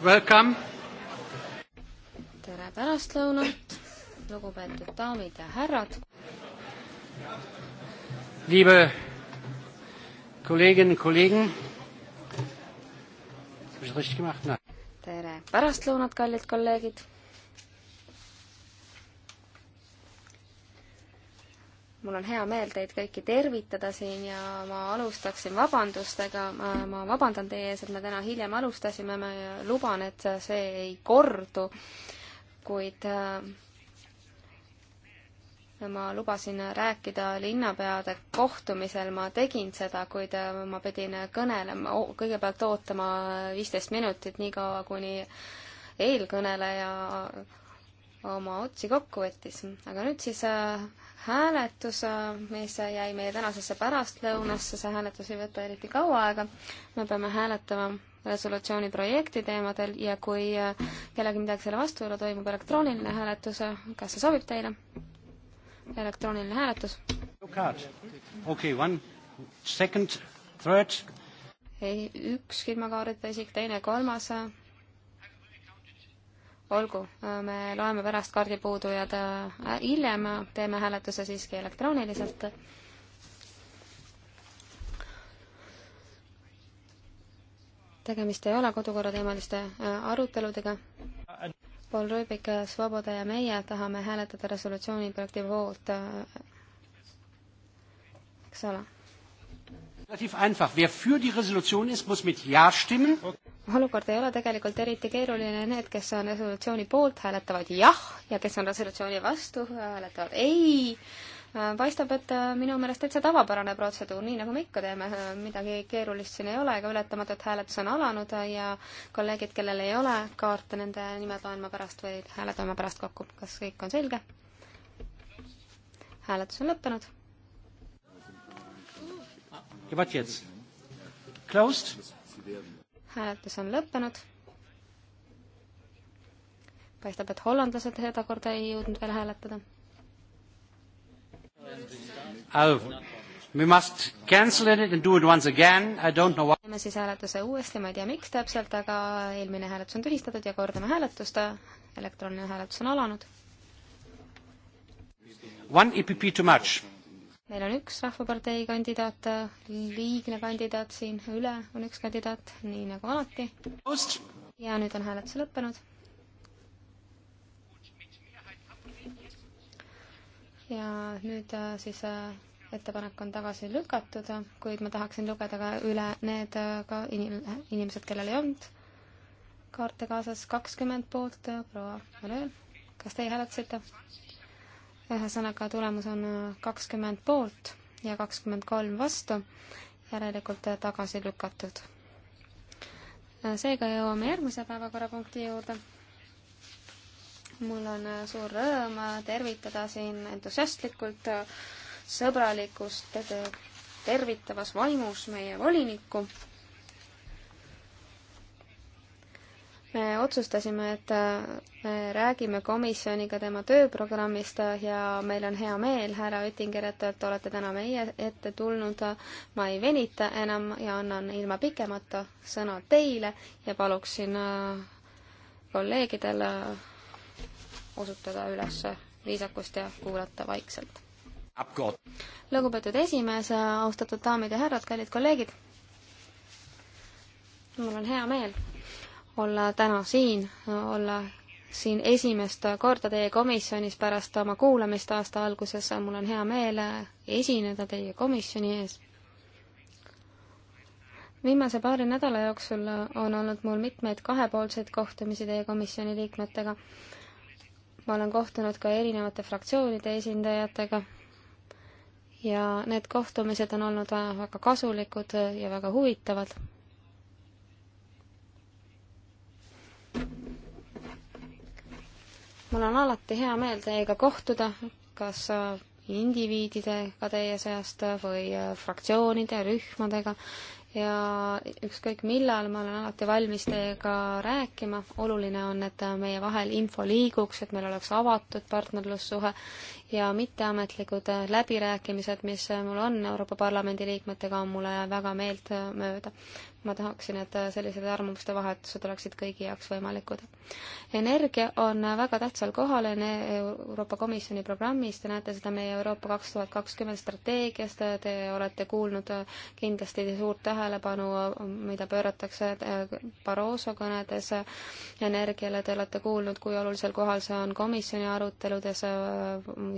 Welcome! tere pärastlõunat, lugupeetud daamid ja härrad! Liebe Kolleginnen und Kollegen! tere pärastlõunat, kallid kolleegid! mul on hea meel teid kõiki tervitada siin ja ma alustaksin vabandustega, ma vabandan teie ees, et me täna hiljem alustasime, ma luban, et see ei kordu, kuid äh, ma lubasin rääkida linnapeade kohtumisel, ma tegin seda, kuid äh, ma pidin kõnelema, kõigepealt ootama viisteist minutit, niikaua kuni eelkõneleja oma otsi kokku võttis. aga nüüd siis äh, hääletus, äh, mis jäi meie tänasesse pärastlõunasse, see hääletus ei võta eriti kaua aega, me peame hääletama resolutsiooni projekti teemadel ja kui äh, kellelgi midagi selle vastu ei ole, toimub elektrooniline hääletus, kas see sobib teile? elektrooniline hääletus. okei, one second, third. ei, üks ilma kaardita isik, teine, kolmas olgu, me loeme pärast kaardipuudujad äh, hiljem, teeme hääletuse siiski elektrooniliselt. tegemist ei ole kodukorrateemaliste äh, aruteludega. Paul Rüübik, äh, Svoboda ja meie tahame hääletada resolutsiooni projekti poolt. eks ole olukord ei ole tegelikult eriti keeruline, need, kes on resolutsiooni poolt, hääletavad jah ja kes on resolutsiooni vastu, hääletavad ei. Äh, paistab, et äh, minu meelest täitsa tavapärane protseduur, nii nagu me ikka teeme, äh, midagi keerulist siin ei ole ega ületamatut, hääletus on alanud ja kolleegid, kellel ei ole kaarte, nende nimed loen ma pärast või hääletame pärast kokku, kas kõik on selge? hääletus on lõppenud ja vot jetzt. Closed. hääletus on lõppenud. paistab, et hollandlased sedakorda ei jõudnud veel hääletada. Oh. We must cancel it and do it once again, I don't know why. teeme siis hääletuse uuesti, ma ei tea, miks täpselt, aga eelmine hääletus on tühistatud ja kordame hääletust, elektrooniline hääletus on alanud. One EPP too much meil on üks Rahvapartei kandidaat, liigne kandidaat siin, üle on üks kandidaat, nii nagu alati. ja nüüd on hääletus lõppenud. ja nüüd äh, siis äh, ettepanek on tagasi lükatud, kuid ma tahaksin lugeda ka üle need äh, ka inim-, inimesed, kellel ei olnud kaarte kaasas, kakskümmend poolt, proua Marel, kas teie hääletasite? ühesõnaga, tulemus on äh, kakskümmend poolt ja kakskümmend kolm vastu, järelikult äh, tagasi lükatud. Äh, seega jõuame järgmise päevakorrapunkti juurde. mul on suur rõõm tervitada siin entusiastlikult sõbralikust tervitavas vaimus meie volinikku me otsustasime, et äh, me räägime komisjoniga tema tööprogrammist äh, ja meil on hea meel, härra Oettinger, et te olete täna meie ette tulnud. ma ei venita enam ja annan ilma pikemata sõna teile ja paluksin äh, kolleegidel osutada üles viisakust ja kuulata vaikselt. lugupeetud esimees, austatud daamid ja härrad, kallid kolleegid. mul on hea meel olla täna siin, olla siin esimest korda teie komisjonis pärast oma kuulamist aasta alguses. mul on hea meel esineda teie komisjoni ees. viimase paari nädala jooksul on olnud mul mitmeid kahepoolseid kohtumisi teie komisjoni liikmetega. ma olen kohtunud ka erinevate fraktsioonide esindajatega ja need kohtumised on olnud väga kasulikud ja väga huvitavad mul on alati hea meel teiega kohtuda, kas äh, indiviididega teie seast või äh, fraktsioonide, rühmadega ja ükskõik millal, ma olen alati valmis teiega rääkima, oluline on, et äh, meie vahel info liiguks, et meil oleks avatud partnerlussuhe ja mitteametlikud läbirääkimised, mis mul on Euroopa Parlamendi liikmetega, on mulle väga meeltmööda ma tahaksin, et sellised arvamuste vahetused oleksid kõigi jaoks võimalikud. energia on väga tähtsal kohal Euroopa Komisjoni programmis, te näete seda meie Euroopa kaks tuhat kakskümmend strateegiast, te olete kuulnud kindlasti suurt tähelepanu, mida pööratakse Barroso kõnedes energiale, te olete kuulnud, kui olulisel kohal see on komisjoni aruteludes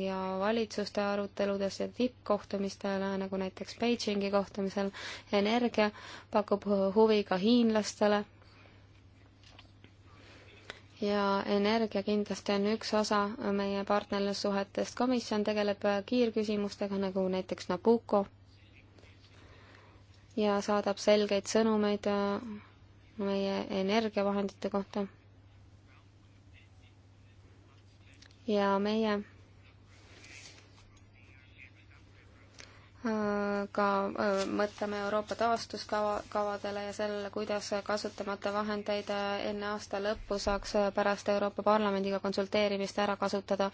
ja valitsuste aruteludes ja tippkohtumistel, nagu näiteks Beijingi kohtumisel, energia pakub huvi ka hiinlastele. ja energia kindlasti on üks osa meie partnerlussuhetest. komisjon tegeleb kiirküsimustega, nagu näiteks Nabucco ja saadab selgeid sõnumeid äh, meie energiavahendite kohta. ja meie Äh, ka äh, mõtleme Euroopa taastuskavadele ja sellele, kuidas kasutamata vahendeid äh, enne aasta lõppu saaks pärast Euroopa Parlamendiga konsulteerimist ära kasutada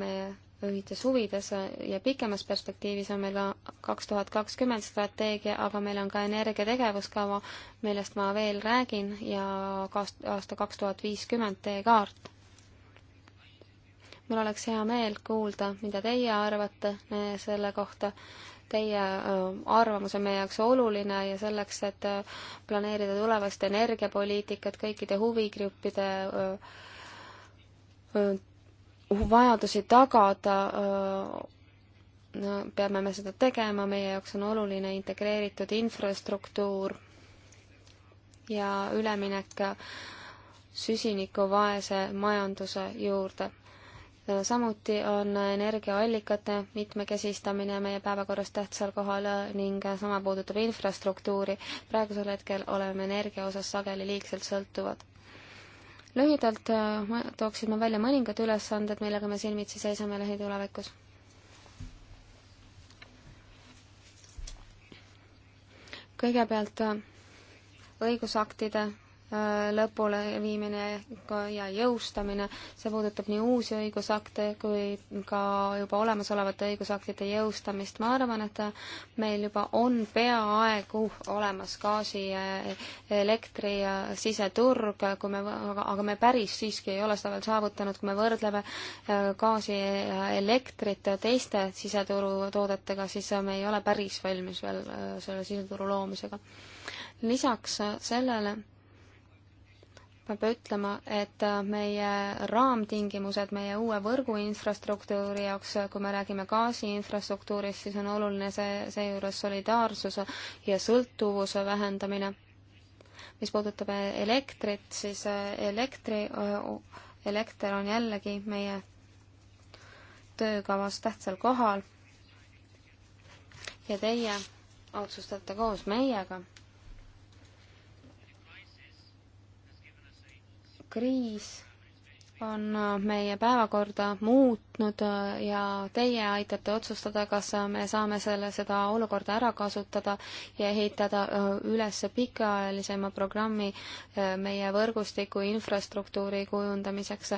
meie ühites huvides ja pikemas perspektiivis on meil ka kaks tuhat kakskümmend strateegia, aga meil on ka energiategevuskava, millest ma veel räägin, ja aasta kaks tuhat viiskümmend teekaart mul oleks hea meel kuulda, mida teie arvate äh, selle kohta. Teie äh, arvamus on meie jaoks oluline ja selleks, et äh, planeerida tulevast energiapoliitikat kõikide huvigruppide vajadusi tagada, peame me seda tegema, meie jaoks on oluline integreeritud infrastruktuur ja üleminek süsinikuvaese majanduse juurde samuti on energiaallikate mitmekesistamine meie päevakorras tähtsal kohal ning sama puudutab infrastruktuuri. praegusel hetkel oleme energia osas sageli liigselt sõltuvad. lühidalt äh, tooksin ma välja mõningad ülesanded, millega me silmitsi seisame lähitulevikus. kõigepealt äh, õigusaktide Äh, lõpuleviimine ja jõustamine, see puudutab nii uusi õigusakte kui ka juba olemasolevate õigusaktide jõustamist. ma arvan, et meil juba on peaaegu olemas gaasi, äh, elektri ja siseturg, kui me, aga me päris siiski ei ole seda veel saavutanud, kui me võrdleme äh, gaasi ja elektrit teiste siseturu toodetega, siis me ei ole päris valmis veel selle siseturu loomisega. lisaks sellele ma pean ütlema, et äh, meie raamtingimused meie uue võrgu infrastruktuuri jaoks, äh, kui me räägime gaasiinfrastruktuurist, siis on oluline see, seejuures solidaarsuse ja sõltuvuse vähendamine. mis puudutab elektrit, siis äh, elektri, elekter on jällegi meie töökavas tähtsal kohal ja teie otsustate koos meiega kriis on äh, meie päevakorda muutnud äh, ja teie aitate otsustada, kas äh, me saame selle, seda olukorda ära kasutada ja ehitada üles pikaajalisema programmi meie võrgustiku infrastruktuuri kujundamiseks.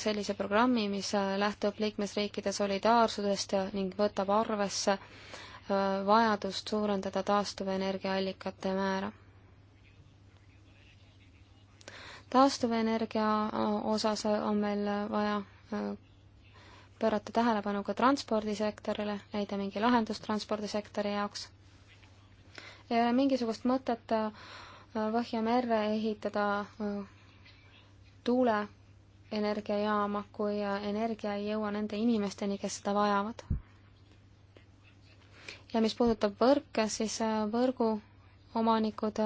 sellise programmi, mis lähtub liikmesriikide solidaarsusest ning võtab arvesse vajadust suurendada taastuvenergiaallikate määra taastuvenergia äh, osas on meil äh, vaja äh, pöörata tähelepanu ka transpordisektorile, leida mingi lahendus transpordisektori jaoks. ei ole mingisugust mõtet Põhjamerre ehitada tuuleenergiajaama, kui energia ei jõua nende inimesteni, kes seda vajavad. ja mis puudutab võrke, siis võrgu omanikud,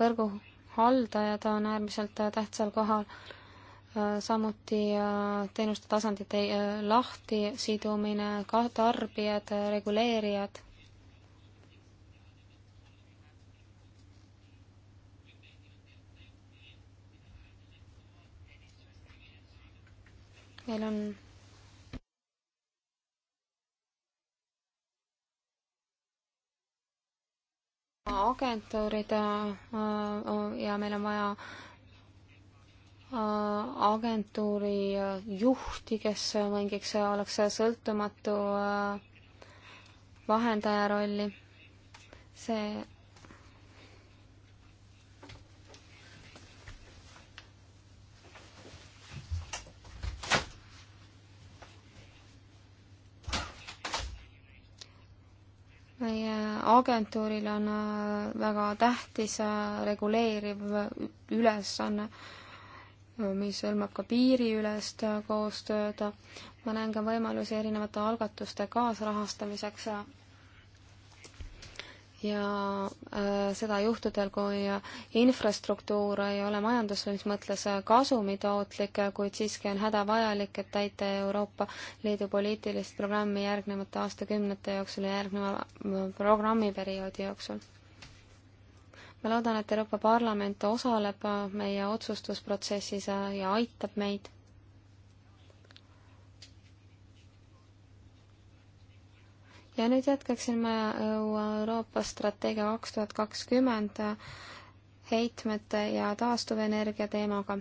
võrgu haldajad on äärmiselt äh, tähtsal kohal, äh, samuti äh, teenuste tasandite lahtisidumine, ka tarbijad, reguleerijad. meil on agentuurid äh, ja meil on vaja äh, agentuuri juhti, kes mängiks, oleks sõltumatu äh, vahendaja rolli. see meie agentuuril on äh, väga tähtis äh, reguleeriv äh, ülesanne, mis hõlmab ka piiriülest koostööd. ma näen ka võimalusi erinevate algatuste kaasrahastamiseks ja äh, seda juhtudel, kui infrastruktuur ei ole majanduslikus mõttes äh, kasumitootlik, äh, kuid siiski on hädavajalik, et täita Euroopa Liidu poliitilist programmi järgnevate aastakümnete jooksul ja järgneva programmiperioodi jooksul. ma loodan, et Euroopa Parlament osaleb meie otsustusprotsessis ja aitab meid ja nüüd jätkaksin ma äh, Euroopa strateegia kaks tuhat kakskümmend äh, heitmete ja taastuvenergia teemaga.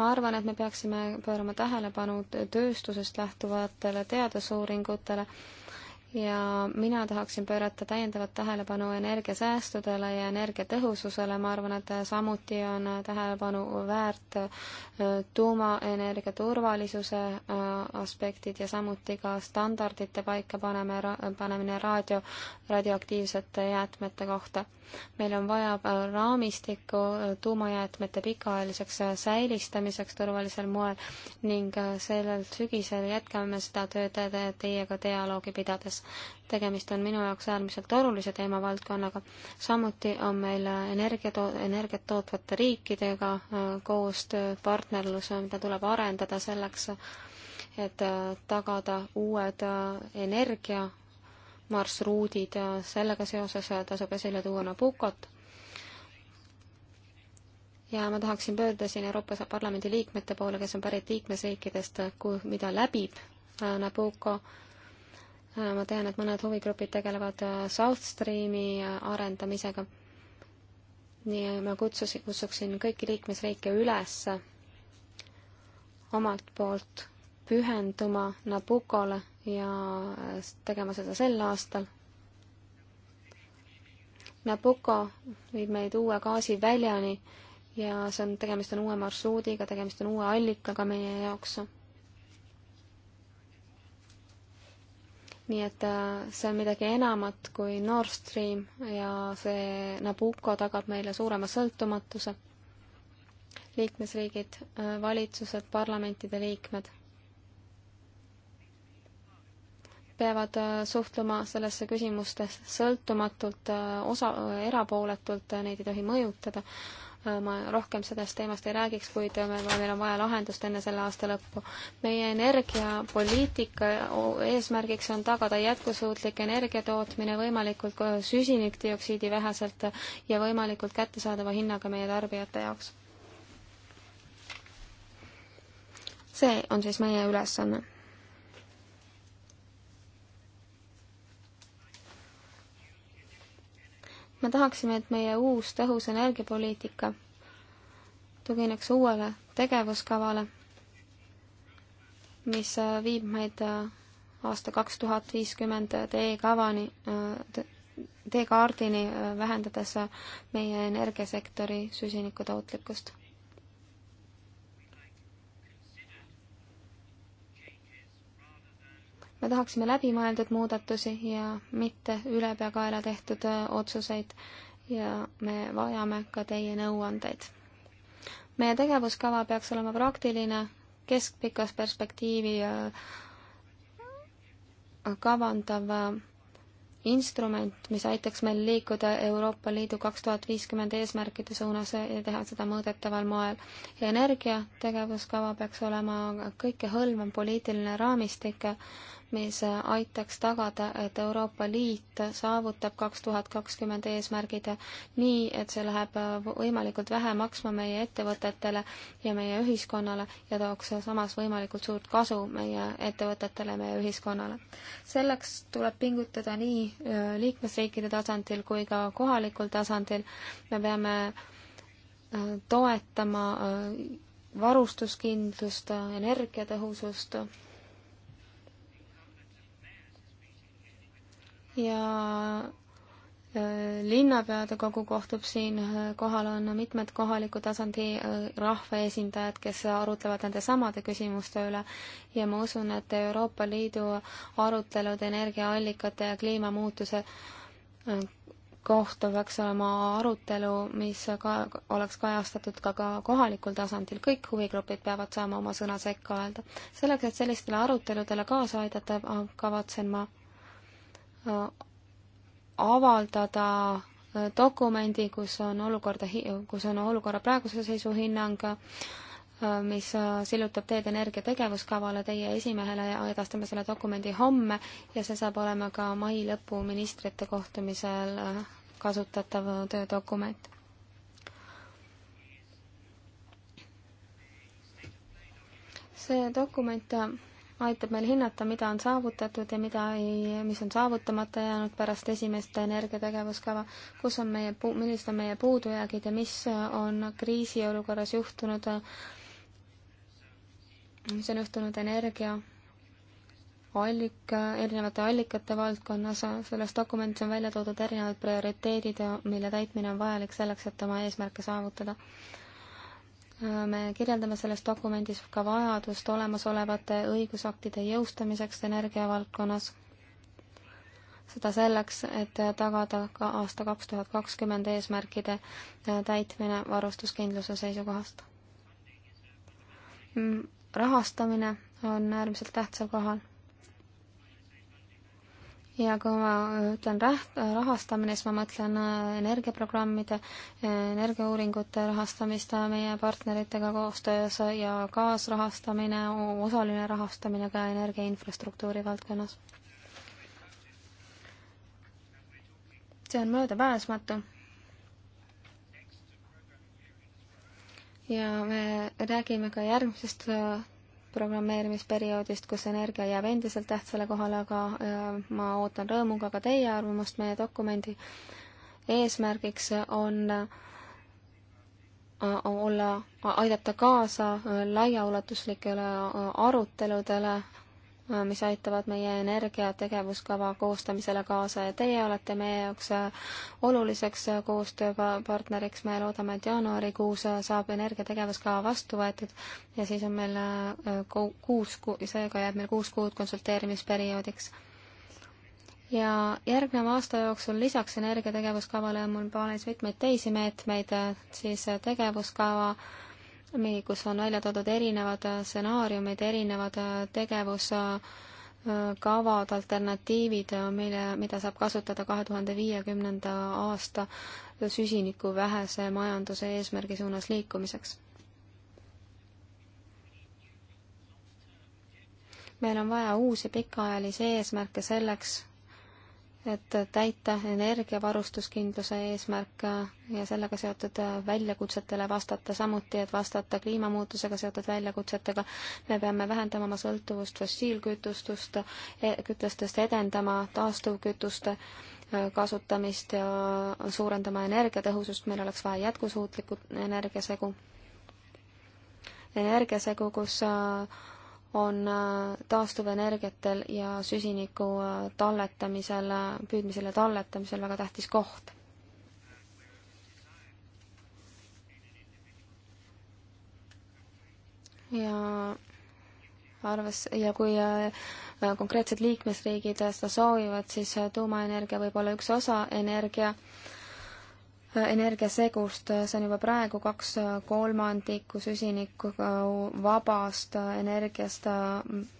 ma arvan, et me peaksime pöörama tähelepanu tööstusest lähtuvatele teadusuuringutele ja mina tahaksin pöörata täiendavat tähelepanu energiasäästudele ja energiatõhususele, ma arvan, et samuti on tähelepanu väärt äh, tuumaenergia turvalisuse äh, aspektid ja samuti ka standardite paikapaneme, panemine raadio, radioaktiivsete jäätmete kohta. meil on vaja äh, raamistikku tuumajäätmete pikaajaliseks säilistamiseks turvalisel moel ning sellel sügisel jätkame seda tööd teiega dialoogi pidades vallas. tegemist on minu jaoks äärmiselt olulise teemavaldkonnaga. samuti on meil energiato-, energiat tootvate riikidega äh, koostöö, partnerlus, äh, mida tuleb arendada selleks, et äh, tagada uued energiamarsruudid, sellega seoses tasub esile tuua Nabucot ja ma tahaksin pöörduda siin Euroopa Parlamendi liikmete poole, kes on pärit liikmesriikidest, mida läbib Nabucco Äh, ma tean, et mõned huvigrupid tegelevad äh, South Streami äh, arendamisega. nii ma kutsusin, kutsuksin kõiki liikmesriike üles omalt poolt pühenduma Nabucole ja tegema seda sel aastal. Nabucco viib meid uue gaasiväljani ja see on, tegemist on uue marsruudiga, tegemist on uue allikaga meie jaoks nii et äh, see on midagi enamat kui Nord Stream ja see Nabucco tagab meile suurema sõltumatuse. liikmesriigid, äh, valitsused, parlamentide liikmed peavad äh, suhtluma sellesse küsimuste sõltumatult, osa, erapooletult, neid ei tohi mõjutada Äh, ma rohkem sellest teemast ei räägiks, kuid äh, meil on vaja lahendust enne selle aasta lõppu. meie energiapoliitika eesmärgiks on tagada jätkusuutlik energiatootmine võimalikult äh, süsinikdioksiidi väheselt ja võimalikult kättesaadava hinnaga meie tarbijate jaoks. see on siis meie ülesanne me tahaksime, et meie uus tõhus energiapoliitika tugineks uuele tegevuskavale, mis äh, viib meid äh, aasta kaks tuhat viiskümmend äh, teekavani, teekaardini, vähendades meie energiasektori süsinikutootlikkust me tahaksime läbimõeldud muudatusi ja mitte ülepeakaela tehtud äh, otsuseid ja me vajame ka teie nõuandeid. meie tegevuskava peaks olema praktiline, keskpikas perspektiivi äh, kavandav äh, instrument, mis aitaks meil liikuda Euroopa Liidu kaks tuhat viiskümmend eesmärkide suunas ja teha seda mõõdetaval moel. ja energiategevuskava peaks olema kõikehõlmav poliitiline raamistik, mis aitaks tagada, et Euroopa Liit saavutab kaks tuhat kakskümmend eesmärgid nii, et see läheb võimalikult vähe maksma meie ettevõtetele ja meie ühiskonnale ja tooks samas võimalikult suurt kasu meie ettevõtetele ja meie ühiskonnale. selleks tuleb pingutada nii äh, liikmesriikide tasandil kui ka kohalikul tasandil. me peame äh, toetama äh, varustuskindlust, energiatõhusust ja äh, linnapeade kogu kohtub siin, äh, kohal on mitmed kohaliku tasandi äh, rahvaesindajad, kes arutlevad nende samade küsimuste üle ja ma usun, et Euroopa Liidu arutelud energiaallikate ja kliimamuutuse kohta peaks olema arutelu, mis ka oleks kajastatud ka, ka kohalikul tasandil, kõik huvigrupid peavad saama oma sõna sekka öelda. selleks, et sellistele aruteludele kaasa aidata, kavatsen ma avaldada dokumendi, kus on olukorda, kus on olukorra praeguse seisu hinnang, mis sillutab teed energia tegevuskavale teie esimehele ja edastame selle dokumendi homme ja see saab olema ka mai lõpu ministrite kohtumisel kasutatav töödokument. see dokument aitab meil hinnata, mida on saavutatud ja mida ei, mis on saavutamata jäänud pärast esimest energiategevuskava, kus on meie, millised on meie puudujäägid ja mis on kriisiolukorras juhtunud, mis on juhtunud energia allika, erinevate allikate valdkonnas, selles dokumendis on välja toodud erinevad prioriteedid, mille täitmine on vajalik selleks, et oma eesmärke saavutada me kirjeldame selles dokumendis ka vajadust olemasolevate õigusaktide jõustamiseks energiavaldkonnas. seda selleks, et tagada ka aasta kaks tuhat kakskümmend eesmärkide äh, täitmine varustuskindluse seisukohast. Mm, rahastamine on äärmiselt tähtsal kohal ja kui ma ütlen raht-, rahastamine, siis ma mõtlen äh, energiaprogrammide, äh, energiauuringute rahastamist äh, meie partneritega koostöös ja kaasrahastamine, osaline rahastamine ka energiainfrastruktuuri valdkonnas. see on möödapääsmatu ja me räägime ka järgmisest programmeerimisperioodist, kus energia jääb endiselt tähtsale kohale, aga äh, ma ootan rõõmuga ka teie arvamust meie dokumendi eesmärgiks on äh, olla, aidata kaasa äh, laiaulatuslikele aruteludele mis aitavad meie energiategevuskava koostamisele kaasa ja teie olete meie jaoks äh, oluliseks äh, koostööpartneriks. me loodame, et jaanuarikuus äh, saab energiategevuskava vastu võetud ja siis on meil kuus ku-, seega jääb meil kuus kuud konsulteerimisperioodiks. ja järgneva aasta jooksul lisaks energiategevuskavale on mul plaanis mitmeid teisi meetmeid, siis tegevuskava kus on välja toodud erinevad äh, stsenaariumid, erinevad äh, tegevuskavad, äh, alternatiivid, mille, mida saab kasutada kahe tuhande viiekümnenda aasta süsiniku vähese majanduse eesmärgi suunas liikumiseks. meil on vaja uusi pikaajalisi eesmärke selleks, et täita energiavarustuskindluse eesmärk ja sellega seotud väljakutsetele vastata, samuti et vastata kliimamuutusega seotud väljakutsetega. me peame vähendama oma sõltuvust fossiilkütustust, e-, kütustest, edendama taastuvkütuste e, kasutamist ja suurendama energiatõhusust, meil oleks vaja jätkusuutlikku energiasegu. energiasegu, kus äh, on äh, taastuvenergiatel ja süsiniku äh, talletamisel, äh, püüdmisel ja talletamisel väga tähtis koht. ja arves, ja kui konkreetsed liikmesriigid seda soovivad, siis tuumaenergia võib olla üks osa energia äh, energiasegust, see on juba praegu kaks kolmandikku süsinikku vabast energiast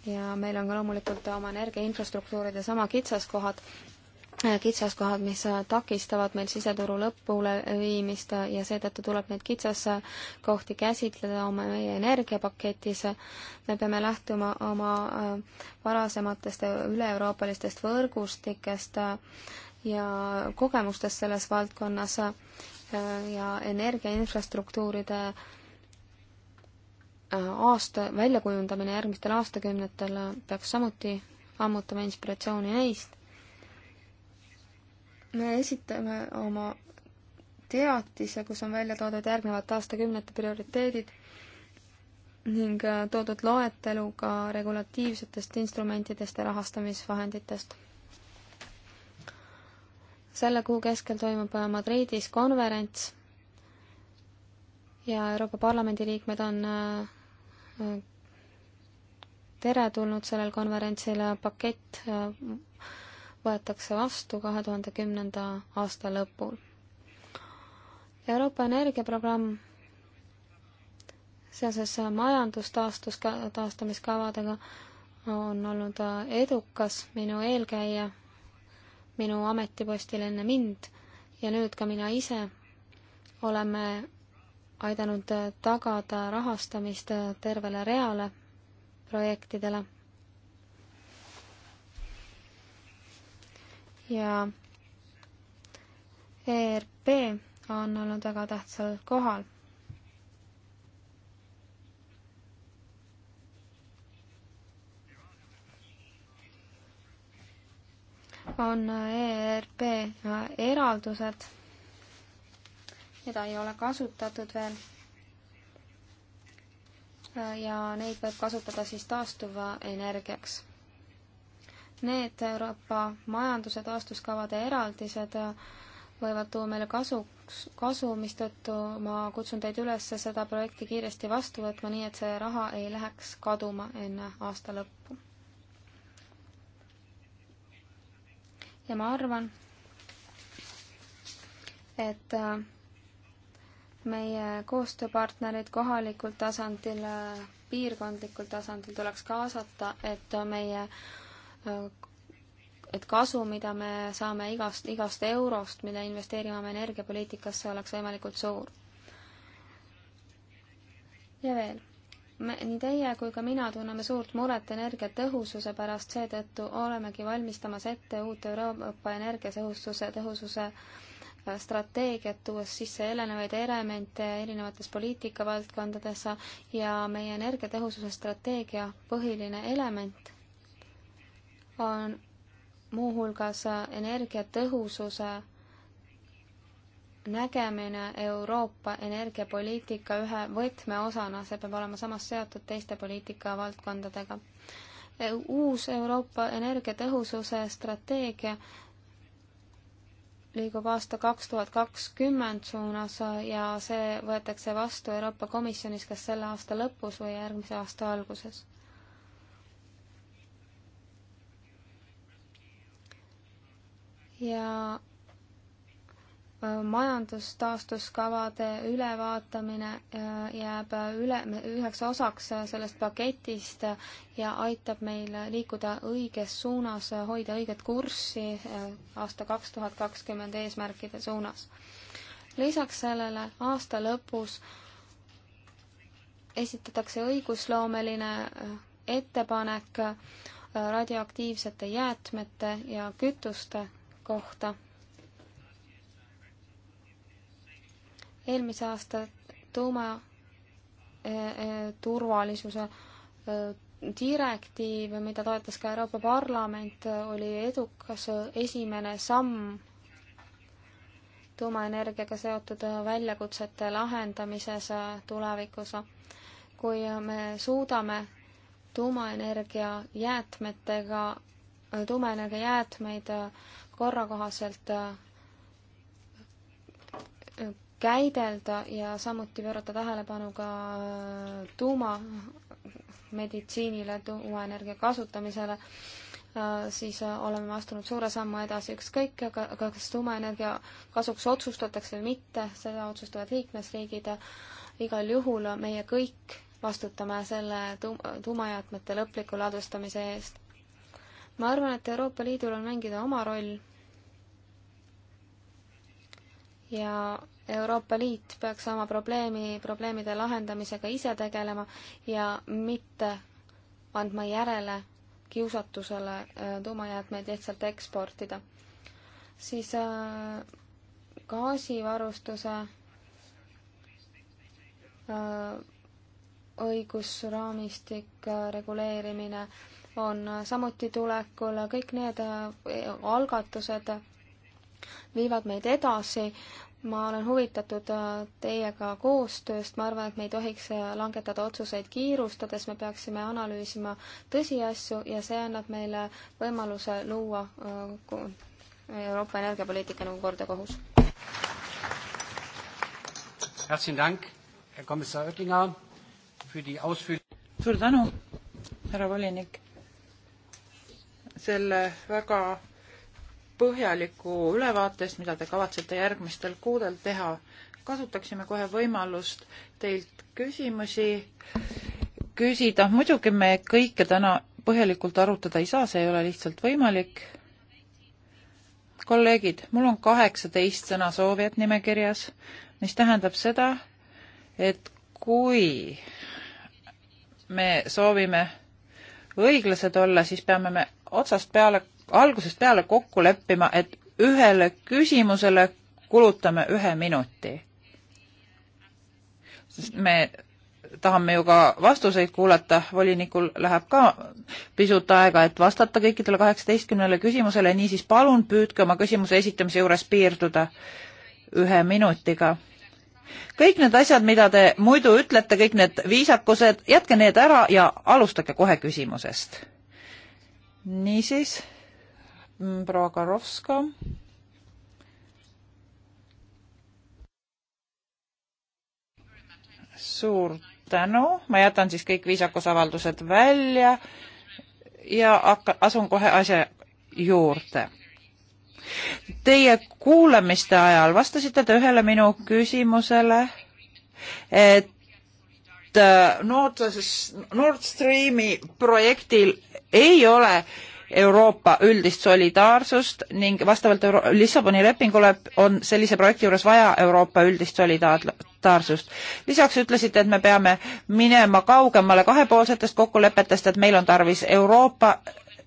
ja meil on ka loomulikult oma energiainfrastruktuuride sama kitsaskohad, kitsaskohad, mis takistavad meil siseturu lõpule viimist ja seetõttu tuleb neid kitsaskohti käsitleda oma meie energiapaketis. me peame lähtuma oma varasematest üle-euroopalistest võrgustikest äh, ja kogemustest selles valdkonnas äh, ja energiainfrastruktuuride äh, aasta väljakujundamine järgmistel aastakümnetel äh, peaks samuti ammutama inspiratsiooni neist. me esitame oma teatise, kus on välja toodud järgnevate aastakümnete prioriteedid ning toodud loetelu ka regulatiivsetest instrumentidest ja rahastamisvahenditest selle kuu keskel toimub äh, Madridis konverents ja Euroopa Parlamendi liikmed on äh, äh, teretulnud sellel konverentsil, pakett võetakse vastu kahe tuhande kümnenda aasta lõpul. Euroopa energiaprogramm seoses majandustaastus, taastamiskavadega on olnud edukas, minu eelkäija minu ametipostil enne mind ja nüüd ka mina ise oleme aidanud tagada rahastamist tervele reale projektidele. ja ERP on olnud väga tähtsal kohal on äh, ERP äh, eraldused, mida ei ole kasutatud veel. Äh, ja neid võib kasutada siis taastuva energiaks. Need Euroopa majanduse taastuskavade eraldised võivad tuua meile kasuks, kasu, mistõttu ma kutsun teid üles seda projekti kiiresti vastu võtma, nii et see raha ei läheks kaduma enne aasta lõppu ja ma arvan, et äh, meie koostööpartnerid kohalikul tasandil, äh, piirkondlikul tasandil tuleks kaasata, et meie, äh, et kasu, mida me saame igast, igast eurost, mille investeerime oma energiapoliitikasse, oleks võimalikult suur. ja veel me, nii teie kui ka mina tunneme suurt muret energiatõhususe pärast, seetõttu olemegi valmistamas ette uut Euroopa energiatõhususe, tõhususe äh, strateegiat, tuues sisse elenevaid elemente erinevates poliitikavaldkondades ja meie energiatõhususe strateegia põhiline element on muuhulgas energiatõhususe nägemine Euroopa energiapoliitika ühe võtmeosana, see peab olema samas seotud teiste poliitikavaldkondadega. E, uus Euroopa energiatõhususe strateegia liigub aasta kaks tuhat kakskümmend suunas ja see võetakse vastu Euroopa Komisjonis kas selle aasta lõpus või järgmise aasta alguses. ja majandustaastuskavade ülevaatamine äh, jääb äh, üle, üheks osaks äh, sellest paketist ja aitab meil liikuda õiges suunas, hoida õiget kurssi aasta kaks tuhat kakskümmend eesmärkide suunas. lisaks sellele aasta lõpus esitatakse õigusloomeline ettepanek radioaktiivsete jäätmete ja kütuste kohta eelmise aasta tuuma äh, äh, turvalisuse äh, direktiiv, mida toetas ka Euroopa Parlament, oli edukas esimene samm tuumaenergiaga seotud väljakutsete lahendamises tulevikus. kui me suudame tuumaenergia jäätmetega, tuumaenergia jäätmeid korrakohaselt käidelda ja samuti pöörata tähelepanu ka tuumameditsiinile, tuumaenergia kasutamisele, äh, siis äh, oleme astunud suure sammu edasi, ükskõik aga kas tuumaenergia kasuks otsustatakse või mitte, seda otsustavad liikmesriigid, igal juhul meie kõik vastutame selle tuum-, tuumajäätmete lõpliku ladustamise eest. ma arvan, et Euroopa Liidul on mängida oma roll ja Euroopa Liit peaks oma probleemi, probleemide lahendamisega ise tegelema ja mitte andma järele kiusatusele äh, tuumajäätmeid lihtsalt eksportida. siis äh, gaasivarustuse äh, õigusraamistik äh,, reguleerimine on äh, samuti tulekul, kõik need äh, algatused viivad meid edasi ma olen huvitatud äh, teiega koostööst, ma arvan, et me ei tohiks äh, langetada otsuseid kiirustades, me peaksime analüüsima tõsiasju ja see annab meile võimaluse luua äh, Euroopa energiapoliitika nagu kord ja kohus. suur tänu, härra volinik, selle väga põhjaliku ülevaatest, mida te kavatsete järgmistel kuudel teha. kasutaksime kohe võimalust teilt küsimusi küsida. muidugi me kõike täna põhjalikult arutada ei saa, see ei ole lihtsalt võimalik. kolleegid, mul on kaheksateist sõna soovijat nimekirjas, mis tähendab seda, et kui me soovime õiglased olla, siis peame me otsast peale algusest peale kokku leppima, et ühele küsimusele kulutame ühe minuti. sest me tahame ju ka vastuseid kuulata, volinikul läheb ka pisut aega, et vastata kõikidele kaheksateistkümnele küsimusele, niisiis palun püüdke oma küsimuse esitamise juures piirduda ühe minutiga. kõik need asjad, mida te muidu ütlete, kõik need viisakused, jätke need ära ja alustage kohe küsimusest. niisiis Mm, proua Karovska. suur tänu, ma jätan siis kõik viisakusavaldused välja ja hakka, asun kohe asja juurde. Teie kuulamiste ajal vastasite te ühele minu küsimusele, et Nord, äh, Nord Streami projektil ei ole äh, Euroopa üldist solidaarsust ning vastavalt Euro Lissaboni lepingule on sellise projekti juures vaja Euroopa üldist solidaarsust. lisaks ütlesite, et me peame minema kaugemale kahepoolsetest kokkulepetest, et meil on tarvis Euroopa,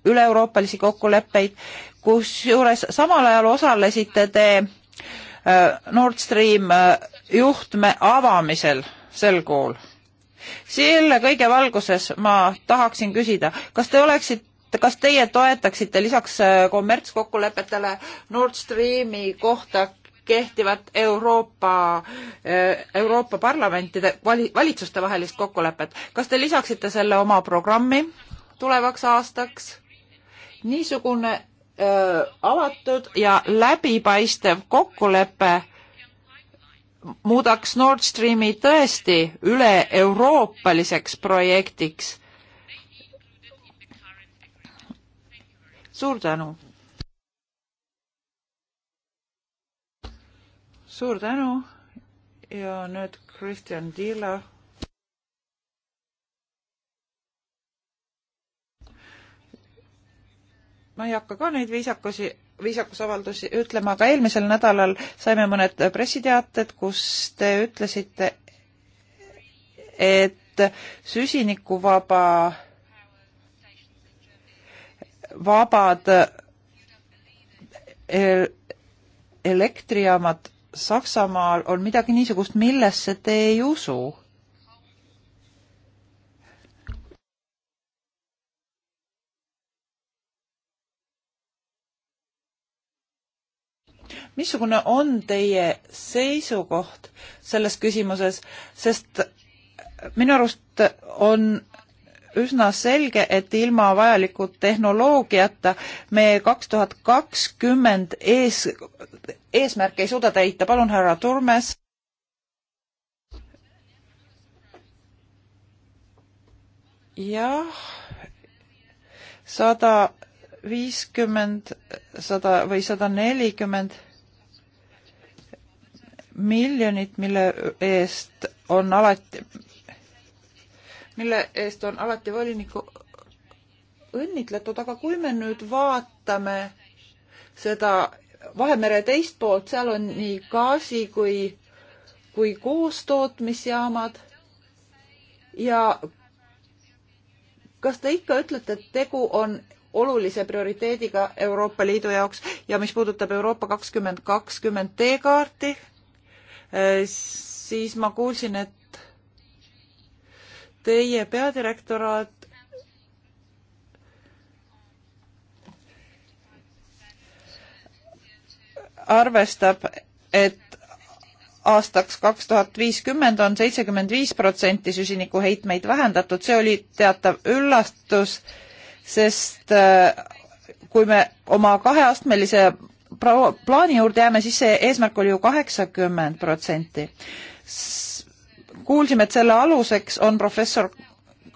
üle-euroopalisi kokkuleppeid, kusjuures samal ajal osalesite te äh, Nord Stream äh, juhtme avamisel sel kuul. selle kõige valguses ma tahaksin küsida, kas te oleksite kas teie toetaksite lisaks äh, kommertskokkulepetele Nord Streami kohta kehtivat Euroopa, äh, Euroopa parlamentide vali, valitsuste vahelist kokkulepet. kas te lisaksite selle oma programmi tulevaks aastaks? niisugune öö, äh, avatud ja läbipaistev kokkulepe muudaks Nord Streami tõesti üle-euroopaliseks projektiks suur tänu. suur tänu ja nüüd Kristjan Tiila. ma ei hakka ka neid viisakusi, viisakusavaldusi ütlema, aga eelmisel nädalal saime mõned pressiteated, kus te ütlesite, et süsinikuvaba vabad eh, elektrijaamad Saksamaal on midagi niisugust, millesse te ei usu? missugune on teie seisukoht selles küsimuses, sest minu arust on üsna selge, et ilma vajaliku tehnoloogiata me kaks tuhat kakskümmend ees, eesmärke ei suuda täita. palun, härra Turmes. jah, sada viiskümmend, sada või sada nelikümmend miljonit, mille eest on alati, mille eest on alati voliniku õnnitletud, aga kui me nüüd vaatame seda Vahemere teist poolt, seal on nii gaasi kui, kui koostootmisjaamad ja kas te ikka ütlete, et tegu on olulise prioriteediga Euroopa Liidu jaoks ja mis puudutab Euroopa kakskümmend kakskümmend teekaarti, eh, siis ma kuulsin, et teie peadirektoraat arvestab, et aastaks kaks tuhat viiskümmend on seitsekümmend viis protsenti süsinikuheitmeid vähendatud, see oli teatav üllatus, sest äh, kui me oma kaheastmelise plaani juurde jääme, siis see eesmärk oli ju kaheksakümmend protsenti kuulsime, et selle aluseks on professor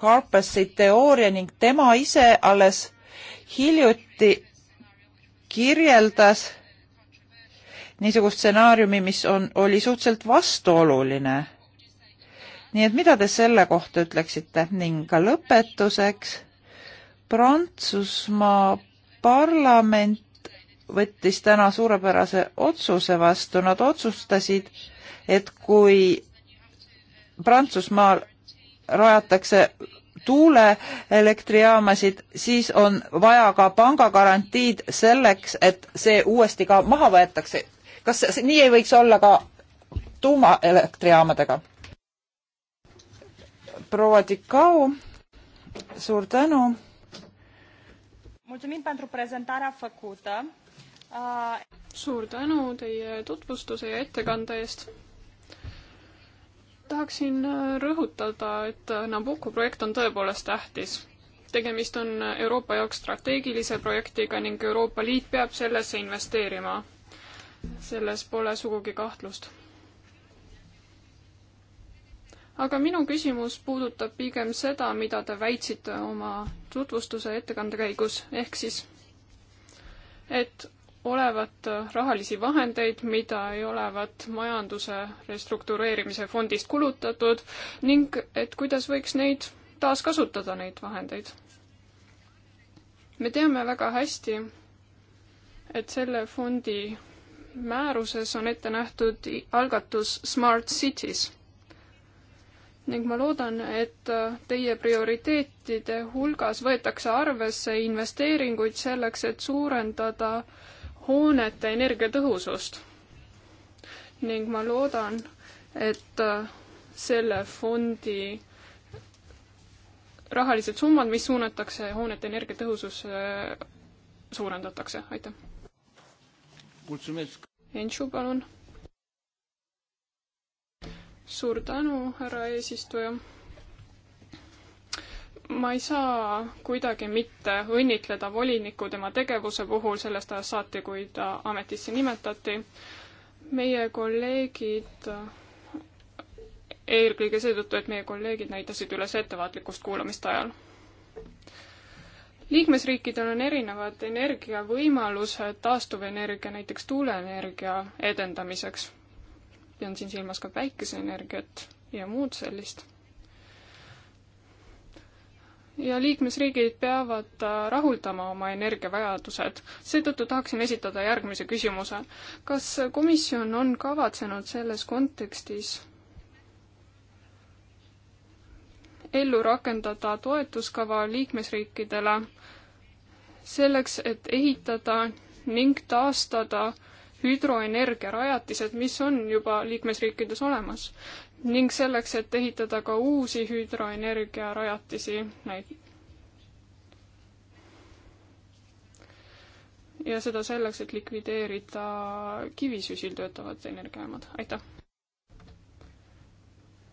Karpasi teooria ning tema ise alles hiljuti kirjeldas niisugust stsenaariumi, mis on, oli suhteliselt vastuoluline. nii et mida te selle kohta ütleksite ning ka lõpetuseks Prantsusmaa parlament võttis täna suurepärase otsuse vastu, nad otsustasid, et kui Prantsusmaal rajatakse tuuleelektrijaamasid, siis on vaja ka pangagarantiid selleks, et see uuesti ka maha võetakse. kas see, nii ei võiks olla ka tuumaelektrijaamadega? proua Tikau, suur tänu. suur tänu teie tutvustuse ja ettekande eest tahaksin äh, rõhutada, et äh, Nabucco projekt on tõepoolest tähtis. tegemist on äh, Euroopa jaoks strateegilise projektiga ning Euroopa Liit peab sellesse investeerima. selles pole sugugi kahtlust. aga minu küsimus puudutab pigem seda, mida te väitsite oma tutvustuse ettekande käigus, ehk siis, et olevat rahalisi vahendeid, mida ei olevat majanduse restruktureerimise fondist kulutatud ning et kuidas võiks neid taaskasutada, neid vahendeid. me teame väga hästi, et selle fondi määruses on ette nähtud algatus Smart Cities ning ma loodan, et teie prioriteetide hulgas võetakse arvesse investeeringuid selleks, et suurendada äh, hoonete energiatõhusust. ning ma loodan, et äh, selle fondi rahalised summad, mis suunatakse hoonete energiatõhususse, äh, suurendatakse, aitäh. Enšu, palun. suur tänu, härra eesistuja ma ei saa kuidagi mitte õnnitleda volinikku tema tegevuse puhul sellest ajast saati, kui ta ametisse nimetati. meie kolleegid, eelkõige seetõttu, et meie kolleegid näitasid üles ettevaatlikkust kuulamiste ajal. liikmesriikidel on erinevad energiavõimalused taastuvenergia, näiteks tuuleenergia edendamiseks. pean siin silmas ka päikeseenergiat ja muud sellist ja liikmesriigid peavad äh, rahuldama oma energiavajadused. seetõttu tahaksin esitada järgmise küsimuse. kas komisjon on kavatsenud selles kontekstis ellu rakendada toetuskava liikmesriikidele selleks, et ehitada ning taastada hüdroenergiarajatised, mis on juba liikmesriikides olemas ning selleks, et ehitada ka uusi hüdroenergiarajatisi, näit-. ja seda selleks, et likvideerida kivisüsil töötavad energiajaamad, aitäh.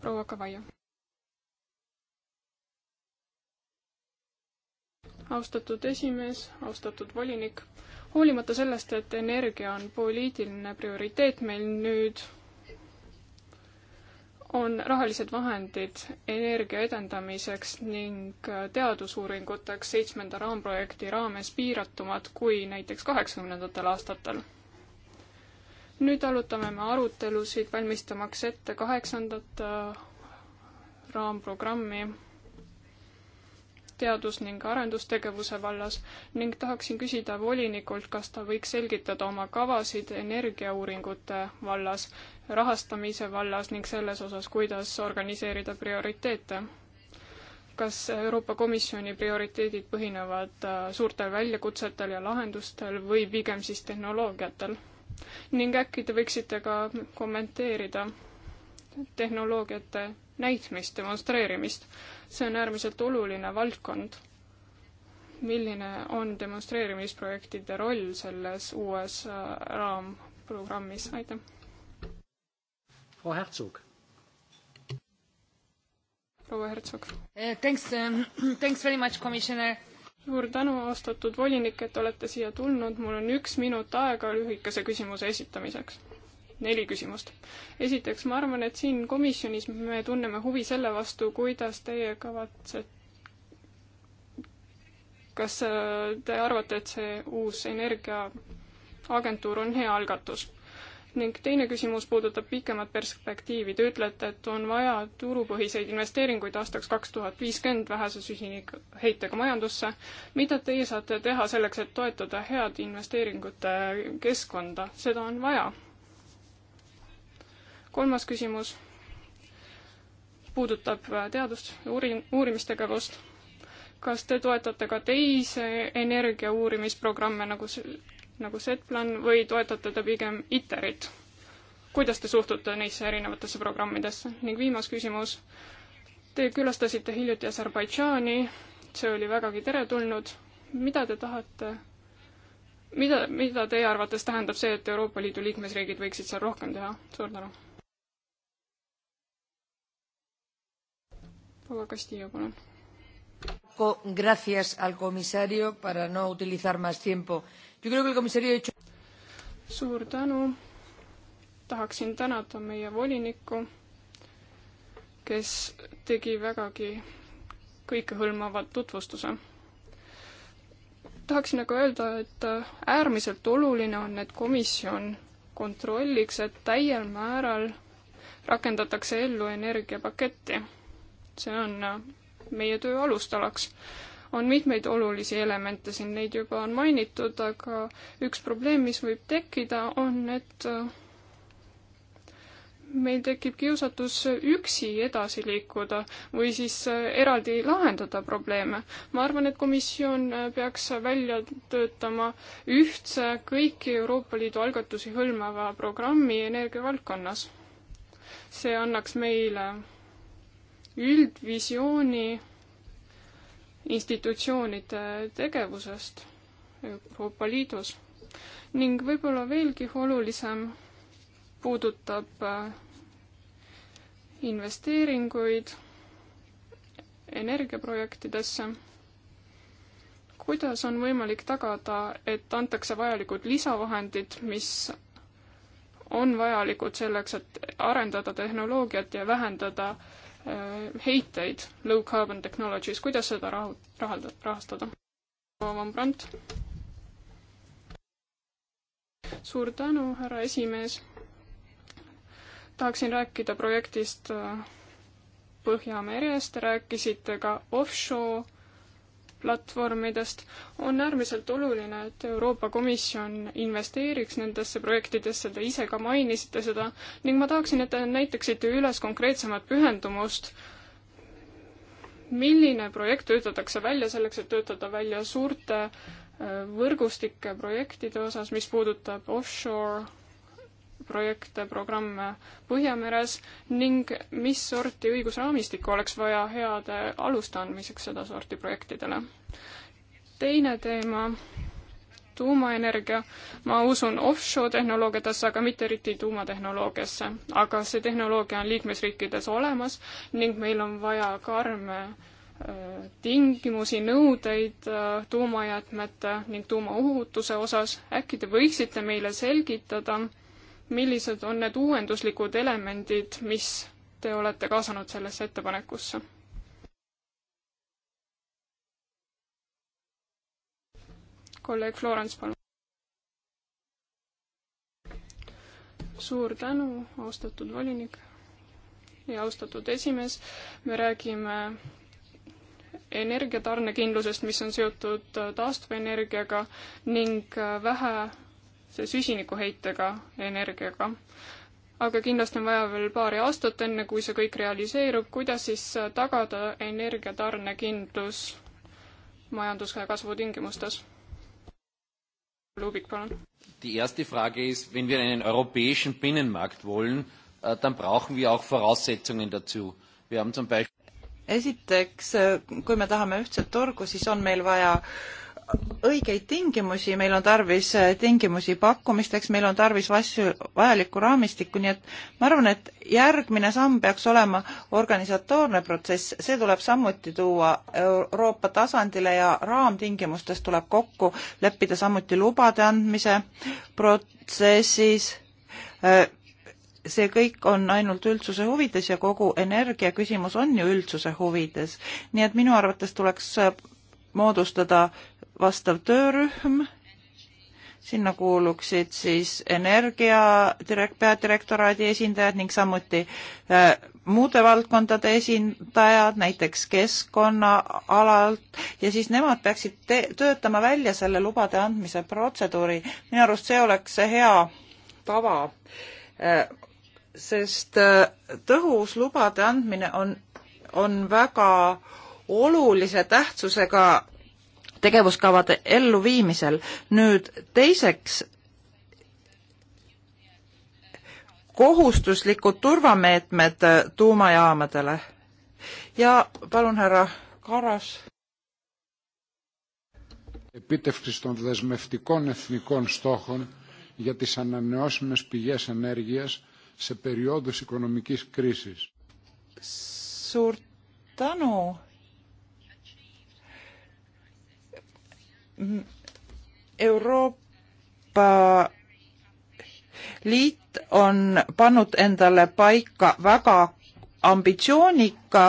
proua Kavaia. austatud esimees, austatud volinik, hoolimata sellest, et energia on poliitiline prioriteet meil nüüd on rahalised vahendid energia edendamiseks ning teadusuuringuteks seitsmenda raamprojekti raames piiratumad kui näiteks kaheksakümnendatel aastatel. nüüd alutame me arutelusid, valmistamaks ette kaheksandat äh, raamprogrammi teadus- ning arendustegevuse vallas ning tahaksin küsida volinikult, kas ta võiks selgitada oma kavasid energiauuringute vallas, rahastamise vallas ning selles osas, kuidas organiseerida prioriteete. kas Euroopa Komisjoni prioriteedid põhinevad äh, suurtel väljakutsetel ja lahendustel või pigem siis tehnoloogiatel? ning äkki te võiksite ka kommenteerida tehnoloogiate näitmist, demonstreerimist see on äärmiselt oluline valdkond. milline on demonstreerimisprojektide roll selles uues äh, raamprogrammis, aitäh! proua Hertsog. proua eh, Hertsog. Thanks, um, thanks very much, commissioner suur tänu, austatud volinik, et olete siia tulnud, mul on üks minut aega lühikese küsimuse esitamiseks neli küsimust. esiteks, ma arvan, et siin komisjonis me tunneme huvi selle vastu, kuidas teie kavatsete kas äh, te arvate, et see uus energiaagentuur on hea algatus? ning teine küsimus puudutab pikemat perspektiivi. Te ütlete, et on vaja turupõhiseid investeeringuid aastaks kaks tuhat viiskümmend vähese süsinikheitega majandusse. mida teie saate teha selleks, et toetada head investeeringute keskkonda? seda on vaja kolmas küsimus puudutab äh, teadust ja uurin-, uurimistegevust. kas te toetate ka teisi energia uurimisprogramme nagu, nagu Setplan või toetate te pigem ITER-it? kuidas te suhtute neisse erinevatesse programmidesse? ning viimas küsimus. Te külastasite hiljuti Aserbaidžaani, see oli vägagi teretulnud. mida te tahate, mida, mida teie arvates tähendab see, et Euroopa Liidu liikmesriigid võiksid seal rohkem teha? suur tänu proua Castillo, palun. Gracias al comisario para no utilizar más tiempo. Yo creo que el comisario ha hecho... suur tänu. tahaksin tänada meie volinikku, kes tegi vägagi kõikehõlmavat tutvustuse tahaksin aga öelda, et äärmiselt oluline on, et komisjon kontrolliks, et täiel määral rakendatakse ellu energiapaketti see on äh, meie töö alustalaks. on mitmeid olulisi elemente siin, neid juba on mainitud, aga üks probleem, mis võib tekkida, on, et äh, meil tekib kiusatus üksi edasi liikuda või siis äh, eraldi lahendada probleeme. ma arvan, et komisjon peaks välja töötama ühtse kõiki Euroopa Liidu algatusi hõlmava programmi energiavaldkonnas. see annaks meile üldvisiooni institutsioonide tegevusest Euroopa Liidus ning võib-olla veelgi olulisem puudutab äh, investeeringuid energiaprojektidesse. kuidas on võimalik tagada, et antakse vajalikud lisavahendid, mis on vajalikud selleks, et arendada tehnoloogiat ja vähendada äh, Äh, heiteid low carbon technologies, kuidas seda rahu-, rahald-, rahastada? Van Brandt. suur tänu, härra esimees. tahaksin rääkida projektist äh, Põhjameres, te rääkisite ka offshore platvormidest, on äärmiselt oluline, et Euroopa Komisjon investeeriks nendesse projektidesse, te ise ka mainisite seda, ning ma tahaksin, et te näitaksite üles konkreetsemat pühendumust, milline projekt töötatakse välja selleks, et töötada välja suurte äh, võrgustike projektide osas, mis puudutab offshore projekte, programme Põhjameres ning mis sorti õigusraamistikku oleks vaja heade aluste andmiseks sedasorti projektidele. teine teema, tuumaenergia, ma usun offshore tehnoloogiatesse, aga mitte eriti tuumatehnoloogiasse. aga see tehnoloogia on liikmesriikides olemas ning meil on vaja karme äh, tingimusi, nõudeid äh, tuumajäätmete ning tuumaohutuse osas. äkki te võiksite meile selgitada, millised on need uuenduslikud elemendid, mis te olete kaasanud sellesse ettepanekusse? kolleeg Florence, palun. suur tänu, austatud volinik ja austatud esimees. me räägime energiatarnekindlusest, mis on seotud taastuvenergiaga ning vähe see süsinikuheitega energiaga. aga kindlasti on vaja veel paari aastat, enne kui see kõik realiseerub, kuidas siis tagada energiatarnekindlus majanduskasvu kasvu tingimustes? Lubik, palun. Die erste Frage ist, wenn wir einen europäischen Binnenmarkt wollen, äh, dann brauchen wir auch Voraussetzungen dazu. Wir haben zum Beispiel esiteks, äh, kui me tahame ühtset turgu, siis on meil vaja äh, õigeid tingimusi, meil on tarvis äh, tingimusi pakkumisteks, meil on tarvis asju, vajalikku raamistikku, nii et ma arvan, et järgmine samm peaks olema organisatoorne protsess, see tuleb samuti tuua Euroopa tasandile ja raamtingimustes tuleb kokku leppida samuti lubade andmise protsessis. Äh, see kõik on ainult üldsuse huvides ja kogu energiaküsimus on ju üldsuse huvides, nii et minu arvates tuleks äh, moodustada vastav töörühm, sinna kuuluksid siis energia direkt-, peadirektoraadi esindajad ning samuti äh, muude valdkondade esindajad, näiteks keskkonnaalalt, ja siis nemad peaksid te-, töötama välja selle lubade andmise protseduuri. minu arust see oleks see hea tava äh,, sest äh, tõhus lubade andmine on, on väga olulise tähtsusega tegevuskavade elluviimisel. nüüd teiseks, kohustuslikud turvameetmed tuumajaamadele. ja palun, härra Karas. Επίτευξης των δεσμευτικών εθνικών στόχων για τις ανανεώσιμες πηγές ενέργειας σε περιόδους οικονομικής κρίσης. Suur tänu Euroopa Liit on pannud endale paika väga ambitsioonika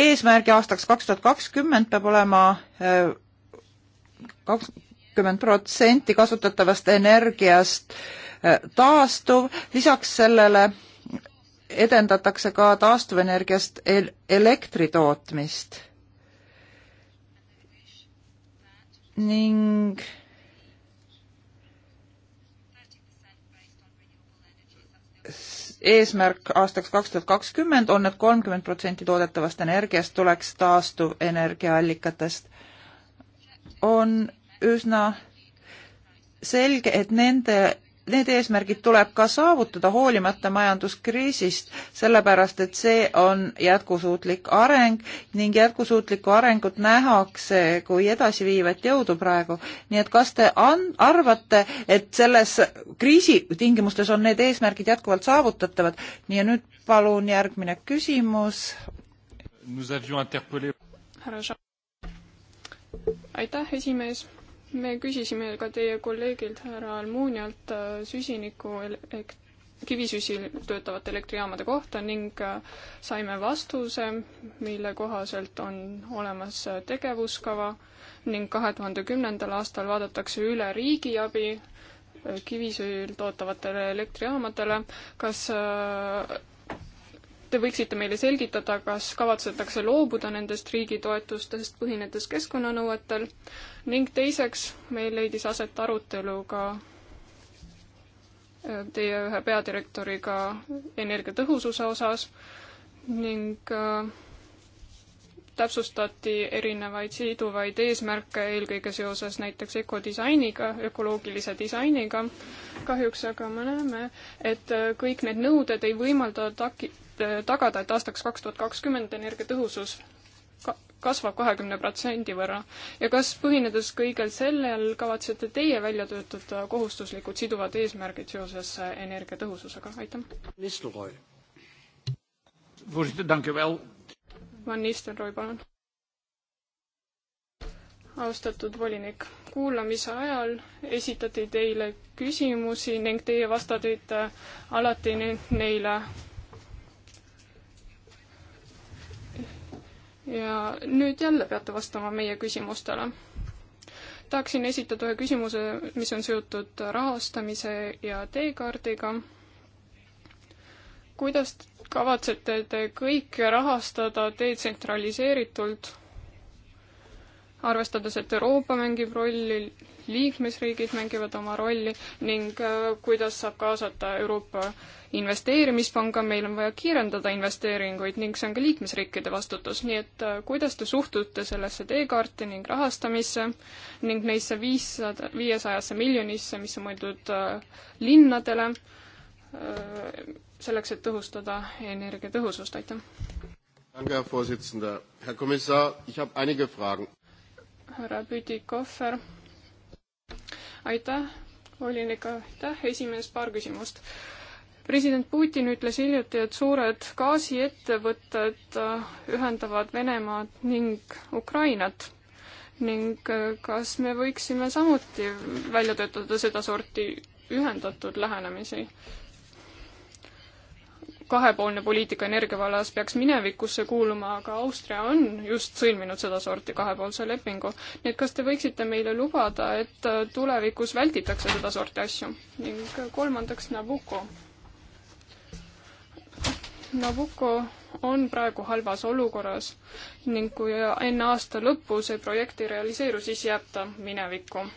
eesmärgi aastaks kaks tuhat kakskümmend peab olema eh, kakskümmend protsenti kasutatavast energiast eh, taastuv, lisaks sellele edendatakse ka taastuvenergiast elektri tootmist ning eesmärk aastaks kaks tuhat kakskümmend on et, et kolmkümmend protsenti toodetavast energiast tuleks taastuvenergiaallikatest. on üsna selge, et nende need eesmärgid tuleb ka saavutada hoolimata majanduskriisist, sellepärast et see on jätkusuutlik areng ning jätkusuutlikku arengut nähakse kui edasiviivat jõudu praegu. nii et kas te an-, arvate, et selles kriisi tingimustes on need eesmärgid jätkuvalt saavutatavad? nii ja nüüd palun järgmine küsimus. härra Jean. aitäh, esimees me küsisime ka teie kolleegilt härra Almunialt äh, süsiniku kivisüsil töötavate elektrijaamade kohta ning äh, saime vastuse, mille kohaselt on olemas äh, tegevuskava ning kahe tuhande kümnendal aastal vaadatakse üle riigiabi kivisööl tootavatele elektrijaamadele. kas te võiksite meile selgitada, kas kavatsetakse loobuda nendest riigi toetustest, põhinedes keskkonnanõuetel ning teiseks meil leidis aset arutelu ka äh, teie ühe peadirektoriga energiatõhususe osas ning äh, täpsustati erinevaid siduvaid eesmärke, eelkõige seoses näiteks ökodisainiga, ökoloogilise disainiga. kahjuks aga me näeme, et äh, kõik need nõuded ei võimalda taki-, tagada, et aastaks kaks tuhat kakskümmend energiatõhusus kasvab kahekümne protsendi võrra. ja kas põhinedes kõigel sellel kavatsete teie välja töötada kohustuslikud siduvad eesmärgid seoses energiatõhususega, aitäh! Voorzitter, dank u wel. Van Nistelrooy, palun. austatud volinik, kuulamise ajal esitati teile küsimusi ning teie vastasite alati neile ja nüüd jälle peate vastama meie küsimustele. tahaksin esitada ühe küsimuse, mis on seotud rahastamise ja teekaardiga. kuidas kavatsete te kõike rahastada detsentraliseeritult arvestades, et Euroopa mängib rolli, liikmesriigid mängivad oma rolli ning äh, kuidas saab kaasata Euroopa investeerimispanga, meil on vaja kiirendada investeeringuid ning see on ka liikmesriikide vastutus, nii et äh, kuidas te suhtute sellesse teekaarti ning rahastamisse ning neisse viissada, viiesajasse miljonisse, mis on mõeldud äh, linnadele, selleks, et tõhustada energiatõhusust, aitäh! Danke, Herr Vorsitzender. Herr Kommissar, ich habe einige Fragen härra Pütikohver. aitäh, volinik, aitäh, esimees, paar küsimust. president Putin ütles hiljuti, et suured gaasiettevõtted äh, ühendavad Venemaad ning Ukrainat ning äh, kas me võiksime samuti välja töötada sedasorti ühendatud lähenemisi? kahepoolne poliitika energia vallas peaks minevikusse kuuluma, aga Austria on just sõlminud sedasorti kahepoolse lepingu. nii et kas te võiksite meile lubada, et tulevikus välditakse sedasorti asju? ning kolmandaks Nabucco. Nabucco on praegu halvas olukorras ning kui enne aasta lõppu see projekt ei realiseeru, siis jääb ta minevikku.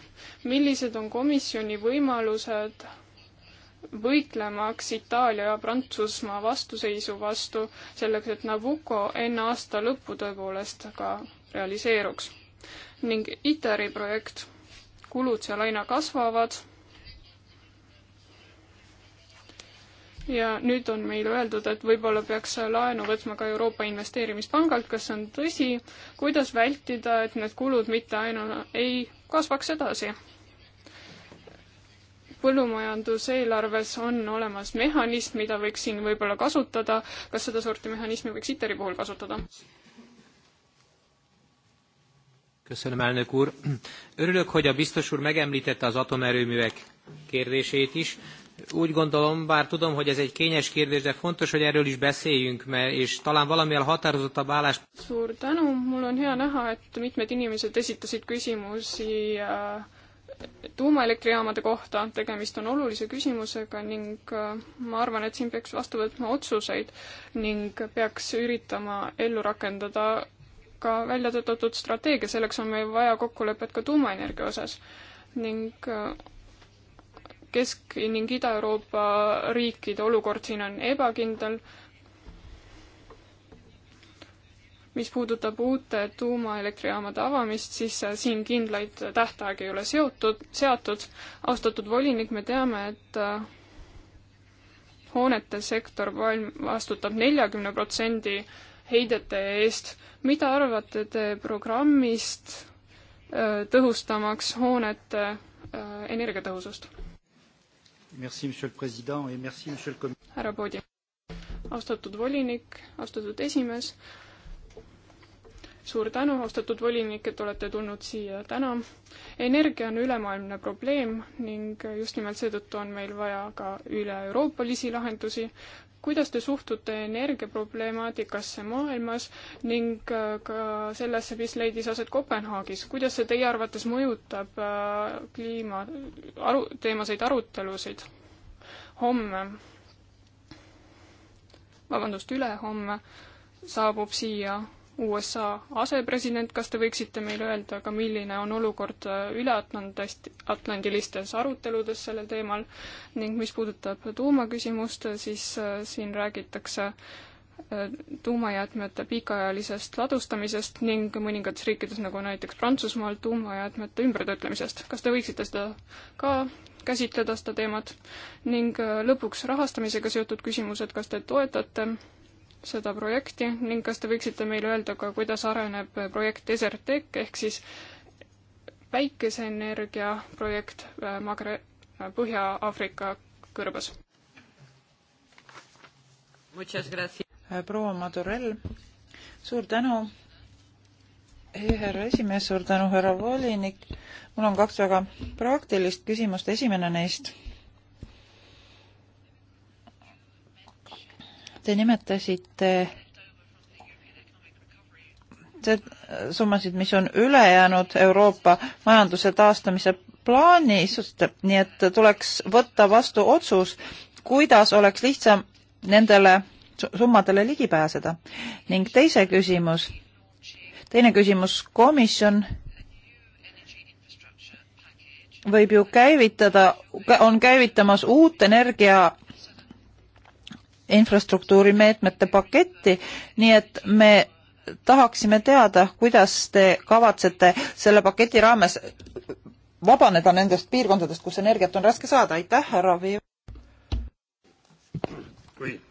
millised on komisjoni võimalused võitlemaks Itaalia ja Prantsusmaa vastuseisu vastu, selleks et Nabucco enne aasta lõppu tõepoolest ka realiseeruks. ning ITER-i projekt, kulud seal aina kasvavad. ja nüüd on meile öeldud, et võib-olla peaks laenu võtma ka Euroopa Investeerimispangalt, kas see on tõsi, kuidas vältida, et need kulud mitte ainult ei kasvaks edasi? põllumajanduseelarves on olemas mehhanism, mida võiks siin võib-olla kasutada, kas sedasorti mehhanismi võiks ITER-i puhul kasutada? Köszönöm, elnök úr. Örülök, hogy a biztos úr megemlítette az atomerőművek kérdését is. Úgy gondolom, bár tudom, hogy ez egy kényes kérdés, de fontos, hogy erről is beszéljünk, mert, és talán valamilyen határozottabb állás... Suur tänu, mul on hea näha, et mitmed inimesed esitasid küsimusi äh, tuumaelektrijaamade kohta, tegemist on olulise küsimusega ning äh, ma arvan, et siin peaks vastu võtma otsuseid ning peaks üritama ellu rakendada ka välja töötatud strateegia, selleks on meil vaja kokkulepet ka tuumaenergia osas. ning äh, Kesk- ning Ida-Euroopa riikide olukord siin on ebakindel mis puudutab uute tuumaelektrijaamade avamist, siis äh, siin kindlaid tähtaegi ei ole seotud, seatud. austatud volinik, me teame, et äh, hoonete sektor valm-, vastutab neljakümne protsendi heidete eest. mida arvate te programmist äh, tõhustamaks hoonete energiatõhusust? härra Poodi. austatud volinik, austatud esimees suur tänu, austatud volinik, et olete tulnud siia täna. energia on ülemaailmne probleem ning just nimelt seetõttu on meil vaja ka üle-euroopalisi lahendusi. kuidas te suhtute energiaprobleemaatikasse maailmas ning ka sellesse, mis leidis aset Kopenhaagis, kuidas see teie arvates mõjutab äh, kliima aru, teemaseid arutelusid homme? vabandust, ülehomme saabub siia USA asepresident, kas te võiksite meile öelda ka, milline on olukord äh, üleatlandist, atlandilistes aruteludes sellel teemal ning mis puudutab tuumaküsimust, siis äh, siin räägitakse äh, tuumajäätmete pikaajalisest ladustamisest ning mõningates riikides, nagu näiteks Prantsusmaal, tuumajäätmete ümbertöötlemisest. kas te võiksite seda ka käsitleda, seda teemat? ning lõpuks rahastamisega seotud küsimused, kas te toetate seda projekti ning kas te võiksite meile öelda ka, kuidas areneb projekt Desertec ehk siis päikeseenergia projekt äh, Magre-, äh, Põhja-Aafrika kõrbes? Äh, proua Madurell, suur tänu härra esimees, suur tänu, härra volinik. mul on kaks väga praktilist küsimust, esimene neist Te nimetasite summasid, mis on ülejäänud Euroopa majanduse taastamise plaanis, nii et tuleks võtta vastu otsus, kuidas oleks lihtsam nendele summadele ligi pääseda. ning teise küsimus, teine küsimus, komisjon võib ju käivitada, on käivitamas uut energia infrastruktuurimeetmete paketti, nii et me tahaksime teada, kuidas te kavatsete selle paketi raames vabaneda nendest piirkondadest, kus energiat on raske saada, aitäh, härra Viiv. Oui.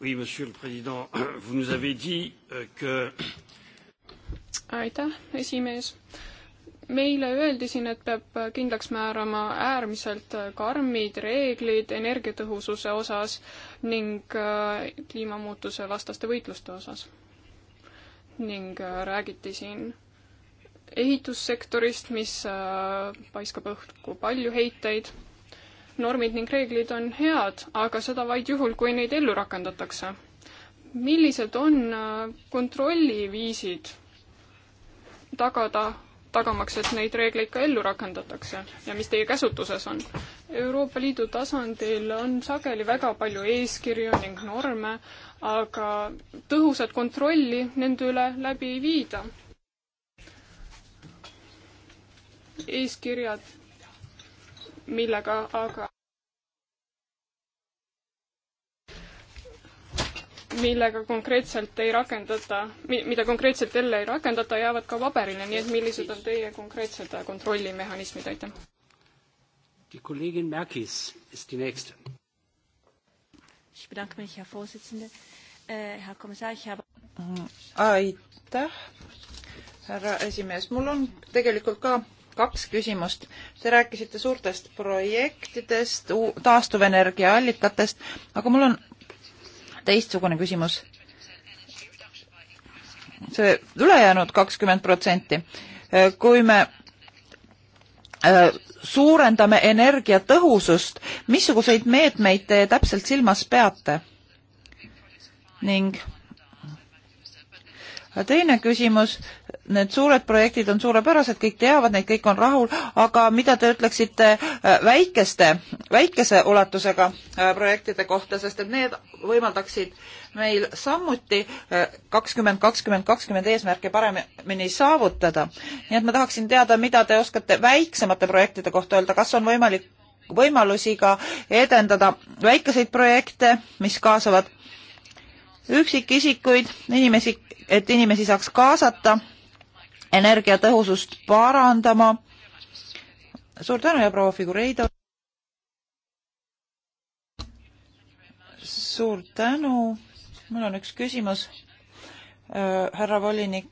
oui, monsieur le président, vous nous avez dit euh, que aitäh, esimees meile öeldi siin, et peab kindlaks määrama äärmiselt karmid reeglid energiatõhususe osas ning äh, kliimamuutuse vastaste võitluste osas. ning äh, räägiti siin ehitussektorist, mis äh, paiskab õhku palju heiteid. normid ning reeglid on head, aga seda vaid juhul, kui neid ellu rakendatakse. millised on kontrolliviisid tagada tagamaks, et neid reegleid ka ellu rakendatakse ja mis teie käsutuses on. Euroopa Liidu tasandil on sageli väga palju eeskirju ning norme, aga tõhusat kontrolli nende üle läbi ei viida. eeskirjad, millega aga millega konkreetselt ei rakendata, mida konkreetselt jälle ei rakendata, jäävad ka paberile, nii et millised on teie konkreetsed kontrollimehhanismid, aitäh? Äh, mm, aitäh, härra esimees, mul on tegelikult ka kaks küsimust. Te rääkisite suurtest projektidest, taastuvenergia allikatest, aga mul on teistsugune küsimus. see ülejäänud kakskümmend protsenti, äh, kui me äh, suurendame energiatõhusust, missuguseid meetmeid te täpselt silmas peate? ning teine küsimus, Need suured projektid on suurepärased, kõik teavad neid, kõik on rahul, aga mida te ütleksite äh, väikeste, väikese ulatusega äh, projektide kohta, sest et need võimaldaksid meil samuti äh, kakskümmend, kakskümmend, kakskümmend eesmärke paremini saavutada. nii et ma tahaksin teada, mida te oskate väiksemate projektide kohta öelda, kas on võimalik, võimalusi ka edendada väikeseid projekte, mis kaasavad üksikisikuid, inimesi, et inimesi saaks kaasata energiatõhusust parandama. suur tänu ja proua Figureido. suur tänu, mul on üks küsimus, äh, härra volinik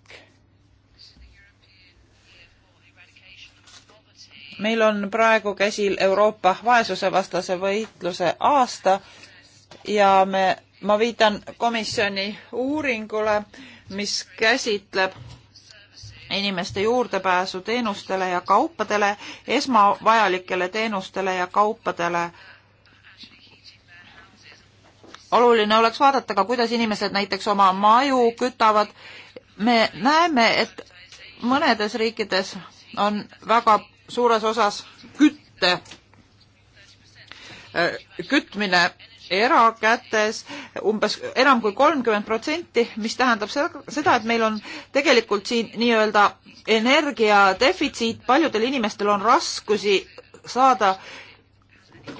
meil on praegu käsil Euroopa vaesusevastase võitluse aasta ja me, ma viitan komisjoni uuringule, mis käsitleb inimeste juurdepääsu teenustele ja kaupadele, esmavajalikele teenustele ja kaupadele. oluline oleks vaadata ka, kuidas inimesed näiteks oma maju kütavad. me näeme, et mõnedes riikides on väga suures osas kütte, kütmine erakätes umbes enam kui kolmkümmend protsenti, mis tähendab seda, et meil on tegelikult siin nii-öelda energiadefitsiit, paljudel inimestel on raskusi saada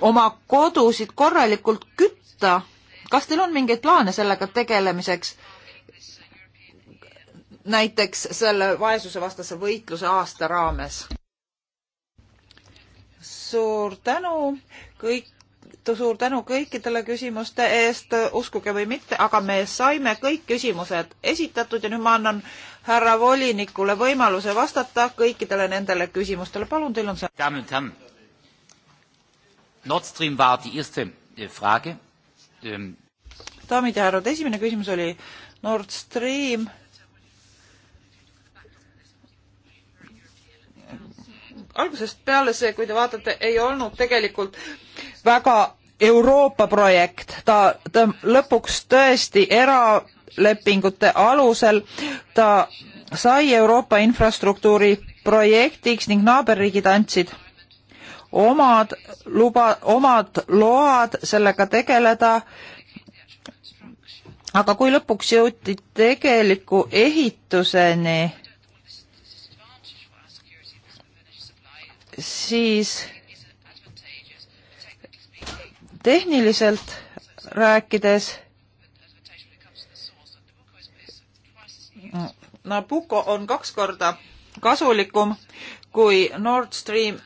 oma kodusid korralikult kütta. kas teil on mingeid plaane sellega tegelemiseks? näiteks selle vaesusevastase võitluse aasta raames. suur tänu kõik seetõttu suur tänu kõikidele küsimuste eest, uskuge või mitte, aga me saime kõik küsimused esitatud ja nüüd ma annan härra volinikule võimaluse vastata kõikidele nendele küsimustele. palun, teil on see. Nord Stream war die erste äh, Frage. Ähm, daamid ja härrad, esimene küsimus oli Nord Stream. algusest peale see, kui te vaatate, ei olnud tegelikult väga Euroopa projekt, ta, ta lõpuks tõesti eralepingute alusel, ta sai Euroopa infrastruktuuri projektiks ning naaberriigid andsid omad luba, omad load sellega tegeleda. aga kui lõpuks jõuti tegeliku ehituseni, siis tehniliselt rääkides Nabucco on kaks korda kasulikum kui Nord Stream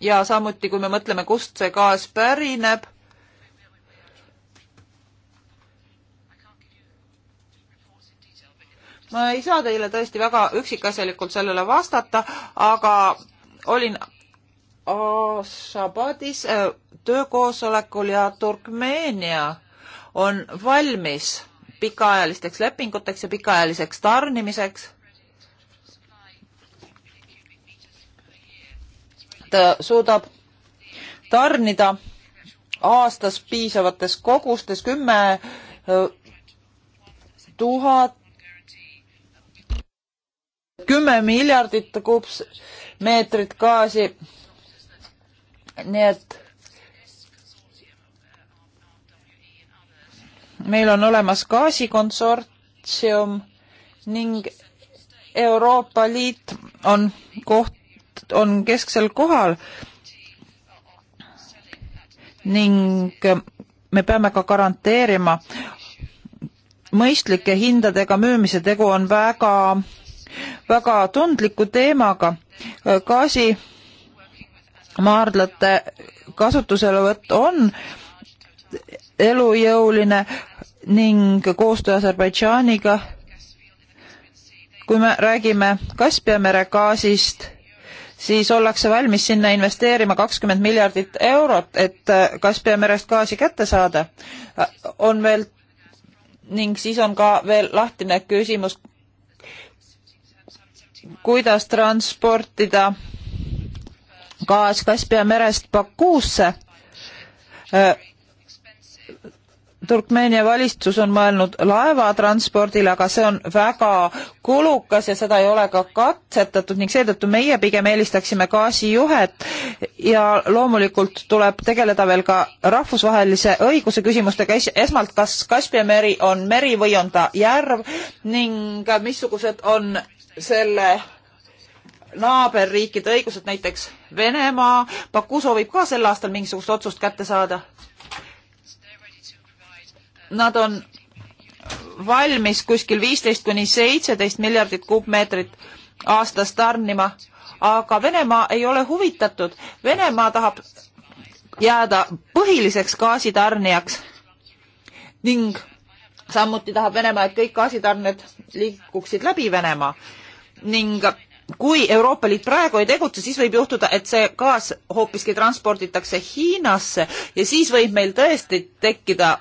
ja samuti, kui me mõtleme, kust see gaas pärineb, ma ei saa teile tõesti väga üksikasjalikult sellele vastata, aga olin Ashabadis äh, töökoosolekul ja Turkmeenia on valmis pikaajalisteks lepinguteks ja pikaajaliseks tarnimiseks. ta suudab tarnida aastas piisavates kogustes kümme tuhat, kümme miljardit kuupmeetrit gaasi. nii et meil on olemas gaasikonsortsium ning Euroopa Liit on koht, on kesksel kohal ning me peame ka garanteerima mõistlike hindadega müümise, tegu on väga, väga tundliku teemaga. gaasimaardlate kasutuselevõtt on elujõuline ning koostöö Aserbaidžaaniga. kui me räägime Kaspia mere gaasist, siis ollakse valmis sinna investeerima kakskümmend miljardit eurot, et äh, Kaspia merest gaasi kätte saada. on veel ning siis on ka veel lahtine küsimus, kuidas transportida gaas Kaspia merest Bakuusse äh, Turkmeenia valitsus on mõelnud laevatranspordile, aga see on väga kulukas ja seda ei ole ka katsetatud ning seetõttu meie pigem eelistaksime gaasijuhet ja loomulikult tuleb tegeleda veel ka rahvusvahelise õiguse küsimustega, esmalt kas Kaspia meri on meri või on ta järv ning missugused on selle naaberriikide õigused, näiteks Venemaa, Baku soovib ka sel aastal mingisugust otsust kätte saada nad on valmis kuskil viisteist kuni seitseteist miljardit kuupmeetrit aastas tarnima, aga Venemaa ei ole huvitatud. Venemaa tahab jääda põhiliseks gaasitarnijaks ning samuti tahab Venemaa, et kõik gaasitarned liikuksid läbi Venemaa ning kui Euroopa Liit praegu ei tegutse, siis võib juhtuda, et see gaas hoopiski transporditakse Hiinasse ja siis võib meil tõesti tekkida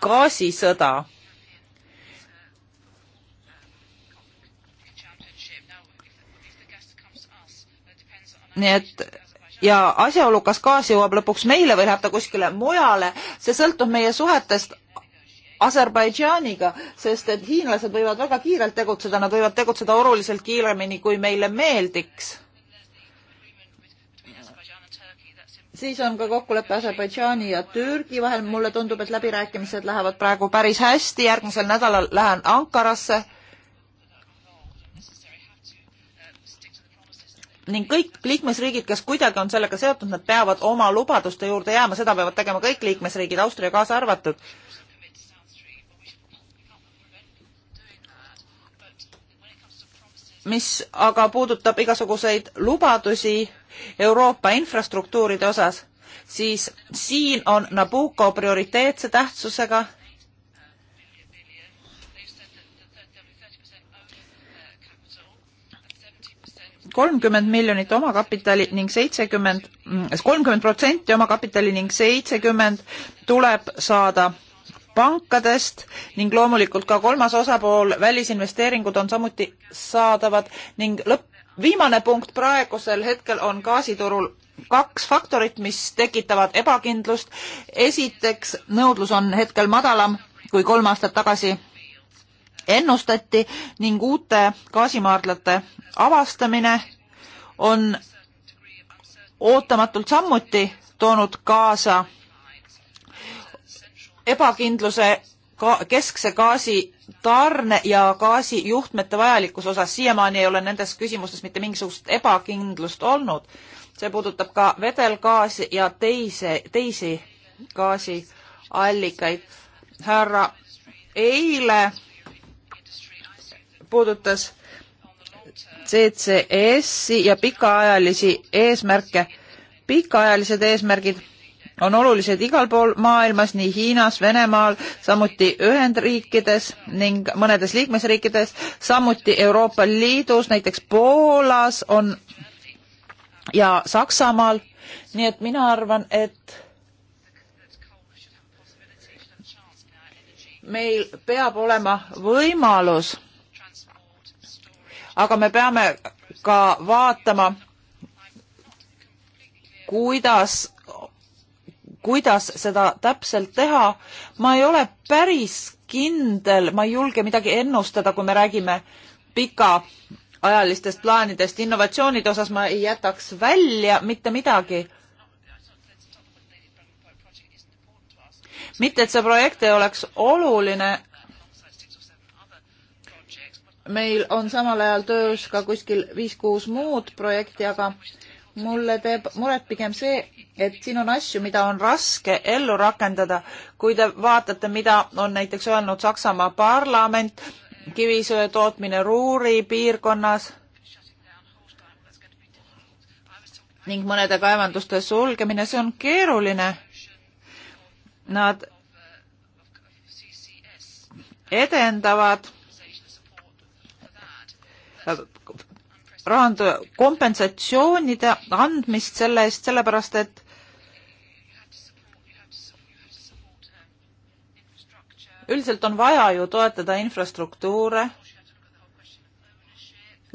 gaasisõda. nii et ja asjaolu, kas gaas jõuab lõpuks meile või läheb ta kuskile mujale, see sõltub meie suhetest Aserbaidžaaniga, sest et hiinlased võivad väga kiirelt tegutseda, nad võivad tegutseda oluliselt kiiremini, kui meile meeldiks siis on ka kokkulepe Aserbaidžaani ja Türgi vahel, mulle tundub, et läbirääkimised lähevad praegu päris hästi, järgmisel nädalal lähen Ankarasse. ning kõik liikmesriigid, kes kuidagi on sellega seotud, nad peavad oma lubaduste juurde jääma, seda peavad tegema kõik liikmesriigid, Austria kaasa arvatud mis aga puudutab igasuguseid lubadusi Euroopa infrastruktuuride osas, siis siin on Nabucco prioriteetse tähtsusega. kolmkümmend miljonit omakapitali ning seitsekümmend, kolmkümmend protsenti omakapitali ning seitsekümmend tuleb saada pankadest ning loomulikult ka kolmas osapool, välisinvesteeringud on samuti saadavad ning lõpp, viimane punkt praegusel hetkel on gaasiturul kaks faktorit, mis tekitavad ebakindlust. esiteks, nõudlus on hetkel madalam kui kolm aastat tagasi ennustati ning uute gaasimaardlate avastamine on ootamatult samuti toonud kaasa ebakindluse ka keskse gaasi tarne ja gaasijuhtmete vajalikus osas siiamaani ei ole nendes küsimustes mitte mingisugust ebakindlust olnud. see puudutab ka vedelgaasi ja teise, teisi gaasiallikaid. härra eile puudutas CCS-i ja pikaajalisi eesmärke. pikaajalised eesmärgid on olulised igal pool maailmas, nii Hiinas, Venemaal, samuti Ühendriikides ning mõnedes liikmesriikides, samuti Euroopa Liidus, näiteks Poolas on ja Saksamaal. nii et mina arvan, et meil peab olema võimalus, aga me peame ka vaatama, kuidas kuidas seda täpselt teha. ma ei ole päris kindel, ma ei julge midagi ennustada, kui me räägime pikaajalistest plaanidest. innovatsioonide osas ma ei jätaks välja mitte midagi. mitte, et see projekt ei oleks oluline. meil on samal ajal töös ka kuskil viis-kuus muud projekti, aga mulle teeb muret pigem see, et siin on asju, mida on raske ellu rakendada. kui te vaatate, mida on näiteks öelnud Saksamaa parlament, kivisöe tootmine Ruuri piirkonnas ning mõnede kaevanduste sulgemine, see on keeruline. Nad edendavad rahand-, kompensatsioonide andmist selle eest, sellepärast et üldiselt on vaja ju toetada infrastruktuure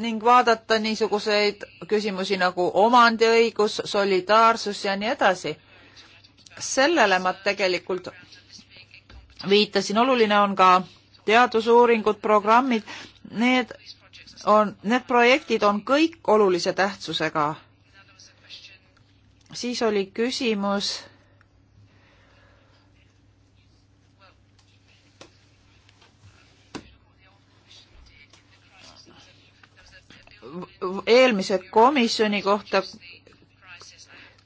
ning vaadata niisuguseid küsimusi nagu omandiõigus, solidaarsus ja nii edasi. sellele ma tegelikult viitasin, oluline on ka teadusuuringud, programmid, need on, need projektid on kõik olulise tähtsusega. siis oli küsimus eelmise komisjoni kohta,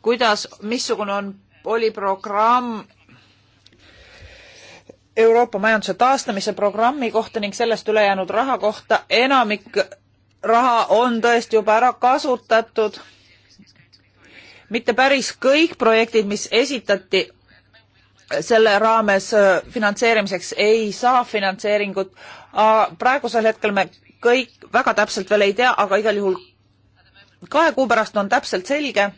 kuidas, missugune on, oli programm Euroopa majanduse taastamise programmi kohta ning sellest ülejäänud raha kohta. enamik raha on tõesti juba ära kasutatud. mitte päris kõik projektid, mis esitati selle raames äh, finantseerimiseks, ei saa finantseeringut. praegusel hetkel me kõik väga täpselt veel ei tea, aga igal juhul kahe kuu pärast on täpselt selge,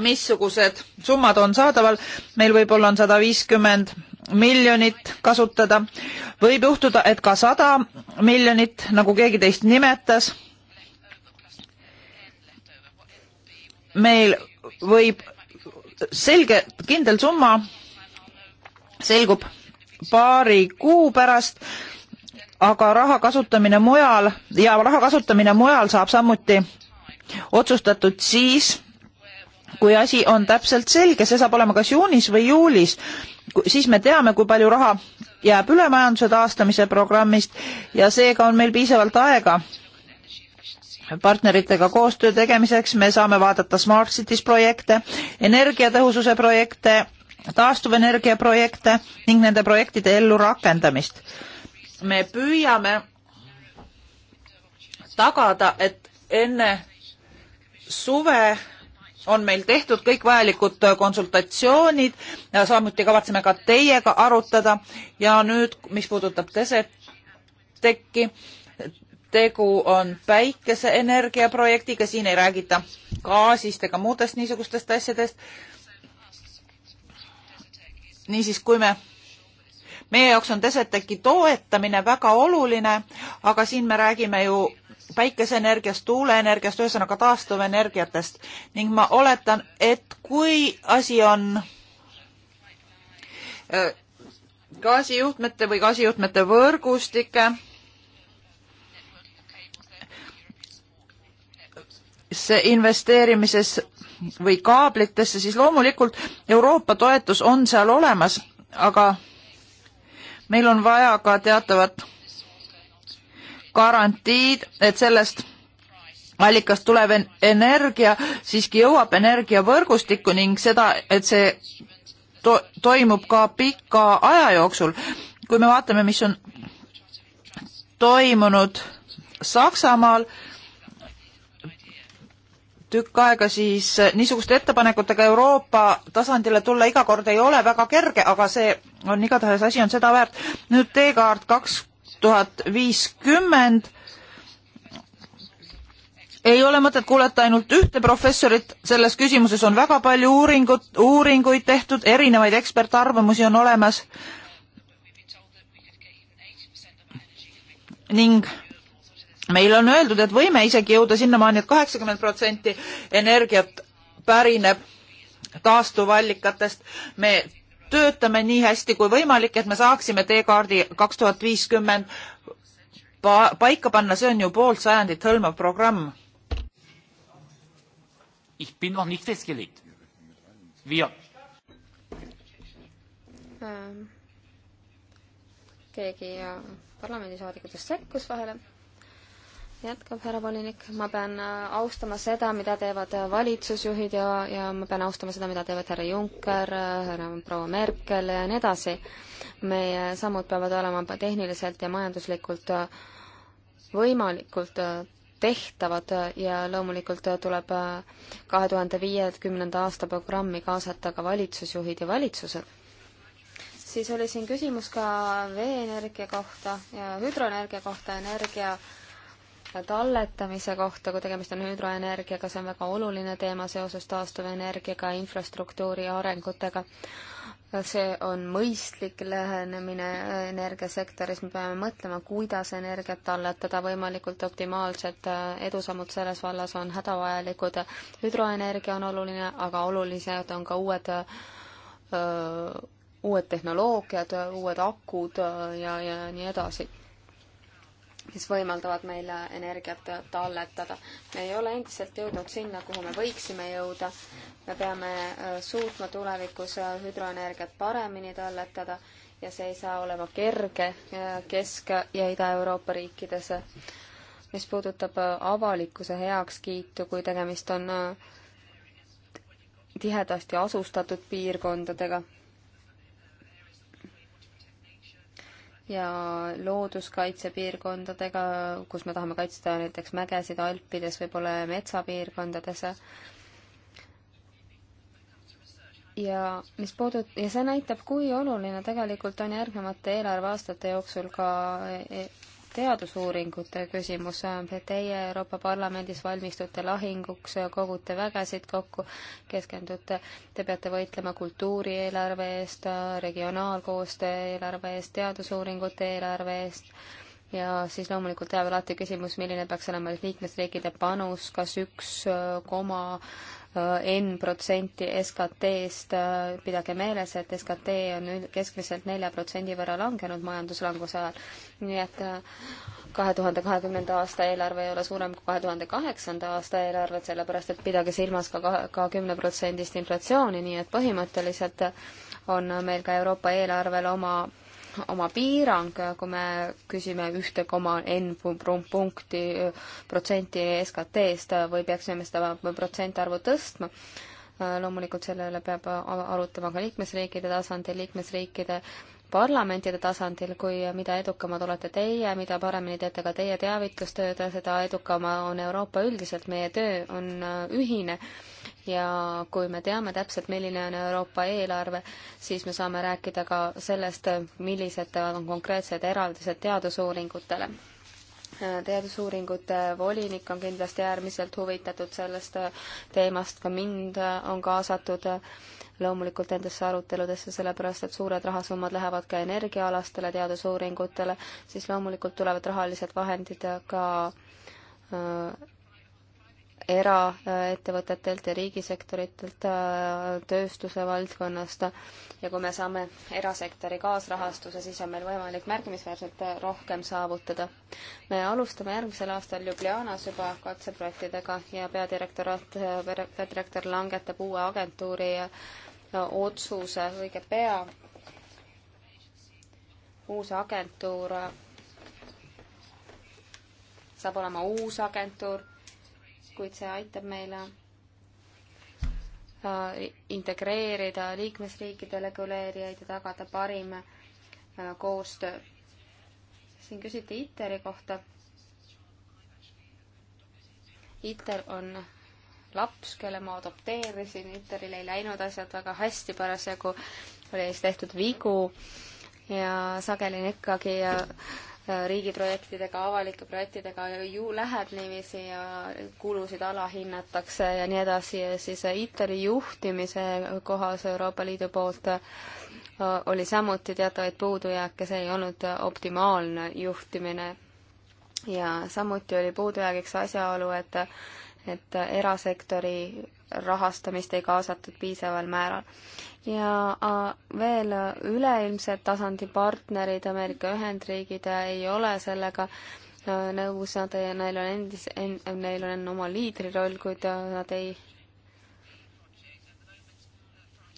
missugused summad on saadaval. meil võib-olla on sada viiskümmend miljonit kasutada. võib juhtuda, et ka sada miljonit, nagu keegi teist nimetas. meil võib selge, kindel summa selgub paari kuu pärast, aga raha kasutamine mujal ja raha kasutamine mujal saab samuti otsustatud siis, kui asi on täpselt selge, see saab olema kas juunis või juulis siis me teame, kui palju raha jääb üle majanduse taastamise programmist ja seega on meil piisavalt aega partneritega koostöö tegemiseks, me saame vaadata Smart Cities projekte, energiatõhususe projekte, taastuvenergia projekte ning nende projektide ellurakendamist. me püüame tagada, et enne suve on meil tehtud kõik vajalikud äh, konsultatsioonid, samuti kavatseme ka teiega arutada ja nüüd, mis puudutab Deserteki, tegu on päikeseenergia projektiga, siin ei räägita gaasist ega muudest niisugustest asjadest. niisiis, kui me, meie jaoks on Deserteki toetamine väga oluline, aga siin me räägime ju päikeseenergiast, tuuleenergiast, ühesõnaga taastuvenergiatest ning ma oletan, et kui asi on äh, gaasijuhtmete või gaasijuhtmete võrgustike see investeerimises või kaablitesse, siis loomulikult Euroopa toetus on seal olemas, aga meil on vaja ka teatavat garantiid, et sellest allikast tulev energia siiski jõuab energiavõrgustikku ning seda, et see to toimub ka pika aja jooksul. kui me vaatame, mis on toimunud Saksamaal tükk aega, siis niisuguste ettepanekutega Euroopa tasandile tulla iga kord ei ole väga kerge, aga see on igatahes, asi on seda väärt. nüüd teekaart kaks tuhat viiskümmend ei ole mõtet kuulata ainult ühte professorit, selles küsimuses on väga palju uuringut, uuringuid tehtud, erinevaid ekspertarvamusi on olemas ning meil on öeldud, et võime isegi jõuda sinnamaani, et kaheksakümmend protsenti energiat pärineb taastuvallikatest. me töötame nii hästi kui võimalik, et me saaksime teekaardi kaks tuhat viiskümmend paika panna, see on ju poolt sajandit hõlmav programm. Ähm, keegi äh, parlamendisaadikutest sekkus vahele jätkab härra volinik, ma pean äh, austama seda, mida teevad äh, valitsusjuhid ja, ja ma pean austama seda, mida teevad härra Juncker, äh, härra proua Merkel ja nii edasi. meie sammud peavad olema tehniliselt ja majanduslikult võimalikult tehtavad ja loomulikult tuleb kahe tuhande viiekümnenda aasta programmi kaasata ka valitsusjuhid ja valitsused. siis oli siin küsimus ka veeenergia kohta ja hüdroenergia kohta, energia talletamise kohta, kui tegemist on hüdroenergiaga, see on väga oluline teema seoses taastuvenergiaga, infrastruktuuri arengutega. see on mõistlik lähenemine energiasektoris, me peame mõtlema, kuidas energiat talletada võimalikult optimaalselt, edusammud selles vallas on hädavajalikud. hüdroenergia on oluline, aga olulised on ka uued öö, uued tehnoloogiad, uued akud ja, ja nii edasi mis võimaldavad meile energiat talletada. me ei ole endiselt jõudnud sinna, kuhu me võiksime jõuda. me peame äh, suutma tulevikus äh, hüdroenergiat paremini talletada ja see ei saa olema kerge äh, Kesk- ja Ida-Euroopa riikides. mis puudutab avalikkuse heakskiitu, kui tegemist on tihedasti asustatud piirkondadega ja looduskaitsepiirkondadega, kus me tahame kaitsta näiteks mägesid Alpides, võib-olla metsapiirkondades. ja mis puudut-, ja see näitab, kui oluline tegelikult on järgnevate eelarveaastate jooksul ka e-, teadusuuringute küsimus. Teie Euroopa Parlamendis valmistute lahinguks, kogute vägesid kokku, keskendute, te peate võitlema kultuurieelarve eest, regionaalkoostöö eelarve eest, teadusuuringute eelarve eest ja siis loomulikult jääb alati küsimus, milline peaks olema liikmesriikide panus, kas üks äh, koma äh, N protsenti SKT-st, äh, pidage meeles, et SKT on keskmiselt nelja protsendi võrra langenud majanduslanguse ajal, nii et kahe tuhande kahekümnenda aasta eelarve ei ole suurem kui kahe tuhande kaheksanda aasta eelarved, sellepärast et pidage silmas ka, ka kümneprotsendist inflatsiooni, nii et põhimõtteliselt on meil ka Euroopa eelarvel oma oma piirang, kui me küsime ühte koma N punkti protsenti SKT-st või peaksime seda protsentarvu tõstma loomulikult selle üle peab arutama ka liikmesriikide tasandil, liikmesriikide parlamentide tasandil, kui mida edukamad olete teie, mida paremini teete ka teie teavitustööd, seda edukama on Euroopa üldiselt, meie töö on äh, ühine ja kui me teame täpselt, milline on Euroopa eelarve, siis me saame rääkida ka sellest, millised on konkreetsed eraldised teadusuuringutele äh, teadusuuringute volinik on kindlasti äärmiselt huvitatud sellest äh, teemast, ka mind on kaasatud loomulikult nendesse aruteludesse, sellepärast et suured rahasummad lähevad ka energiaalastele teadusuuringutele, siis loomulikult tulevad rahalised vahendid ka äh, eraettevõtetelt ja riigisektoritelt äh, tööstuse valdkonnast ja kui me saame erasektori kaasrahastuse, siis on meil võimalik märkimisväärselt äh, rohkem saavutada. me alustame järgmisel aastal Ljubljanas juba katseprojektidega ja peadirektorat, äh, peadirektor langetab uue agentuuri äh, otsuse õige pea. uus agentuur saab olema uus agentuur, kuid see aitab meile äh, integreerida liikmesriikide reguleerijaid ja tagada parim äh, koostöö. siin küsiti ITER-i kohta ITER on laps, kelle ma adopteerisin, Interil ei läinud asjad väga hästi parasjagu, oli siis tehtud vigu ja sageli on ikkagi riigiprojektidega, avalike projektidega ju läheb niiviisi ja kulusid alahinnatakse ja nii edasi ja siis ITER-i juhtimise kohas Euroopa Liidu poolt äh, oli samuti teatavaid puudujääke, see ei olnud optimaalne juhtimine. ja samuti oli puudujäägiks asjaolu, et et erasektori rahastamist ei kaasatud piisaval määral. ja veel üleilmse tasandi partnerid, Ameerika Ühendriigid ei ole sellega äh, nõus, nad ei, neil on endis en,, neil on oma liidriroll, kuid äh, nad ei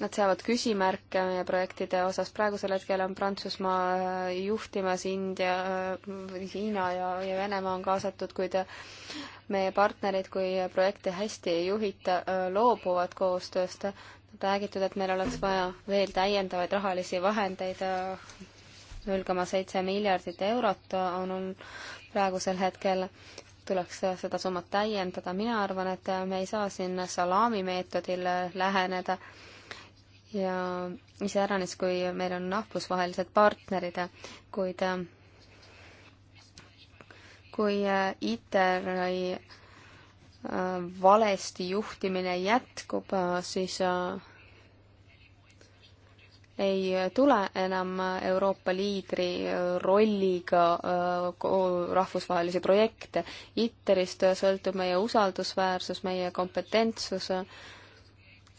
Nad seavad küsimärke meie projektide osas, praegusel hetkel on Prantsusmaa äh, juhtimas India, äh, Hiina ja, ja Venemaa on kaasatud, kuid äh, meie partnerid, kui projekte hästi ei juhita, loobuvad koostööst. räägitud, et meil oleks vaja veel täiendavaid rahalisi vahendeid, null koma seitse miljardit eurot on, on praegusel hetkel tuleks seda summat täiendada, mina arvan, et me ei saa siin salaamimeetodil läheneda ja iseäranis, kui meil on rahvusvahelised partnerid, kuid kui äh, ITER-i äh, valesti juhtimine jätkub, äh, siis ei tule enam Euroopa liidri rolliga rahvusvahelisi projekte. ITER-ist sõltub meie usaldusväärsus, meie kompetentsus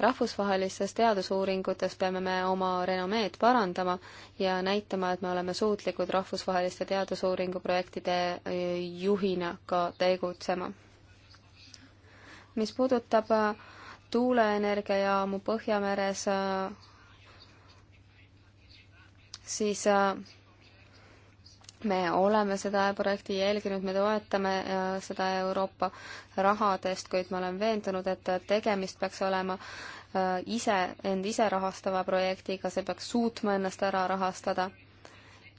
rahvusvahelistes teadusuuringutes peame me oma renomeed parandama ja näitama, et me oleme suutlikud rahvusvaheliste teadusuuringuprojektide äh, juhina ka tegutsema. mis puudutab äh, tuuleenergiajaamu Põhjameres, äh, siis me oleme seda projekti jälginud, me toetame äh, seda Euroopa rahadest, kuid ma olen veendunud, et tegemist peaks olema äh, ise, end ise rahastava projektiga, see peaks suutma ennast ära rahastada.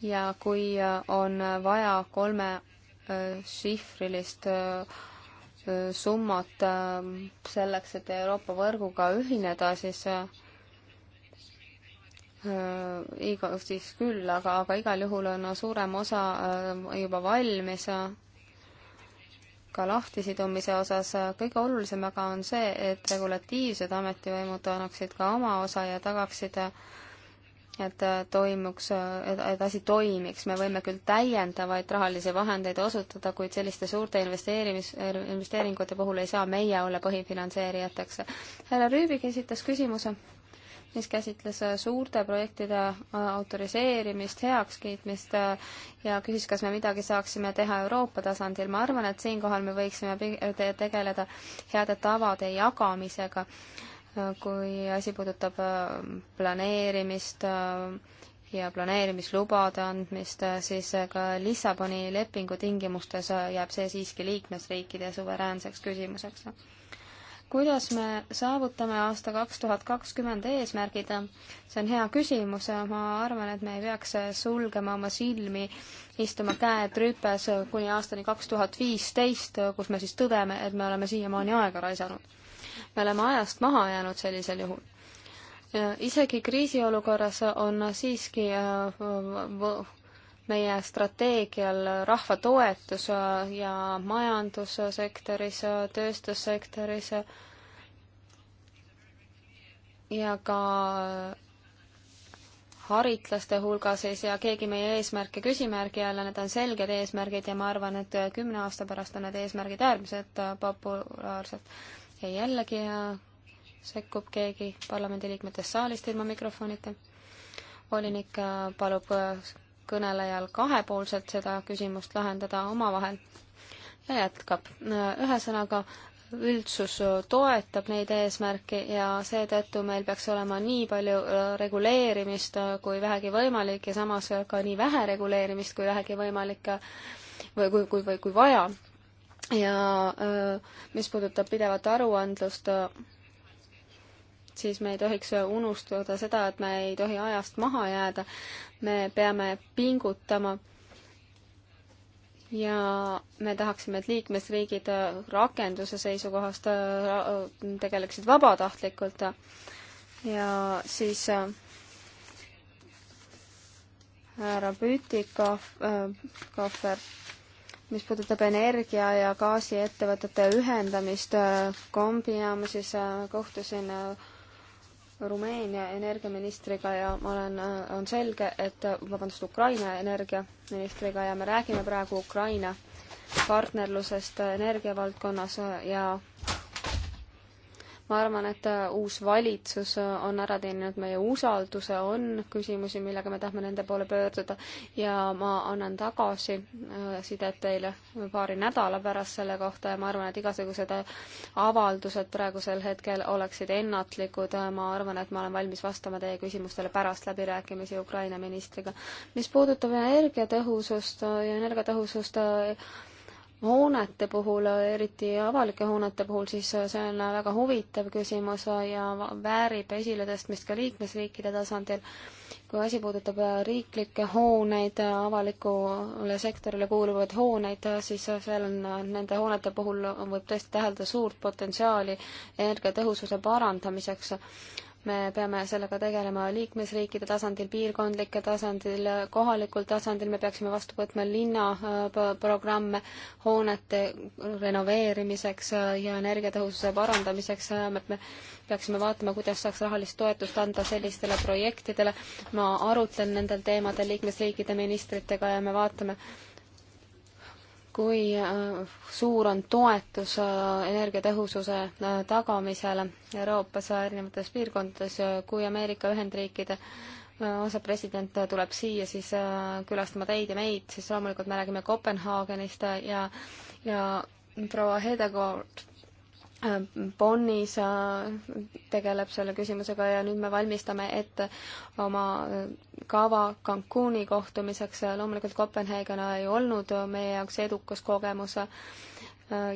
ja kui äh, on vaja kolme šifrilist summat selleks, et Euroopa võrguga ühineda, siis Äh, igavestis küll, aga, aga igal juhul on suurem osa äh, juba valmis äh, ka lahtisidumise osas kõige olulisem aga on see, et regulatiivsed ametivõimud annaksid ka oma osa ja tagaksid, et toimuks, et asi toimiks. me võime küll täiendavaid rahalisi vahendeid osutada, kuid selliste suurte investeerimis, er, investeeringute puhul ei saa meie olla põhifinantseerijateks. härra Rüübik esitas küsimuse mis käsitles äh, suurte projektide äh, autoriseerimist, heakskiitmist äh, ja küsis, kas me midagi saaksime teha Euroopa tasandil. ma arvan, et siinkohal me võiksime tegeleda heade tavade jagamisega, kui asi puudutab planeerimist ja planeerimislubade andmist, siis ka Lissaboni lepingu tingimustes jääb see siiski liikmesriikide suveräänseks küsimuseks kuidas me saavutame aasta kaks tuhat kakskümmend eesmärgid, see on hea küsimus, ma arvan, et me ei peaks sulgema oma silmi, istuma käed rüpes kuni aastani kaks tuhat viisteist, kus me siis tõdeme, et me oleme siiamaani aega raisanud. me oleme ajast maha jäänud sellisel juhul isegi kriisiolukorras on siiski äh, meie strateegial rahva toetus ja majandussektoris, tööstussektoris ja ka haritlaste hulgas ei sea keegi meie eesmärke küsimärgi alla, need on selged eesmärgid ja ma arvan, et kümne aasta pärast on need eesmärgid äärmiselt populaarsed. ja jällegi sekkub keegi parlamendiliikmetest saalist ilma mikrofonita. volinik palub kõnelejal kahepoolselt seda küsimust lahendada omavahel ja jätkab. ühesõnaga, üldsus toetab neid eesmärke ja seetõttu meil peaks olema nii palju äh, reguleerimist äh, kui vähegi võimalik ja samas ka nii vähe reguleerimist kui vähegi võimalik äh, või kui, kui, või kui vaja. ja mis puudutab pidevat aruandlust, siis me ei tohiks unustada seda, et me ei tohi ajast maha jääda. me peame pingutama. ja me tahaksime, et liikmesriigid rakenduse seisukohast äh, tegeleksid vabatahtlikult. ja siis äh, härra Pütikohver, äh, mis puudutab energia ja gaasiettevõtete ühendamist kombijaamas, siis kohtusin äh, Rumeenia energiaministriga ja ma olen, on selge, et, vabandust, Ukraina energiaministriga ja me räägime praegu Ukraina partnerlusest energiavaldkonnas ja ma arvan, et äh, uus valitsus äh, on ära teeninud meie usalduse, on küsimusi, millega me tahame nende poole pöörduda ja ma annan tagasi äh, sidet teile paari nädala pärast selle kohta ja ma arvan, et igasugused avaldused praegusel hetkel oleksid ennatlikud, ma arvan, et ma olen valmis vastama teie küsimustele pärast läbirääkimisi Ukraina ministriga. mis puudutab energiatõhusust ja energiatõhusust hoonete puhul, eriti avalike hoonete puhul, siis see on väga huvitav küsimus ja väärib esiletõstmist ka liikmesriikide tasandil. kui asi puudutab riiklikke hooneid, avalikule sektorile kuuluvaid hooneid, siis seal on, nende hoonete puhul võib tõesti täheldada suurt potentsiaali energiatõhususe parandamiseks me peame sellega tegelema liikmesriikide tasandil, piirkondlike tasandil, kohalikul tasandil, me peaksime vastu võtma linnaprogramme äh, hoonete renoveerimiseks äh, ja energiatõhususe parandamiseks, äh, me peaksime vaatama, kuidas saaks rahalist toetust anda sellistele projektidele, ma arutlen nendel teemadel liikmesriikide ministritega ja me vaatame, kui äh, suur on toetus äh, energiatõhususe äh, tagamisele Euroopas erinevates piirkondades, kui Ameerika Ühendriikide asepresident tuleb siia siis külastama teid ja meid, siis loomulikult me räägime Kopenhaagenist ja, ja proua Hedegaard Äh, Bonnis äh, tegeleb selle küsimusega ja nüüd me valmistame ette oma äh, kava Cancuni kohtumiseks. loomulikult Kopenhaagen ei olnud meie jaoks edukas kogemus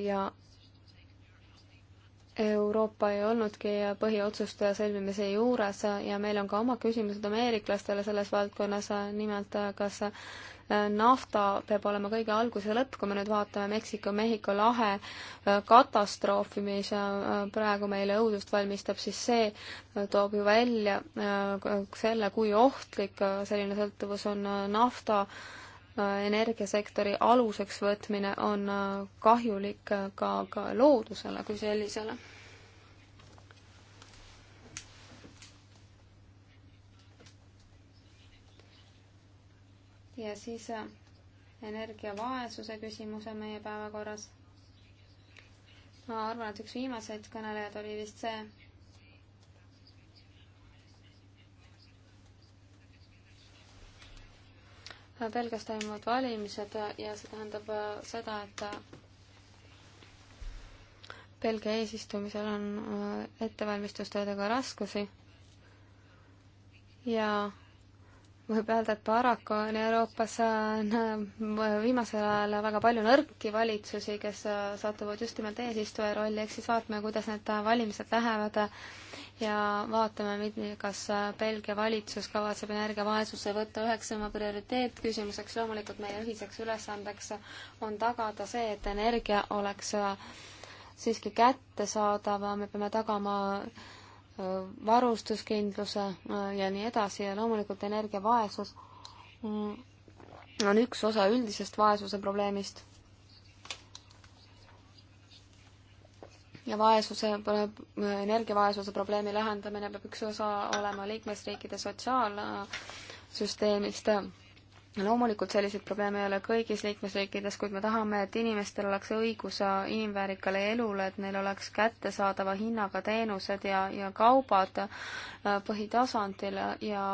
ja Euroopa ei olnudki põhiotsuste sõlmimise juures ja meil on ka oma küsimused ameeriklastele selles valdkonnas, nimelt kas nafta peab olema kõige alguse lõpp, kui me nüüd vaatame Meksiko-Mehhiko lahe äh, katastroofi, mis äh, praegu meile õudust valmistab, siis see äh, toob ju välja selle, kui ohtlik selline sõltuvus on nafta energiasektori aluseks võtmine on kahjulik ka, ka loodusele kui sellisele ja siis äh, energiavaesuse küsimuse meie päevakorras. ma arvan, et üks viimaseid kõnelejaid oli vist see, Belgias toimuvad valimised ja see tähendab äh, seda, et äh, Belgia eesistumisel on ettevalmistustöödega raskusi ja võib öelda, et paraku on Euroopas äh, viimasel ajal väga palju nõrki valitsusi, kes äh, satuvad just nimelt eesistuja rolli, ehk siis vaatame, kuidas need äh, valimised lähevad ja vaatame, kas Belgia valitsus kavatseb energiavaesuse võtta üheks oma prioriteetküsimuseks. loomulikult meie ühiseks ülesandeks on tagada see, et energia oleks siiski kättesaadav, me peame tagama varustuskindluse äh, ja nii edasi ja loomulikult energiavaesus mm, on üks osa üldisest vaesuse probleemist. ja vaesuse, energiavaesuse probleemi lahendamine peab üks osa olema liikmesriikide sotsiaalsüsteemist loomulikult selliseid probleeme ei ole kõigis liikmesriikides, kuid me tahame, et inimestel oleks õigus inimväärikale elule, et neil oleks kättesaadava hinnaga teenused ja, ja kaubad äh, põhitasandil ja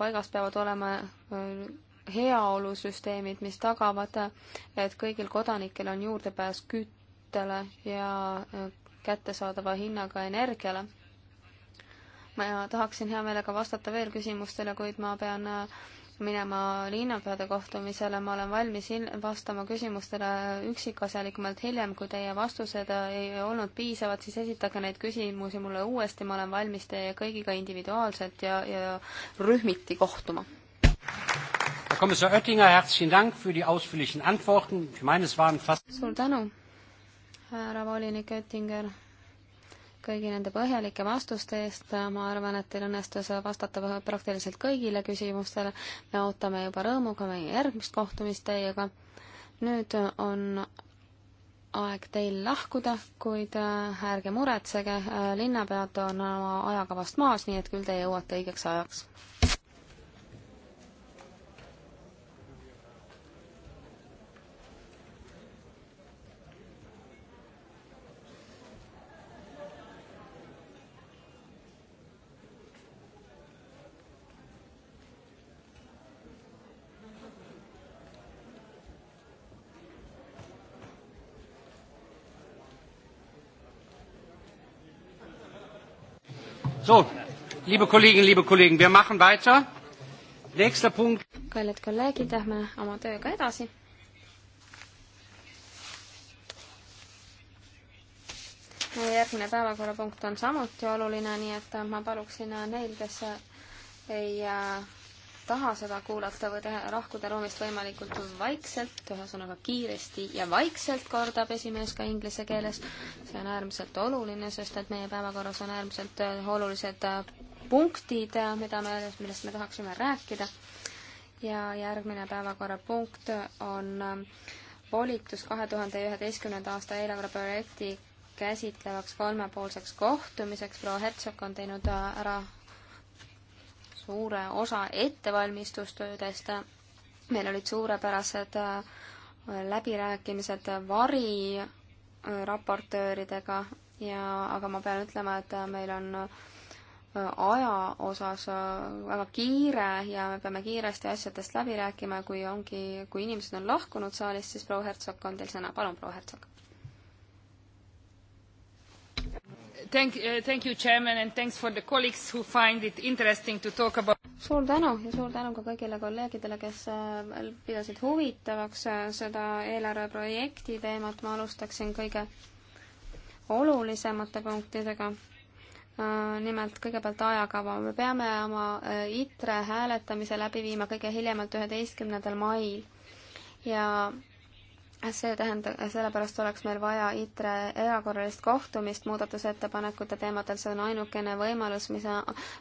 paigas peavad olema äh, heaolusüsteemid, mis tagavad, et kõigil kodanikel on juurdepääs küttele ja äh, kättesaadava hinnaga energiale. ma tahaksin hea meelega vastata veel küsimustele, kuid ma pean äh, minema linnapeade kohtumisele, ma olen valmis vastama küsimustele üksikasjalikumalt hiljem, kui teie vastused ei olnud piisavad, siis esitage neid küsimusi mulle uuesti, ma olen valmis teie kõigiga individuaalselt ja, ja rühmiti kohtuma. Herr Kommissar Oettinger, herzlichen Dank für die ausführlichen Antworten. Ich meine, es waren fast... Suur tänu, härra volinik Oettinger kõigi nende põhjalike vastuste eest, ma arvan, et teil õnnestus vastata praktiliselt kõigile küsimustele. me ootame juba rõõmuga meie järgmist kohtumist teiega. nüüd on aeg teil lahkuda, kuid äh, ärge muretsege, äh, linnapead on oma ajakavast maas, nii et küll te jõuate õigeks ajaks So, liebe Kolleginnen, liebe Kollegen, wir machen weiter. Nächster Punkt. kallid kolleegid, lähme oma tööga edasi. meie järgmine päevakorrapunkt on samuti oluline, nii et ma paluksin neil, kes ei äh, taha seda kuulata või teha, lahkuda ruumist võimalikult vaikselt, ühesõnaga kiiresti ja vaikselt, kordab esimees ka inglise keeles. see on äärmiselt oluline, sest et meie päevakorras on äärmiselt äh, olulised äh, punktid, äh, mida me, millest me tahaksime rääkida. ja järgmine päevakorrapunkt on volitus kahe tuhande üheteistkümnenda aasta eelarveprojekti käsitlevaks kolmepoolseks kohtumiseks. proua Hertsog on teinud ära suure osa ettevalmistustöödest. meil olid suurepärased äh, läbirääkimised variraportööridega äh, ja, aga ma pean ütlema, et äh, meil on aja osas väga kiire ja me peame kiiresti asjadest läbi rääkima, kui ongi, kui inimesed on lahkunud saalist, siis proua Hertsog on teil sõna, palun, proua Hertsog Thank, uh, thank you, Chairman, and thanks for the colleagues who find it interesting to talk about suur tänu ja suur tänu ka kõigile kolleegidele, kes äh, pidasid huvitavaks äh, seda eelarveprojekti teemat. ma alustaksin kõige olulisemate punktidega. Äh, nimelt kõigepealt ajakava. me peame oma ITRE hääletamise läbi viima kõige hiljemalt üheteistkümnendal mail ja see tähendab, sellepärast oleks meil vaja ITRE erakorralist kohtumist muudatusettepanekute teemadel, see on ainukene võimalus, mis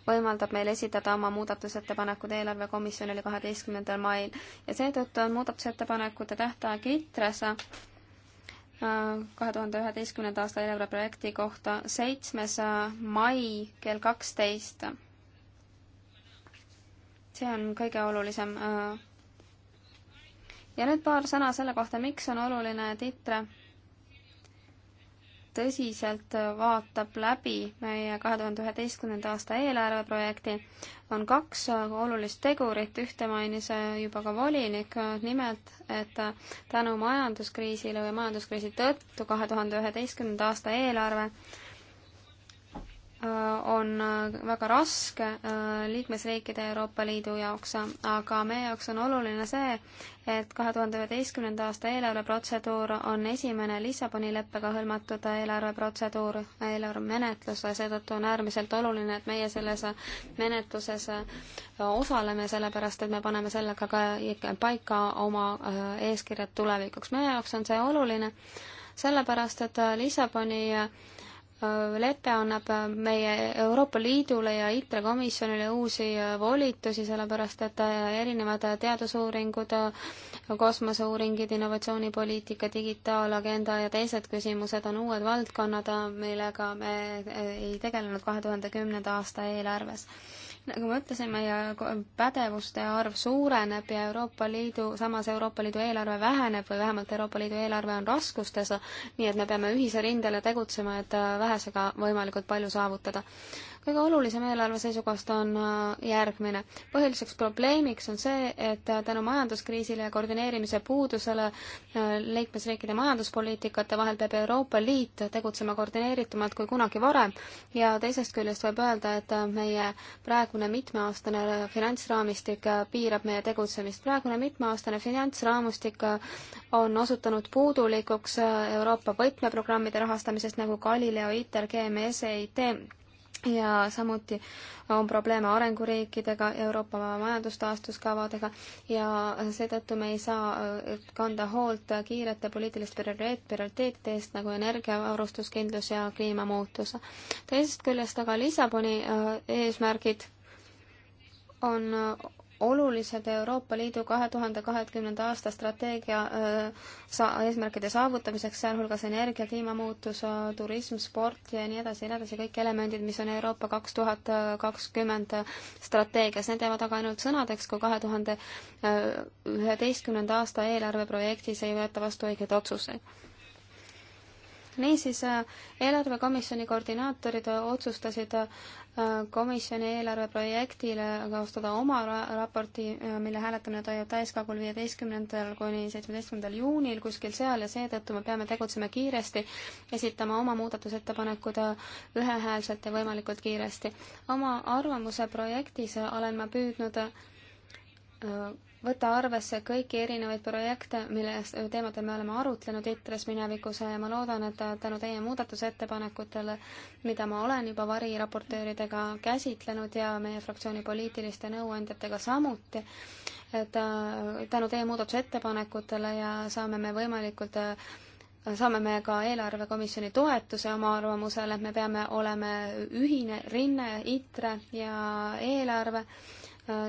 võimaldab meil esitada oma muudatusettepanekud eelarvekomisjonile kaheteistkümnendal mail. ja seetõttu on muudatusettepanekute tähtaeg ITRE-s äh, kahe tuhande üheteistkümnenda aasta eelarveprojekti kohta seitsmes äh, mai kell kaksteist. see on kõige olulisem äh, ja nüüd paar sõna selle kohta, miks on oluline, et ITRE tõsiselt vaatab läbi meie kahe tuhande üheteistkümnenda aasta eelarveprojekti, on kaks olulist tegurit, ühte mainis juba ka volinik, nimelt et tänu majanduskriisile või majanduskriisi tõttu kahe tuhande üheteistkümnenda aasta eelarve Äh, on äh, väga raske äh, liikmesriikide Euroopa Liidu jaoks, aga meie jaoks on oluline see, et kahe tuhande üheteistkümnenda aasta eelarveprotseduur on esimene Lissaboni leppega hõlmatud eelarveprotseduur, eelarvemenetlus ja seetõttu on äärmiselt oluline, et meie selles menetluses osaleme, sellepärast et me paneme sellega ka paika oma eeskirjad tulevikuks. meie jaoks on see oluline, sellepärast et Lissaboni Äh, lepe annab äh, meie Euroopa Liidule ja ITRE komisjonile uusi äh, volitusi, sellepärast et erinevad teadusuuringud, kosmoseuuringid, innovatsioonipoliitika, digitaalagenda ja teised küsimused on uued valdkonnad, millega me ei tegelenud kahe tuhande kümnenda aasta eelarves nagu ma ütlesin, meie pädevuste arv suureneb ja Euroopa Liidu, samas Euroopa Liidu eelarve väheneb või vähemalt Euroopa Liidu eelarve on raskustes, nii et me peame ühise rindele tegutsema, et äh, vähesega võimalikult palju saavutada kõige olulisem eelarve seisukohast on äh, järgmine. põhiliseks probleemiks on see, et äh, tänu majanduskriisile ja koordineerimise puudusele äh, liikmesriikide majanduspoliitikate vahel peab Euroopa Liit tegutsema koordineeritumalt kui kunagi varem ja teisest küljest võib öelda, et meie praegune mitmeaastane finantsraamistik piirab meie tegutsemist. praegune mitmeaastane finantsraamistik on osutunud puudulikuks Euroopa võtmeprogrammide rahastamisest nagu Galileo, ITER, GMS, EIT ja samuti on probleeme arenguriikidega, Euroopa majandustaastuskavadega ja seetõttu me ei saa äh, kanda hoolt kiirete poliitiliste prioriteet, prioriteetide eest nagu energiavarustuskindlus ja kliimamuutus. teisest küljest aga Lissaboni äh, eesmärgid on olulised Euroopa Liidu kahe tuhande kahekümnenda aasta strateegia äh, sa-, eesmärkide saavutamiseks, sealhulgas energia, kliimamuutus, äh, turism, sport ja nii edasi ja nii edasi, kõik elemendid, mis on Euroopa kaks tuhat kakskümmend strateegias, need jäävad aga ainult sõnadeks, kui kahe tuhande äh, üheteistkümnenda aasta eelarveprojektis ei võeta vastu õigeid otsuseid niisiis, äh, eelarvekomisjoni koordinaatorid otsustasid äh, komisjoni eelarveprojektile koostada oma raporti, äh, mille hääletamine toimub täiskogul viieteistkümnendal kuni seitsmeteistkümnendal juunil kuskil seal ja seetõttu me peame tegutsema kiiresti, esitama oma muudatusettepanekud ühehäälselt ja võimalikult kiiresti. oma arvamuse projektis olen ma püüdnud võta arvesse kõiki erinevaid projekte, mille teemadel me oleme arutlenud ITRES minevikus ja ma loodan, et tänu teie muudatusettepanekutele, mida ma olen juba variraportööridega käsitlenud ja meie fraktsiooni poliitiliste nõuandjatega samuti, et äh, tänu teie muudatusettepanekutele ja saame me võimalikult äh, saame me ka eelarvekomisjoni toetuse oma arvamusele, et me peame olema ühine rinne, ITRE ja eelarve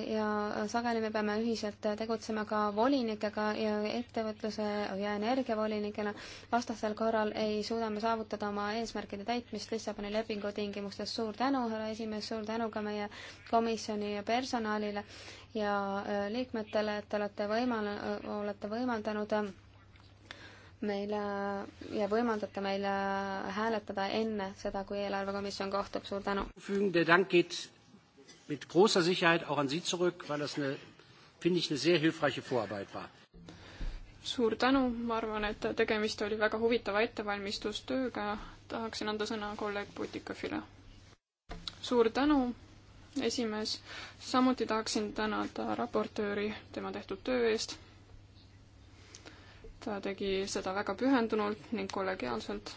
ja sageli me peame ühiselt tegutsema ka volinikega ja ettevõtluse ja energiavolinikena. vastasel korral ei suuda me saavutada oma eesmärkide täitmist Lissaboni lepingu tingimustes. suur tänu, härra esimees, suur tänu ka meie komisjoni personalile ja äh, liikmetele, et olete võimal-, olete võimaldanud äh, meile ja võimaldate meile hääletada enne seda, kui eelarvekomisjon kohtub. suur tänu! mit großer Sicherheit auch an Sie zurück, weil das eine, finde ich, eine sehr hilfreiche Vorarbeit war. suur tänu, ma arvan, et tegemist oli väga huvitava ettevalmistustööga. tahaksin anda sõna kolleeg Putikofile. suur tänu, esimees. samuti tahaksin tänada raportööri tema tehtud töö eest. ta tegi seda väga pühendunult ning kollegiaalselt.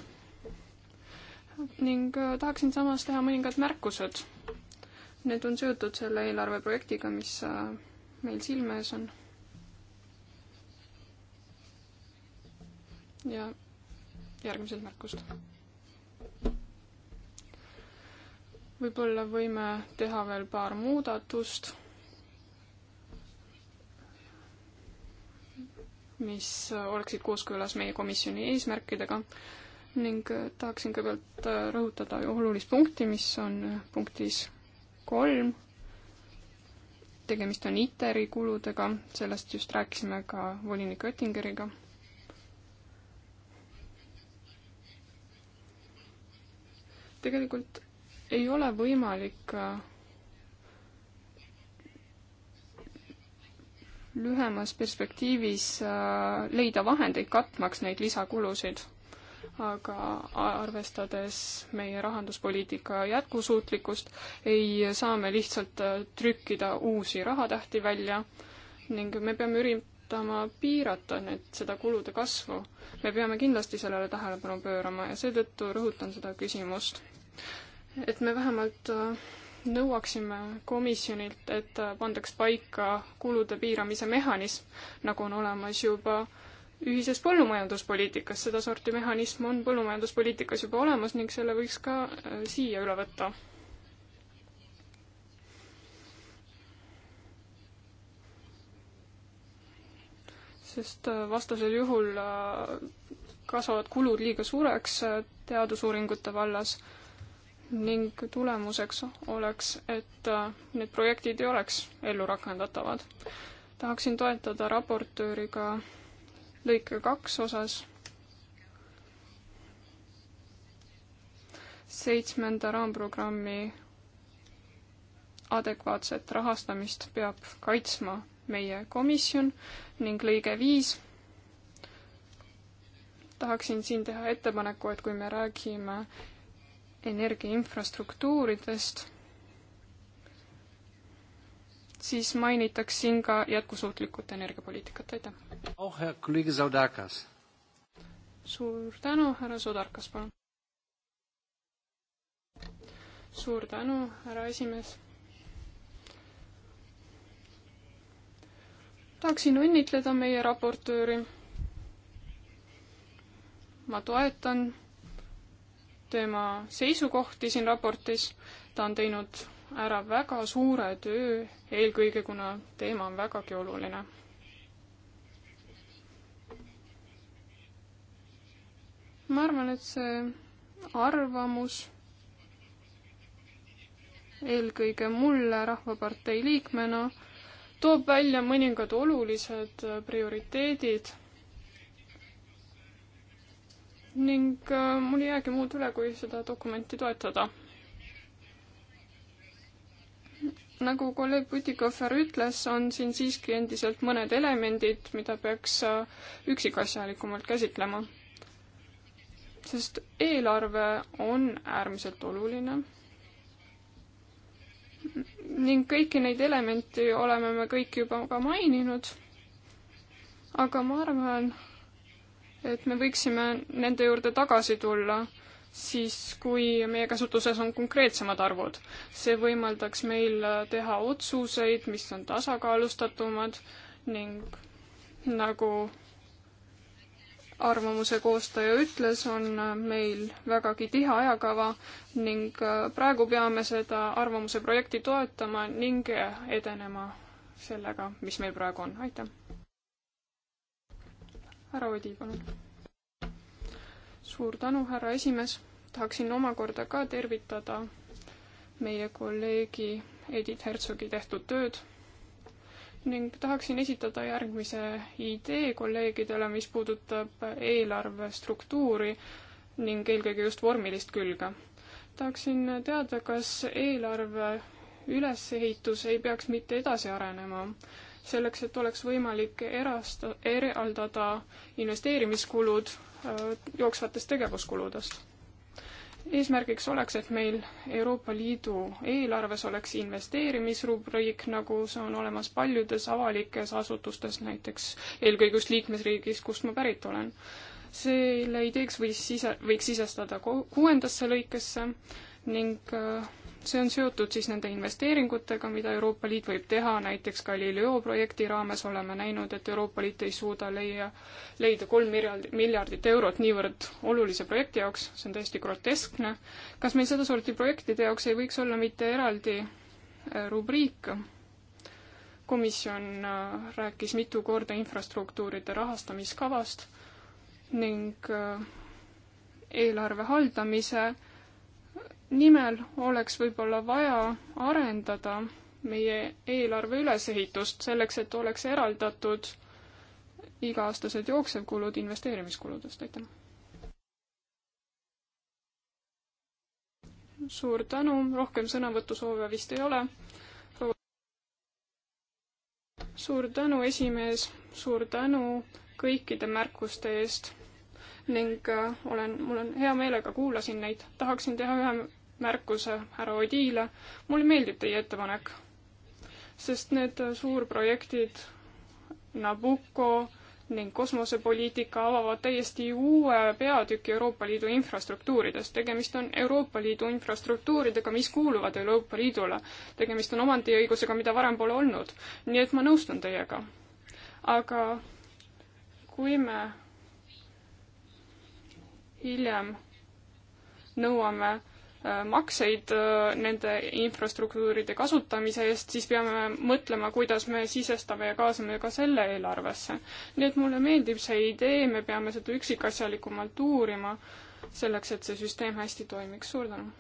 ning tahaksin samas teha mõningad märkused Need on seotud selle eelarveprojektiga, mis äh, meil silme ees on. ja järgmised märkused. võib-olla võime teha veel paar muudatust, mis oleksid kooskõlas meie komisjoni eesmärkidega ning tahaksin kõigepealt äh, rõhutada olulist punkti, mis on punktis kolm. tegemist on ITER-i kuludega, sellest just rääkisime ka volinik Oettingeriga. tegelikult ei ole võimalik äh, lühemas perspektiivis äh, leida vahendeid katmaks neid lisakulusid aga arvestades meie rahanduspoliitika jätkusuutlikkust, ei saa me lihtsalt äh, trükkida uusi rahatähti välja ning me peame üritama piirata nüüd seda kulude kasvu. me peame kindlasti sellele tähelepanu pöörama ja seetõttu rõhutan seda küsimust. et me vähemalt äh, nõuaksime komisjonilt, et äh, pandaks paika kulude piiramise mehhanism, nagu on olemas juba äh, ühises põllumajanduspoliitikas, sedasorti mehhanism on põllumajanduspoliitikas juba olemas ning selle võiks ka äh, siia üle võtta. sest äh, vastasel juhul äh, kasvavad kulud liiga suureks teadusuuringute vallas ning tulemuseks oleks, et need projektid ei oleks ellu rakendatavad. tahaksin toetada raportööri ka lõike kaks osas. seitsmenda raamprogrammi adekvaatset rahastamist peab kaitsma meie komisjon ning lõige viis. tahaksin siin teha ettepaneku, et kui me räägime energiainfrastruktuuridest, siis mainitaks siin ka jätkusuutlikut energiapoliitikat, aitäh. oh, hea kolleeg Zaudakas. suur tänu, härra Sodarkas, palun. suur tänu, härra esimees. tahaksin õnnitleda meie raportööri. ma toetan tema seisukohti siin raportis, ta on teinud ära väga suure töö, eelkõige kuna teema on vägagi oluline. ma arvan, et see arvamus eelkõige mulle Rahvapartei liikmena toob välja mõningad olulised prioriteedid ning äh, mul ei jäägi muud üle, kui seda dokumenti toetada nagu kolleeg Putikofer ütles, on siin siiski endiselt mõned elemendid, mida peaks äh, üksikasjalikumalt käsitlema. sest eelarve on äärmiselt oluline. ning kõiki neid elementi oleme me kõik juba ka maininud. aga ma arvan, et me võiksime nende juurde tagasi tulla siis, kui meie käsutuses on konkreetsemad arvud. see võimaldaks meil teha otsuseid, mis on tasakaalustatumad ning nagu arvamuse koostaja ütles, on meil vägagi tihe ajakava ning praegu peame seda arvamuse projekti toetama ning edenema sellega, mis meil praegu on. aitäh! härra Odi, palun! suur tänu, härra esimees. tahaksin omakorda ka tervitada meie kolleegi Edith Herzogi tehtud tööd ning tahaksin esitada järgmise idee kolleegidele, mis puudutab eelarve struktuuri ning eelkõige just vormilist külge. tahaksin teada, kas eelarve ülesehitus ei peaks mitte edasi arenema, selleks et oleks võimalik erasta, eraldada investeerimiskulud Äh, jooksvatest tegevuskuludest. eesmärgiks oleks, et meil Euroopa Liidu eelarves oleks investeerimisrubriik, nagu see on olemas paljudes avalikes asutustes, näiteks eelkõige just liikmesriigis, kust ma pärit olen. selle ideeks võis sise, võiks sisestada kuuendasse lõikesse ning äh, see on seotud siis nende investeeringutega, mida Euroopa Liit võib teha, näiteks Galileo projekti raames oleme näinud, et Euroopa Liit ei suuda leia, leida kolm miljardit, miljardit eurot niivõrd olulise projekti jaoks, see on täiesti groteskne. kas meil sedasorti projektide jaoks ei võiks olla mitte eraldi äh, rubriik? komisjon äh, rääkis mitu korda infrastruktuuride rahastamiskavast ning äh, eelarve haldamise nimel oleks võib-olla vaja arendada meie eelarve ülesehitust selleks, et oleks eraldatud iga-aastased jooksevkulud investeerimiskuludest, aitäh. suur tänu, rohkem sõnavõtusoove vist ei ole. suur tänu, esimees, suur tänu kõikide märkuste eest ning äh, olen, mul on hea meelega kuulasin neid. tahaksin teha ühe märkuse härra Odile. mulle meeldib teie ettepanek, sest need äh, suurprojektid Nabucco ning kosmosepoliitika avavad täiesti uue peatüki Euroopa Liidu infrastruktuuridest. tegemist on Euroopa Liidu infrastruktuuridega, mis kuuluvad Euroopa Liidule. tegemist on omandiõigusega, mida varem pole olnud. nii et ma nõustun teiega. aga kui me hiljem nõuame äh, makseid äh, nende infrastruktuuride kasutamise eest, siis peame mõtlema, kuidas me sisestame ja kaasame ka selle eelarvesse. nii et mulle meeldib see idee, me peame seda üksikasjalikumalt uurima, selleks et see süsteem hästi toimiks. suur tänu!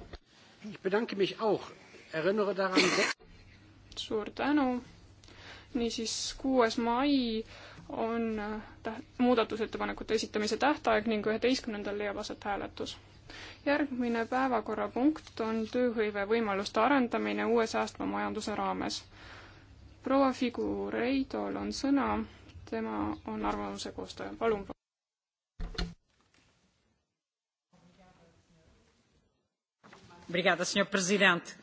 suur tänu! niisiis, kuues mai on äh, täht-, muudatusettepanekute esitamise tähtaeg ning üheteistkümnendal leiab aset hääletus. järgmine päevakorrapunkt on tööhõive võimaluste arendamine uue säästva majanduse raames. proua Figureidol on sõna, tema on arvamuse koostaja, palun. Obrigada, senhor presidente.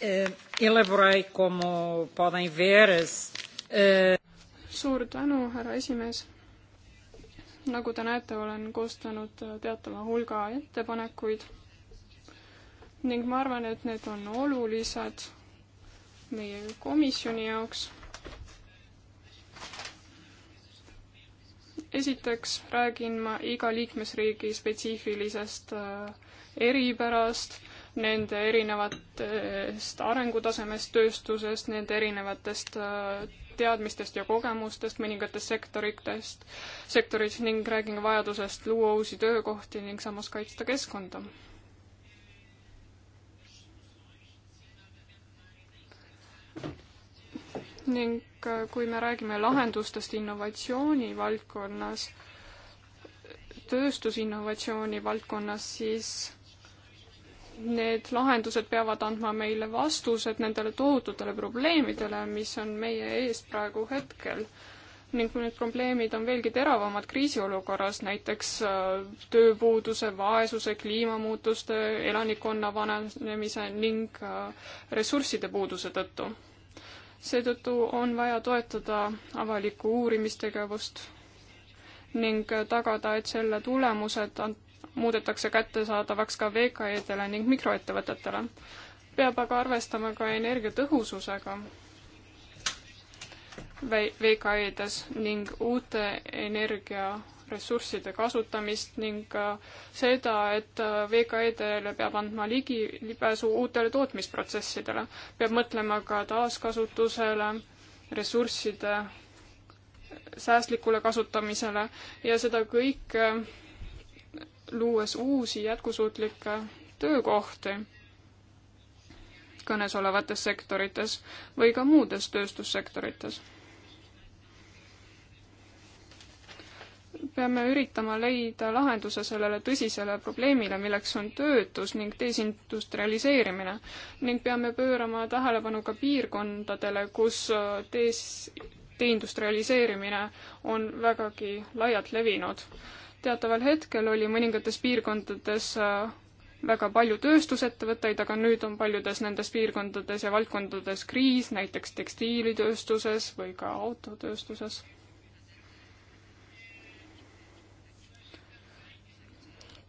Eh, elaborei, como podem ver, eh, suur tänu, härra esimees. nagu te näete, olen koostanud teatava hulga ettepanekuid ning ma arvan, et need on olulised meie komisjoni jaoks. esiteks räägin ma iga liikmesriigi spetsiifilisest äh, eripärast, nende erinevatest arengutasemest tööstusest, nende erinevatest äh, teadmistest ja kogemustest mõningates sektoritest, sektoris ning räägin vajadusest luua uusi töökohti ning samas kaitsta keskkonda. ning äh, kui me räägime lahendustest innovatsiooni valdkonnas, tööstusinnovatsiooni valdkonnas, siis need lahendused peavad andma meile vastused nendele tohututele probleemidele, mis on meie ees praegu hetkel. ning need probleemid on veelgi teravamad kriisiolukorras, näiteks äh, tööpuuduse, vaesuse, kliimamuutuste, elanikkonna vananemise ning äh, ressursside puuduse tõttu. seetõttu on vaja toetada avalikku uurimistegevust ning äh, tagada, et selle tulemused muudetakse kättesaadavaks ka VKE-dele ning mikroettevõtetele. peab aga arvestama ka energiatõhususega VKE-des ning uute energiaressursside kasutamist ning ka seda, et VKE-dele peab andma ligipääsu uutele tootmisprotsessidele. peab mõtlema ka taaskasutusele, ressursside säästlikule kasutamisele ja seda kõike luues uusi jätkusuutlikke töökohti kõnesolevates sektorites või ka muudes tööstussektorites. peame üritama leida lahenduse sellele tõsisele probleemile, milleks on töötus ning desindustrialiseerimine ning peame pöörama tähelepanu ka piirkondadele, kus äh, des-, deindustrialiseerimine on vägagi laialt levinud teataval hetkel oli mõningates piirkondades äh, väga palju tööstusettevõtteid, aga nüüd on paljudes nendes piirkondades ja valdkondades kriis, näiteks tekstiilitööstuses või ka autotööstuses.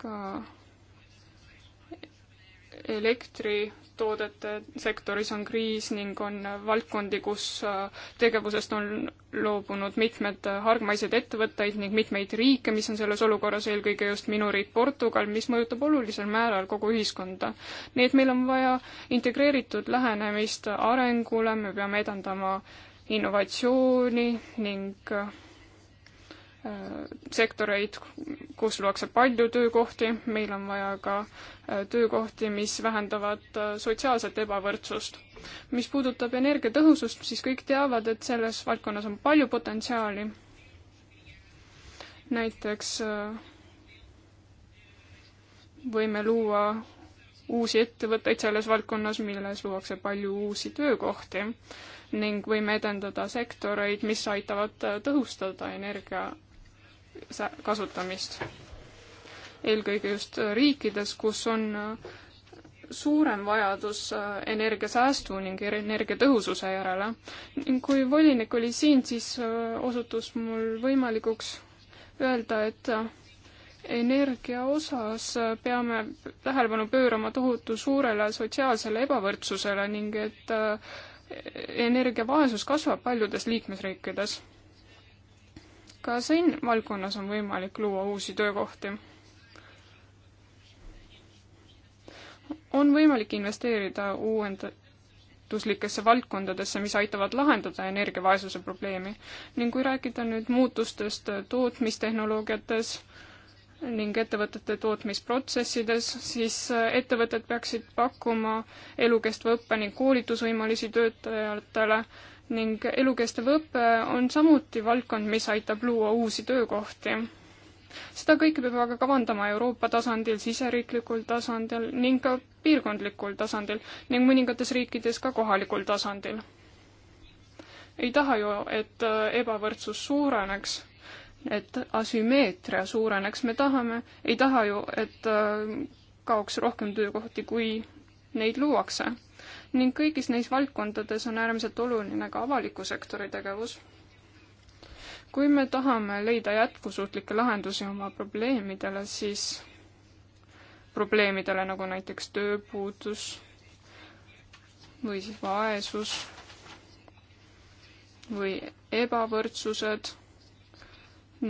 ka elektri toodete sektoris on kriis ning on valdkondi, kus äh, tegevusest on loobunud mitmed äh, hargmaised ettevõtteid ning mitmeid riike, mis on selles olukorras, eelkõige just minu riik Portugal, mis mõjutab olulisel määral kogu ühiskonda. nii et meil on vaja integreeritud lähenemist arengule, me peame edendama innovatsiooni ning äh, Äh, sektoreid, kus luuakse palju töökohti, meil on vaja ka äh, töökohti, mis vähendavad äh, sotsiaalset ebavõrdsust. mis puudutab energiatõhusust, siis kõik teavad, et selles valdkonnas on palju potentsiaali. näiteks võime luua uusi ettevõtteid selles valdkonnas, milles luuakse palju uusi töökohti ning võime edendada sektoreid, mis aitavad tõhustada energia kasutamist. eelkõige just riikides, kus on äh, suurem vajadus äh, energiasäästu ning energiatõhususe järele. ning kui volinik oli siin, siis äh, osutus mul võimalikuks öelda, et energia osas peame tähelepanu pöörama tohutu suurele sotsiaalsele ebavõrdsusele ning et e-, energiavaesus kasvab paljudes liikmesriikides ka siin valdkonnas on võimalik luua uusi töökohti. on võimalik investeerida uuenduslikesse valdkondadesse, mis aitavad lahendada energiavaesuse probleemi ning kui rääkida nüüd muutustest tootmistehnoloogiates, ning ettevõtete tootmisprotsessides, siis ettevõtted peaksid pakkuma elukestva õppe ning koolitusvõimalusi töötajatele ning elukestev õpe on samuti valdkond, mis aitab luua uusi töökohti. seda kõike peab aga kavandama Euroopa tasandil, siseriiklikul tasandil ning ka piirkondlikul tasandil ning mõningates riikides ka kohalikul tasandil. ei taha ju, et äh, ebavõrdsus suureneks, et asümmeetria suureneks, me tahame, ei taha ju, et äh, kaoks rohkem töökohti, kui neid luuakse ning kõigis neis valdkondades on äärmiselt oluline ka avaliku sektori tegevus. kui me tahame leida jätkusuutlikke lahendusi oma probleemidele, siis probleemidele nagu näiteks tööpuudus või siis vaesus või ebavõrdsused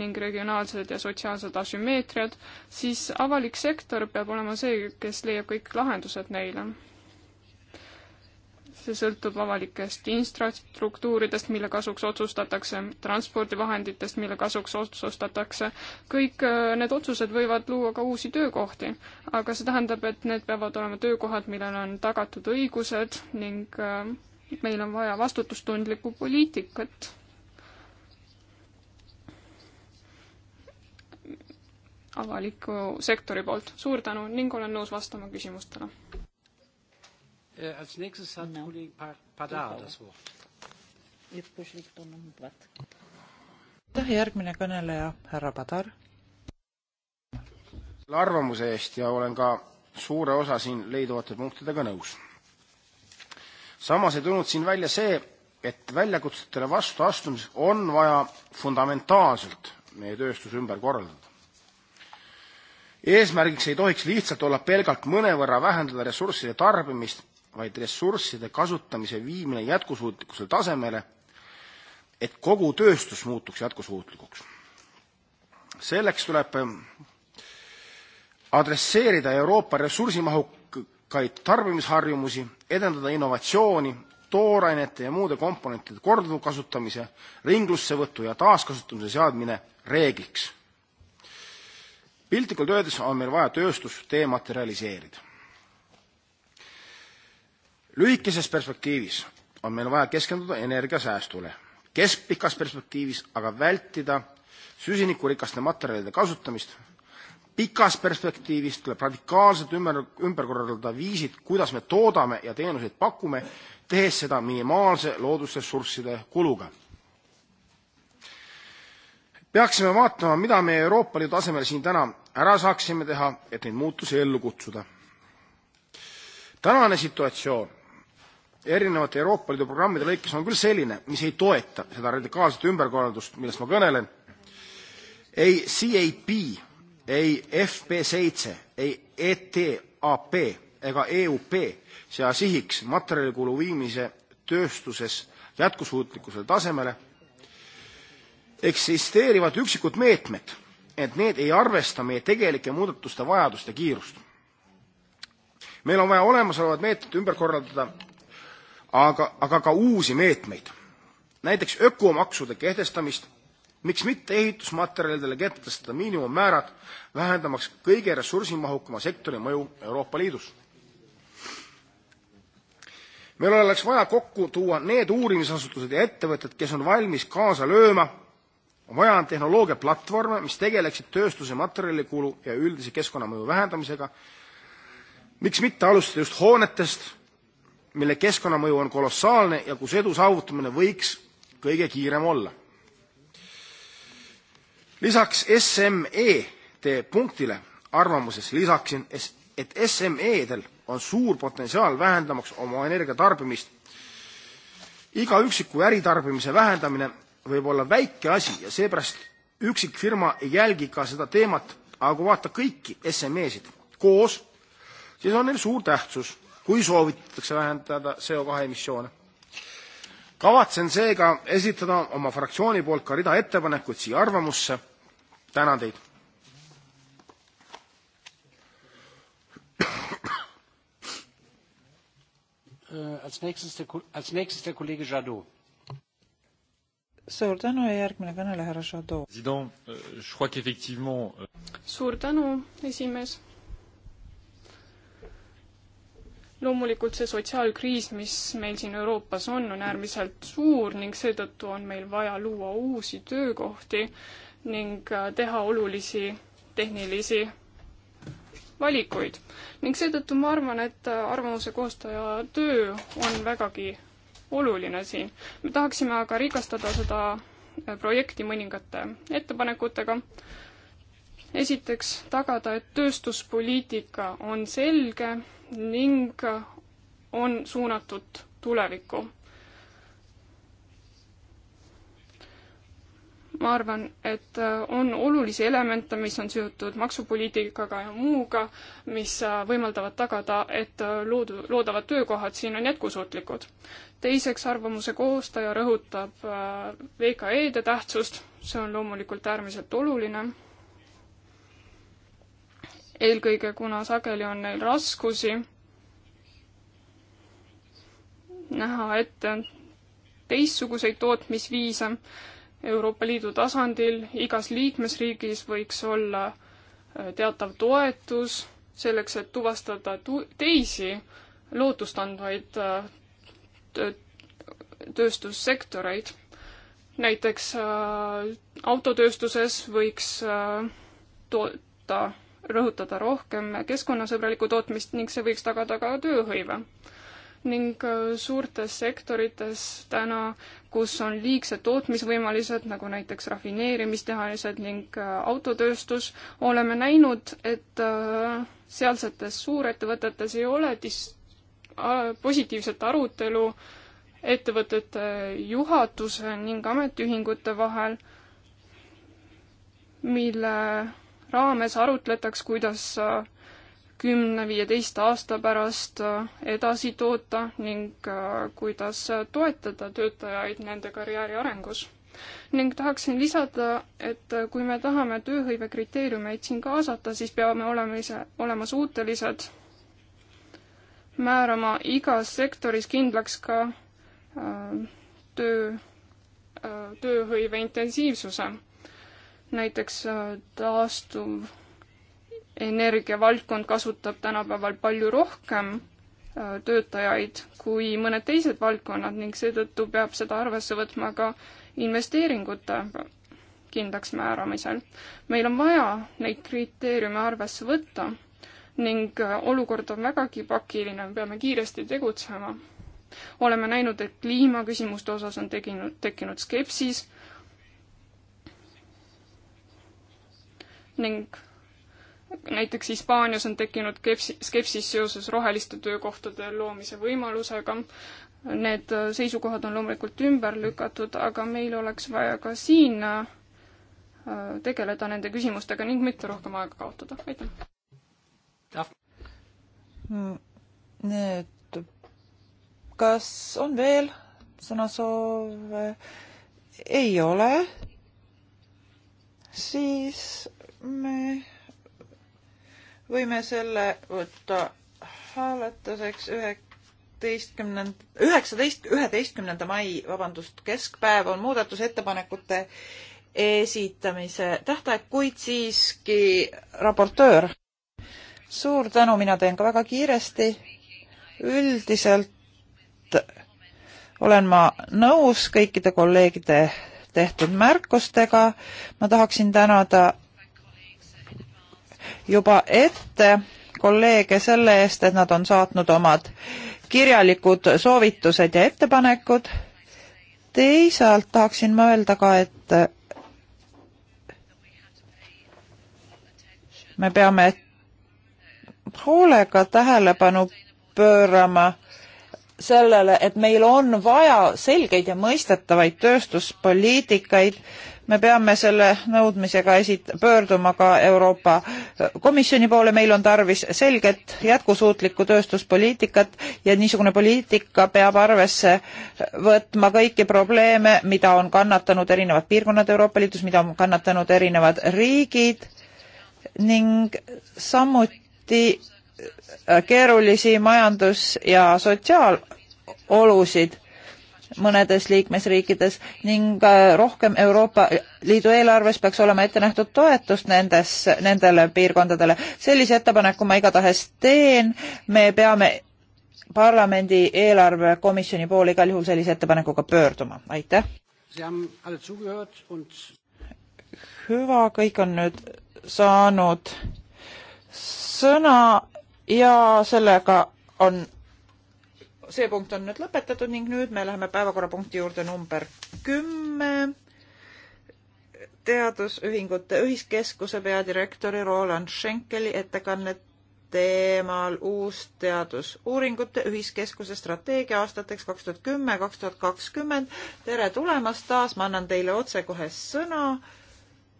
ning regionaalsed ja sotsiaalsed asümmeetriad, siis avalik sektor peab olema see, kes leiab kõik lahendused neile see sõltub avalikest infrastruktuuridest, mille kasuks otsustatakse, transpordivahenditest, mille kasuks otsustatakse. kõik äh, need otsused võivad luua ka uusi töökohti, aga see tähendab, et need peavad olema töökohad, millel on tagatud õigused ning äh, meil on vaja vastutustundlikku poliitikat. avaliku sektori poolt. suur tänu ning olen nõus vastama küsimustele. Äh, als nächstes hat no. Kollege Padar das Wort. aitäh, järgmine kõneleja, härra Padar. arvamuse eest ja olen ka suure osa siin leiduvate punktidega nõus. samas ei tulnud siin välja see, et väljakutsetele vastuastumiseks on vaja fundamentaalselt meie tööstus ümber korraldada. eesmärgiks ei tohiks lihtsalt olla pelgalt mõnevõrra vähendada ressursside tarbimist vaid ressursside kasutamise viimine jätkusuutlikkusele tasemele, et kogu tööstus muutuks jätkusuutlikuks. selleks tuleb ähm, adresseerida Euroopa ressursimahukaid tarbimisharjumusi, edendada innovatsiooni, toorainete ja muude komponentide korduvkasutamise, ringlussevõtu ja taaskasutamise seadmine reegliks. piltlikult öeldes on meil vaja tööstus dematerialiseerida lühikeses perspektiivis on meil vaja keskenduda energiasäästule, keskpikas perspektiivis aga vältida süsinikurikaste materjalide kasutamist. pikas perspektiivis tuleb radikaalselt ümber, ümber korraldada viisid, kuidas me toodame ja teenuseid pakume, tehes seda minimaalse loodusressursside kuluga. peaksime vaatama, mida me Euroopa Liidu tasemel siin täna ära saaksime teha, et neid muutusi ellu kutsuda. tänane situatsioon erinevate Euroopa Liidu programmide lõikes on küll selline, mis ei toeta seda radikaalset ümberkorraldust, millest ma kõnelen, ei CAP, ei FP7, ei ETAP ega EUP sea sihiks materjalikulu viimise tööstuses jätkusuutlikkusele tasemele. eksisteerivad üksikud meetmed, ent need ei arvesta meie tegelike muudatuste vajaduste kiirust. meil on vaja olemasolevad meetmed ümber korraldada aga, aga ka uusi meetmeid, näiteks ökomaksude kehtestamist, miks mitte ehitusmaterjalidele kehtestada miinimummäärad, vähendamaks kõige ressursimahukama sektori mõju Euroopa Liidus. meil oleks vaja kokku tuua need uurimisasutused ja ettevõtted, kes on valmis kaasa lööma, on vaja on tehnoloogiaplatvorme, mis tegeleksid tööstuse materjalikulu ja üldise keskkonnamõju vähendamisega, miks mitte alustada just hoonetest, mille keskkonnamõju on kolossaalne ja kus edu saavutamine võiks kõige kiirem olla. lisaks SME-de punktile arvamuses lisaksin, et SME-del on suur potentsiaal vähendamaks oma energiatarbimist. iga üksiku äritarbimise vähendamine võib olla väike asi ja seepärast üksikfirma ei jälgi ka seda teemat, aga kui vaadata kõiki SME-sid koos, siis on neil suur tähtsus kui soovitatakse vähendada CO2 emissioone. kavatsen seega esitada oma fraktsiooni poolt ka rida ettepanekuid siia arvamusse. tänan teid. Äh, suur tänu ja järgmine kõneleja härra Jadot. Euh, euh, suur tänu, esimees loomulikult see sotsiaalkriis, mis meil siin Euroopas on, on äärmiselt suur ning seetõttu on meil vaja luua uusi töökohti ning äh, teha olulisi tehnilisi valikuid. ning seetõttu ma arvan, et äh, arvamuse koostaja töö on vägagi oluline siin. me tahaksime aga rikastada seda äh, projekti mõningate ettepanekutega esiteks tagada, et tööstuspoliitika on selge ning on suunatud tulevikku. ma arvan, et on olulisi elemente, mis on seotud maksupoliitikaga ja muuga, mis võimaldavad tagada, et loodu, loodavad töökohad siin on jätkusuutlikud. teiseks, arvamuse koostaja rõhutab äh, VKE-de tähtsust, see on loomulikult äärmiselt oluline eelkõige kuna sageli on neil raskusi näha ette teistsuguseid tootmisviise Euroopa Liidu tasandil, igas liikmesriigis võiks olla äh, teatav toetus selleks, et tuvastada tu-, teisi lootustandvaid äh, tööstussektoreid. näiteks äh, autotööstuses võiks äh, toota rõhutada rohkem keskkonnasõbralikku tootmist ning see võiks tagada ka tööhõive. ning äh, suurtes sektorites täna, kus on liigsed tootmisvõimalused, nagu näiteks rafineerimistehased ning äh, autotööstus, oleme näinud, et äh, sealsetes suurettevõtetes ei ole dis-, positiivset arutelu ettevõtete juhatuse ning ametiühingute vahel, mille raames arutletaks, kuidas äh, kümne-viieteist aasta pärast äh, edasi toota ning äh, kuidas toetada töötajaid nende karjääri arengus. ning tahaksin lisada, et kui me tahame tööhõive kriteeriumeid siin kaasata, siis peame olema ise, olema suutelised määrama igas sektoris kindlaks ka äh, töö äh,, tööhõive intensiivsuse näiteks äh, taastuv energiavaldkond kasutab tänapäeval palju rohkem äh, töötajaid kui mõned teised valdkonnad ning seetõttu peab seda arvesse võtma ka investeeringute kindlaks määramisel. meil on vaja neid kriteeriume arvesse võtta ning äh, olukord on vägagi pakiline, me peame kiiresti tegutsema. oleme näinud, et kliimaküsimuste osas on teginud, tekkinud skepsis ning näiteks Hispaanias on tekkinud skepsis seoses roheliste töökohtade loomise võimalusega. Need äh, seisukohad on loomulikult ümber lükatud, aga meil oleks vaja ka siin äh, tegeleda nende küsimustega ning mitte rohkem aega kaotada. aitäh! Mm, Need, kas on veel sõnasoove? ei ole. siis me võime selle võtta hääletuseks üheksateistkümnenda, üheksateist, üheteistkümnenda mai, vabandust, keskpäev on muudatusettepanekute esitamise tähtaeg, kuid siiski raportöör. suur tänu, mina teen ka väga kiiresti. üldiselt olen ma nõus kõikide kolleegide tehtud märkustega. ma tahaksin tänada juba ette kolleege selle eest, et nad on saatnud omad kirjalikud soovitused ja ettepanekud. teisalt tahaksin ma öelda ka, et me peame hoolega tähelepanu pöörama sellele, et meil on vaja selgeid ja mõistetavaid tööstuspoliitikaid, me peame selle nõudmisega esit-, pöörduma ka Euroopa Komisjoni poole, meil on tarvis selget jätkusuutlikku tööstuspoliitikat ja niisugune poliitika peab arvesse võtma kõiki probleeme, mida on kannatanud erinevad piirkonnad Euroopa Liidus, mida on kannatanud erinevad riigid ning samuti keerulisi majandus- ja sotsiaalolusid mõnedes liikmesriikides ning äh, rohkem Euroopa Liidu eelarves peaks olema ette nähtud toetust nendes, nendele piirkondadele. sellise ettepaneku ma igatahes teen, me peame parlamendi eelarvekomisjoni poole igal juhul sellise ettepanekuga pöörduma, aitäh! hüva, kõik on nüüd saanud sõna ja sellega on, see punkt on nüüd lõpetatud ning nüüd me läheme päevakorrapunkti juurde number kümme. teadusühingute ühiskeskuse peadirektori Roland Schenkeli ettekanne teemal uus teadusuuringute ühiskeskuse strateegia aastateks kaks tuhat kümme, kaks tuhat kakskümmend. tere tulemast taas, ma annan teile otsekohe sõna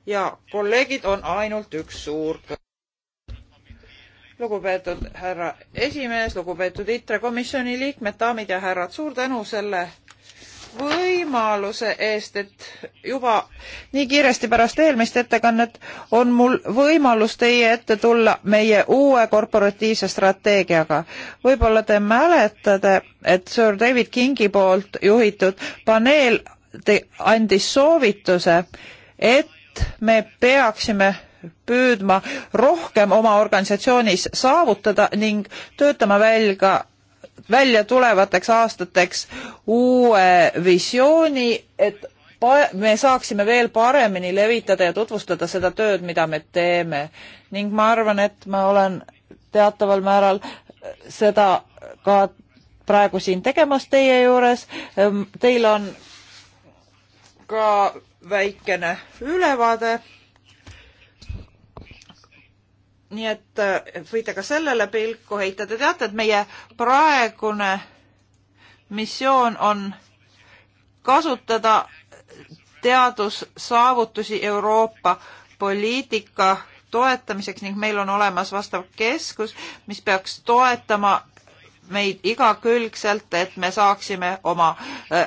ja kolleegid on ainult üks suur lugupeetud härra esimees, lugupeetud ITRE komisjoni liikmed, daamid ja härrad, suur tänu selle võimaluse eest, et juba nii kiiresti pärast eelmist ettekannet on mul võimalus teie ette tulla meie uue korporatiivse strateegiaga. võib-olla te mäletate, et Sir David Kingi poolt juhitud paneel andis soovituse, et me peaksime püüdma rohkem oma organisatsioonis saavutada ning töötama välja, välja tulevateks aastateks uue visiooni, et me saaksime veel paremini levitada ja tutvustada seda tööd, mida me teeme. ning ma arvan, et ma olen teataval määral seda ka praegu siin tegemas teie juures. Ehm, teil on ka väikene ülevaade nii et äh, võite ka sellele pilku heita. Te teate, et meie praegune missioon on kasutada teadussaavutusi Euroopa poliitika toetamiseks ning meil on olemas vastav keskus, mis peaks toetama meid igakülgselt, et me saaksime oma äh,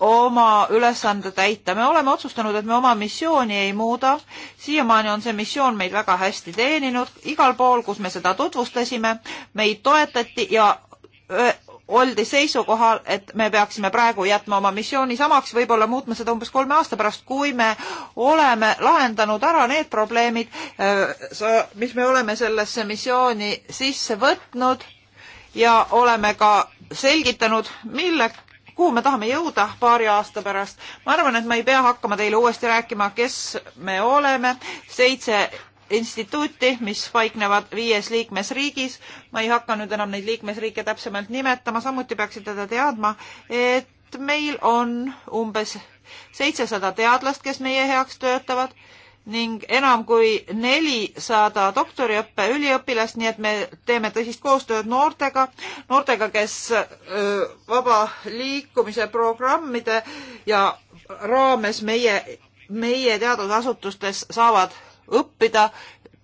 oma ülesande täita. me oleme otsustanud, et me oma missiooni ei muuda. siiamaani on see missioon meid väga hästi teeninud. igal pool, kus me seda tutvustasime, meid toetati ja öö, oldi seisukohal, et me peaksime praegu jätma oma missiooni samaks, võib-olla muutma seda umbes kolme aasta pärast, kui me oleme lahendanud ära need probleemid, mis me oleme sellesse missiooni sisse võtnud ja oleme ka selgitanud, mille, kuhu me tahame jõuda paari aasta pärast. ma arvan, et ma ei pea hakkama teile uuesti rääkima, kes me oleme, seitse instituuti, mis paiknevad viies liikmesriigis. ma ei hakka nüüd enam neid liikmesriike täpsemalt nimetama, samuti peaksite te teadma, et meil on umbes seitsesada teadlast, kes meie heaks töötavad ning enam kui nelisada doktoriõppe üliõpilast, nii et me teeme tõsist koostööd noortega, noortega, kes vaba liikumise programmide ja raames meie, meie teadusasutustes saavad õppida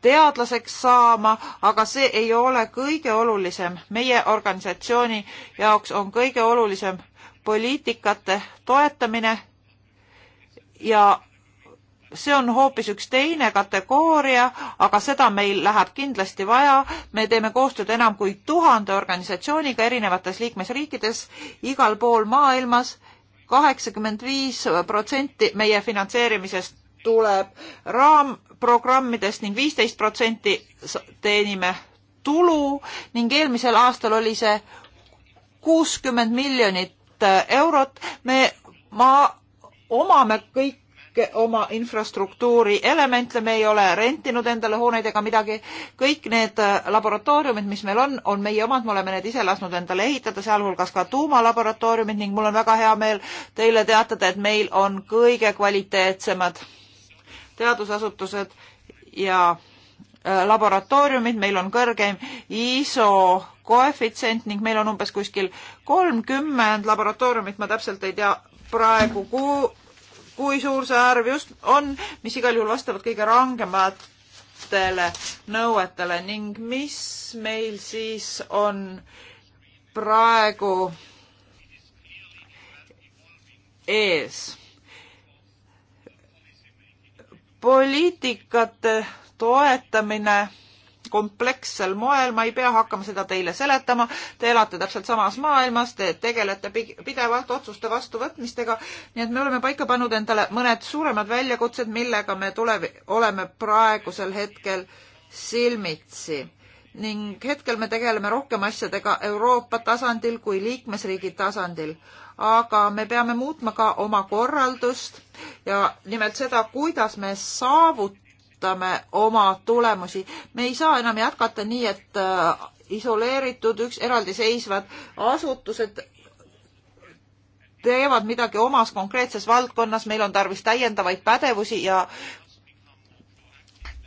teadlaseks saama, aga see ei ole kõige olulisem. meie organisatsiooni jaoks on kõige olulisem poliitikate toetamine ja see on hoopis üks teine kategooria, aga seda meil läheb kindlasti vaja. me teeme koostööd enam kui tuhande organisatsiooniga erinevates liikmesriikides, igal pool maailmas. kaheksakümmend viis protsenti meie finantseerimisest tuleb raamprogrammidest ning viisteist protsenti teenime tulu ning eelmisel aastal oli see kuuskümmend miljonit eurot. me, ma omame kõik oma infrastruktuuri elemente, me ei ole rentinud endale hooneid ega midagi. kõik need äh, laboratooriumid, mis meil on, on meie omad, me oleme need ise lasknud endale ehitada, sealhulgas ka tuumalaboratooriumid ning mul on väga hea meel teile teatada, et meil on kõige kvaliteetsemad teadusasutused ja äh, laboratooriumid, meil on kõrgeim ISO koefitsient ning meil on umbes kuskil kolmkümmend laboratooriumit, ma täpselt ei tea praegu, kui suur see arv just on, mis igal juhul vastavad kõige rangematele nõuetele ning mis meil siis on praegu ees. poliitikate toetamine komplekssel moel, ma ei pea hakkama seda teile seletama, te elate täpselt samas maailmas, te tegelete pidevalt otsuste vastuvõtmistega, nii et me oleme paika pannud endale mõned suuremad väljakutsed, millega me tulev-, oleme praegusel hetkel silmitsi ning hetkel me tegeleme rohkem asjadega Euroopa tasandil kui liikmesriigi tasandil. aga me peame muutma ka oma korraldust ja nimelt seda, kuidas me saavutame ootame oma tulemusi. me ei saa enam jätkata nii, et äh, isoleeritud üks eraldiseisvad asutused teevad midagi omas konkreetses valdkonnas, meil on tarvis täiendavaid pädevusi ja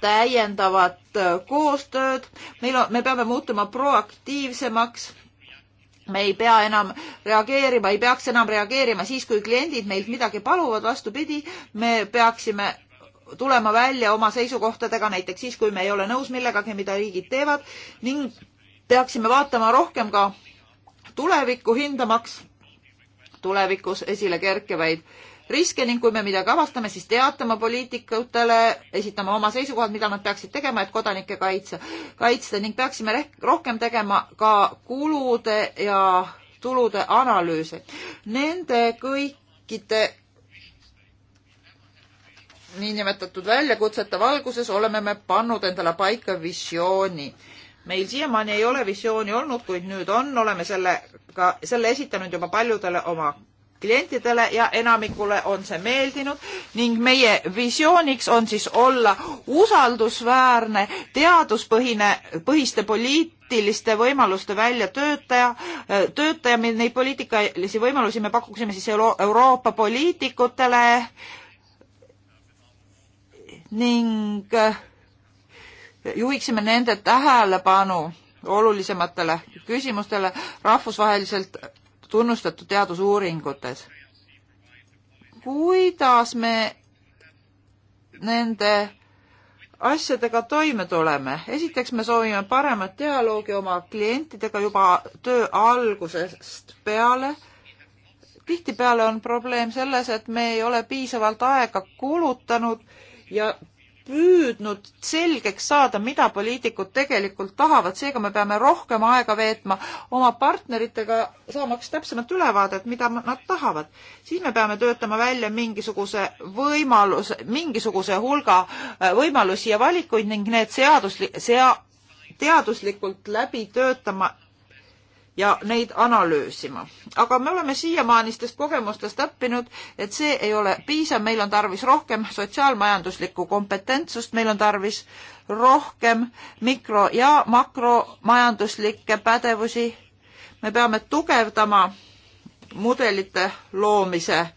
täiendavat äh, koostööd. meil on, me peame muutuma proaktiivsemaks. me ei pea enam reageerima, ei peaks enam reageerima siis, kui kliendid meilt midagi paluvad, vastupidi, me peaksime tulema välja oma seisukohtadega näiteks siis, kui me ei ole nõus millegagi, mida riigid teevad ning peaksime vaatama rohkem ka tulevikku hindamaks tulevikus esile kerkivaid riske ning kui me midagi avastame, siis teatama poliitikutele, esitama oma seisukohad, mida nad peaksid tegema, et kodanikke kaitse, kaitsta ning peaksime rohkem tegema ka kulude ja tulude analüüse. Nende kõikide niinimetatud väljakutsete valguses oleme me pannud endale paika visiooni. meil siiamaani ei ole visiooni olnud, kuid nüüd on, oleme selle ka, selle esitanud juba paljudele oma klientidele ja enamikule on see meeldinud ning meie visiooniks on siis olla usaldusväärne teaduspõhine, põhiste poliitiliste võimaluste väljatöötaja, töötaja, töötaja, neid poliitikalisi võimalusi me pakuksime siis Euro Euroopa poliitikutele ning äh, juhiksime nende tähelepanu olulisematele küsimustele rahvusvaheliselt tunnustatud teadusuuringutes. kuidas me nende asjadega toime tuleme? esiteks me soovime paremat dialoogi oma klientidega juba töö algusest peale. tihtipeale on probleem selles, et me ei ole piisavalt aega kulutanud ja püüdnud selgeks saada, mida poliitikud tegelikult tahavad, seega me peame rohkem aega veetma oma partneritega, saamaks täpsemat ülevaadet, mida nad tahavad. siis me peame töötama välja mingisuguse võimaluse, mingisuguse hulga äh, võimalusi ja valikuid ning need seaduslik, sea-, teaduslikult läbi töötama ja neid analüüsima. aga me oleme siiamaanistest kogemustest õppinud, et see ei ole piisav, meil on tarvis rohkem sotsiaalmajanduslikku kompetentsust, meil on tarvis rohkem mikro- ja makromajanduslikke pädevusi. me peame tugevdama mudelite loomise äh,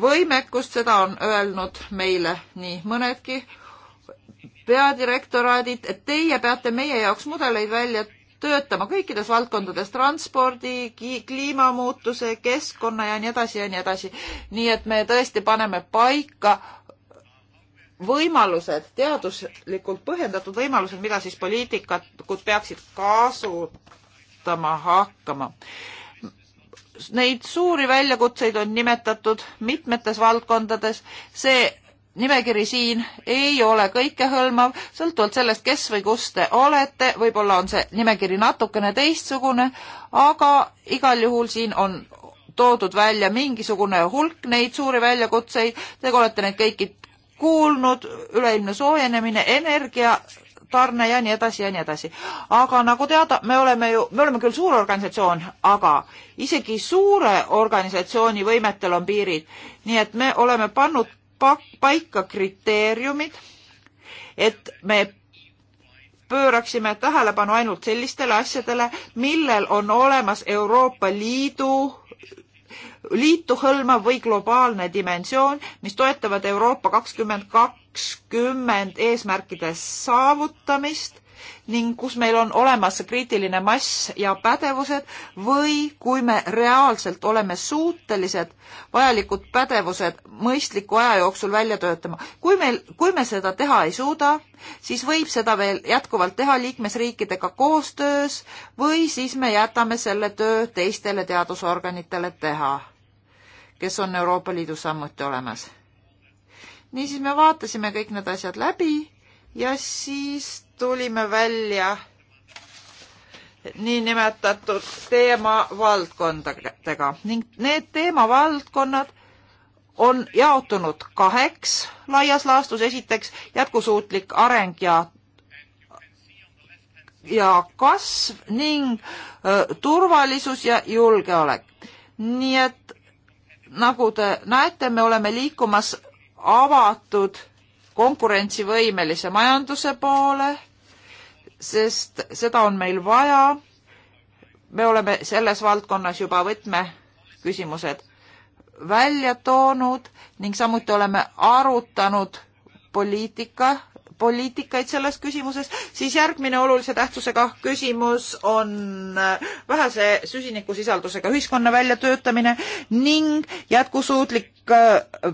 võimekust, seda on öelnud meile nii mõnedki peadirektoraadid, et teie peate meie jaoks mudeleid välja töötama kõikides valdkondades, transpordi, kliimamuutuse, keskkonna ja nii edasi ja nii edasi. nii et me tõesti paneme paika võimalused, teaduslikult põhjendatud võimalused, mida siis poliitikud peaksid kasutama hakkama. Neid suuri väljakutseid on nimetatud mitmetes valdkondades, see nimekiri siin ei ole kõikehõlmav, sõltuvalt sellest, kes või kus te olete, võib-olla on see nimekiri natukene teistsugune, aga igal juhul siin on toodud välja mingisugune hulk neid suuri väljakutseid, te olete neid kõiki kuulnud, üleilmne soojenemine, energia, tarne ja nii edasi ja nii edasi. aga nagu teada, me oleme ju, me oleme küll suur organisatsioon, aga isegi suure organisatsiooni võimetel on piirid. nii et me oleme pannud paika kriteeriumid, et me pööraksime tähelepanu ainult sellistele asjadele, millel on olemas Euroopa Liidu liitu hõlmav või globaalne dimensioon, mis toetavad Euroopa kakskümmend kakskümmend eesmärkide saavutamist ning kus meil on olemas kriitiline mass ja pädevused või kui me reaalselt oleme suutelised vajalikud pädevused mõistliku aja jooksul välja töötama. kui meil, kui me seda teha ei suuda, siis võib seda veel jätkuvalt teha liikmesriikidega koostöös või siis me jätame selle töö teistele teadusorganitele teha, kes on Euroopa Liidus samuti olemas. niisiis me vaatasime kõik need asjad läbi ja siis tulime välja niinimetatud teemavaldkondadega ning need teemavaldkonnad on jaotunud kaheks laias laastus. esiteks jätkusuutlik areng ja ja kasv ning öö, äh, turvalisus ja julgeolek. nii et nagu te näete, me oleme liikumas avatud konkurentsivõimelise majanduse poole, sest seda on meil vaja. me oleme selles valdkonnas juba võtmeküsimused välja toonud ning samuti oleme arutanud poliitika, poliitikaid selles küsimuses, siis järgmine olulise tähtsusega küsimus on äh, vähese süsinikusisaldusega ühiskonna väljatöötamine ning jätkusuutlik äh,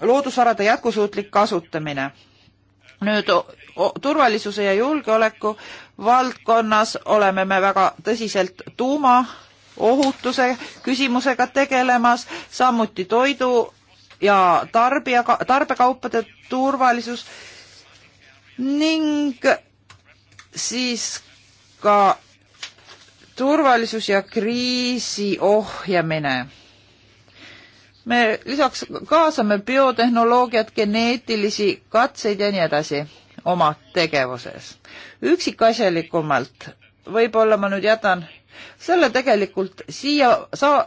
loodusvarade jätkusuutlik kasutamine. nüüd turvalisuse ja julgeoleku valdkonnas oleme me väga tõsiselt tuumaohutuse küsimusega tegelemas, samuti toidu ja tarbija, tarbekaupade turvalisus ning siis ka turvalisus ja kriisi ohjamine me lisaks kaasame biotehnoloogiat, geneetilisi katseid ja nii edasi oma tegevuses. üksikasjalikumalt võib-olla ma nüüd jätan selle tegelikult siia saa,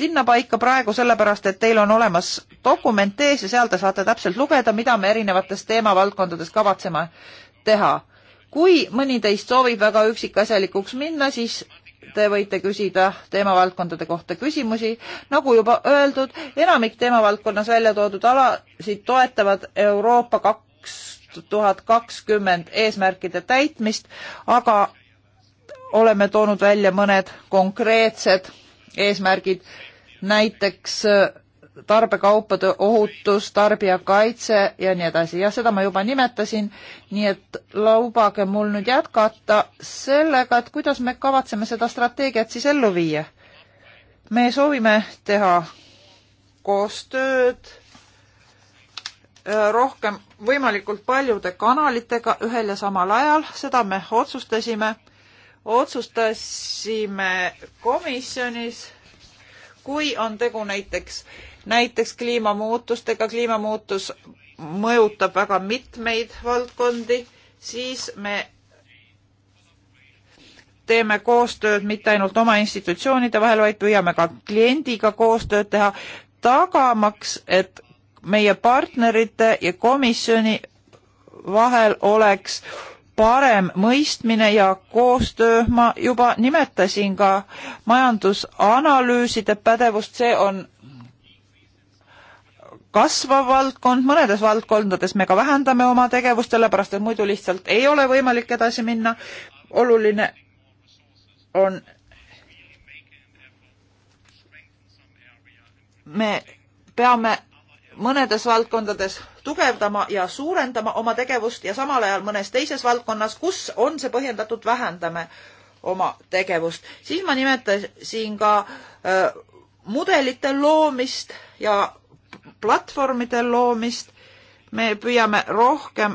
sinnapaika praegu sellepärast, et teil on olemas dokument ees ja seal te saate täpselt lugeda, mida me erinevates teemavaldkondades kavatseme teha. kui mõni teist soovib väga üksikasjalikuks minna, siis Te võite küsida teemavaldkondade kohta küsimusi. nagu juba öeldud, enamik teemavaldkonnas välja toodud alasid toetavad Euroopa kaks tuhat kakskümmend eesmärkide täitmist, aga oleme toonud välja mõned konkreetsed eesmärgid, näiteks tarbekaupade ohutus, tarbijakaitse ja nii edasi ja seda ma juba nimetasin, nii et lubage mul nüüd jätkata sellega, et kuidas me kavatseme seda strateegiat siis ellu viia. me soovime teha koostööd äh, rohkem võimalikult paljude kanalitega ühel ja samal ajal, seda me otsustasime, otsustasime komisjonis, kui on tegu näiteks äh, näiteks kliimamuutustega, kliimamuutus mõjutab väga mitmeid valdkondi, siis me teeme koostööd mitte ainult oma institutsioonide vahel, vaid püüame ka kliendiga koostööd teha, tagamaks, et meie partnerite ja komisjoni vahel oleks parem mõistmine ja koostöö, ma juba nimetasin ka majandusanalüüside pädevust, see on kasvav valdkond, mõnedes valdkondades me ka vähendame oma tegevust, sellepärast et muidu lihtsalt ei ole võimalik edasi minna. oluline on me peame mõnedes valdkondades tugevdama ja suurendama oma tegevust ja samal ajal mõnes teises valdkonnas, kus on see põhjendatud, vähendame oma tegevust. siis ma nimetasin ka äh, mudelite loomist ja platvormide loomist. me püüame rohkem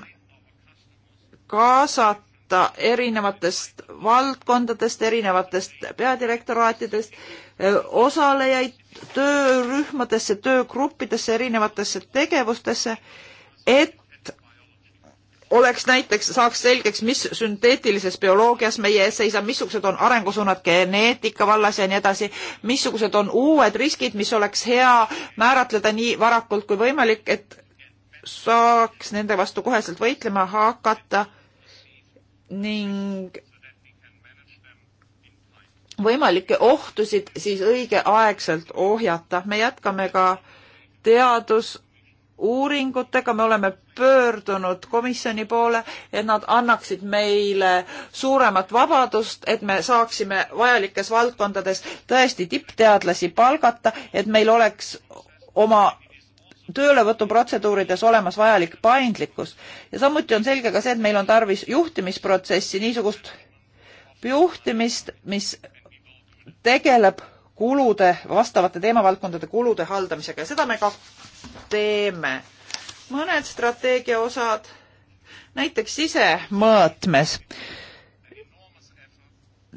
kaasata erinevatest valdkondadest, erinevatest peadirektoraatidest osalejaid töörühmadesse, töögruppidesse, erinevatesse tegevustesse, et oleks näiteks, saaks selgeks, mis sünteetilises bioloogias meie ees seisab, missugused on arengusuunad geneetika vallas ja nii edasi, missugused on uued riskid, mis oleks hea määratleda nii varakult kui võimalik, et saaks nende vastu koheselt võitlema hakata ning võimalikke ohtusid siis õigeaegselt ohjata. me jätkame ka teadusuuringutega, me oleme pöördunud komisjoni poole, et nad annaksid meile suuremat vabadust, et me saaksime vajalikes valdkondades tõesti tippteadlasi palgata, et meil oleks oma töölevõtuprotseduurides olemas vajalik paindlikkus. ja samuti on selge ka see, et meil on tarvis juhtimisprotsessi, niisugust juhtimist, mis tegeleb kulude, vastavate teemavaldkondade kulude haldamisega ja seda me ka teeme mõned strateegia osad, näiteks sisemõõtmes,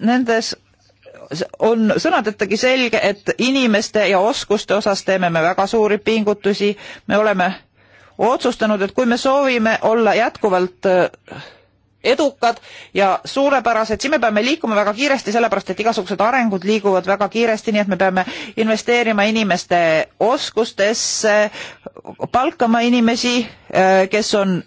nendes on sõnadetagi selge, et inimeste ja oskuste osas teeme me väga suuri pingutusi, me oleme otsustanud, et kui me soovime olla jätkuvalt äh, edukad ja suurepärased, siis me peame liikuma väga kiiresti, sellepärast et igasugused arengud liiguvad väga kiiresti, nii et me peame investeerima inimeste oskustesse, palkama inimesi, äh, kes on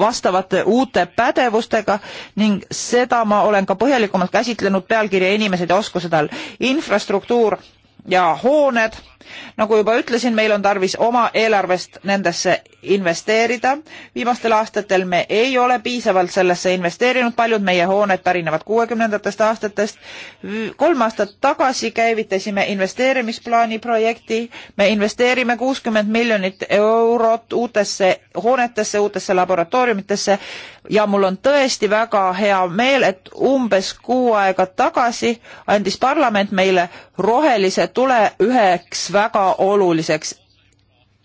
vastavate uute pädevustega ning seda ma olen ka põhjalikumalt käsitlenud pealkirja Inimesed ja oskused all. infrastruktuur ja hooned. nagu juba ütlesin, meil on tarvis oma eelarvest nendesse investeerida. viimastel aastatel me ei ole piisavalt sellesse investeerinud, paljud meie hooned pärinevad kuuekümnendatest aastatest. kolm aastat tagasi käivitasime investeerimisplaani projekti. me investeerime kuuskümmend miljonit eurot uutesse hoonetesse, uutesse laboratooriumitesse ja mul on tõesti väga hea meel, et umbes kuu aega tagasi andis parlament meile rohelise tule üheks väga oluliseks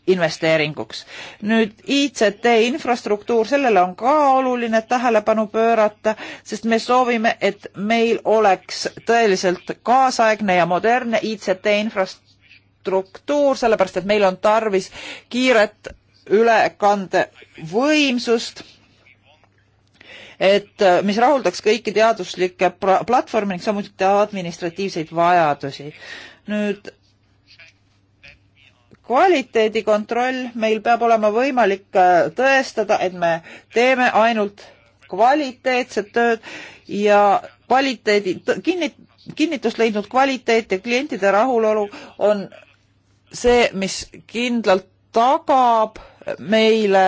investeeringuks. nüüd ICT infrastruktuur, sellele on ka oluline tähelepanu pöörata, sest me soovime, et meil oleks tõeliselt kaasaegne ja modernne ICT infrastruktuur, sellepärast et meil on tarvis kiiret ülekandevõimsust, et mis rahuldaks kõiki teaduslikke platvorme ning samuti administratiivseid vajadusi nüüd kvaliteedikontroll, meil peab olema võimalik äh, tõestada, et me teeme ainult kvaliteetset tööd ja kvaliteedi, kinnit-, kinnitust leidnud kvaliteet ja klientide rahulolu on see, mis kindlalt tagab meile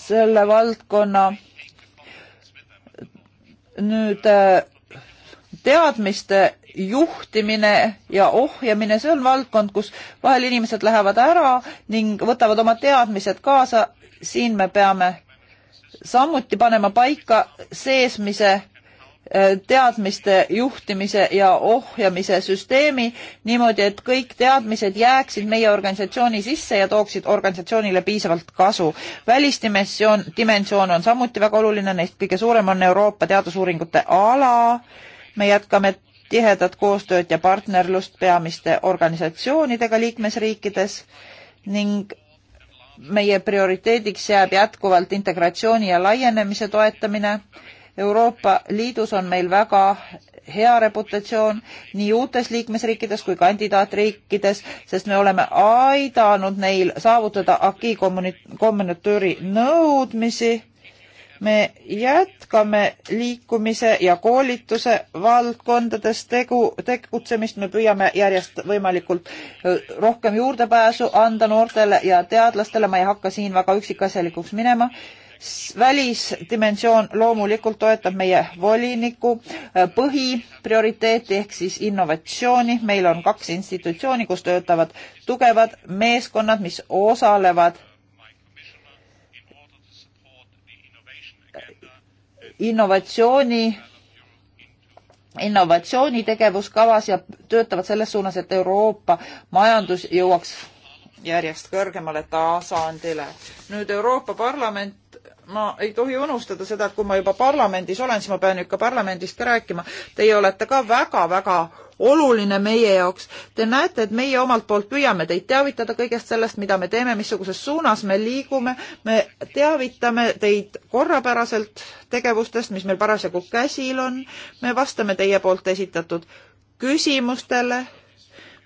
selle valdkonna nüüd äh, teadmiste juhtimine ja ohjamine, see on valdkond, kus vahel inimesed lähevad ära ning võtavad oma teadmised kaasa. siin me peame samuti panema paika seesmise äh, teadmiste juhtimise ja ohjamise süsteemi niimoodi, et kõik teadmised jääksid meie organisatsiooni sisse ja tooksid organisatsioonile piisavalt kasu. välisdimensioon, dimensioon on samuti väga oluline, neist kõige suurem on Euroopa teadusuuringute ala me jätkame tihedat koostööd ja partnerlust peamiste organisatsioonidega liikmesriikides ning meie prioriteediks jääb jätkuvalt integratsiooni ja laienemise toetamine. Euroopa Liidus on meil väga hea reputatsioon nii uutes liikmesriikides kui kandidaatriikides, sest me oleme aidanud neil saavutada aki kommunitüüri nõudmisi me jätkame liikumise ja koolituse valdkondades tegu, tegutsemist, me püüame järjest võimalikult äh, rohkem juurdepääsu anda noortele ja teadlastele, ma ei hakka siin väga üksikasjalikuks minema. välisdimensioon loomulikult toetab meie voliniku äh, põhiprioriteeti ehk siis innovatsiooni. meil on kaks institutsiooni, kus töötavad tugevad meeskonnad, mis osalevad innovatsiooni, innovatsiooni tegevuskavas ja töötavad selles suunas, et Euroopa majandus jõuaks järjest kõrgemale tasandile. nüüd Euroopa Parlament ma ei tohi unustada seda, et kui ma juba parlamendis olen, siis ma pean ikka parlamendist ka rääkima. Teie olete ka väga-väga oluline meie jaoks. Te näete, et meie omalt poolt püüame teid teavitada kõigest sellest, mida me teeme, missuguses suunas me liigume. me teavitame teid korrapäraselt tegevustest, mis meil parasjagu käsil on. me vastame teie poolt esitatud küsimustele.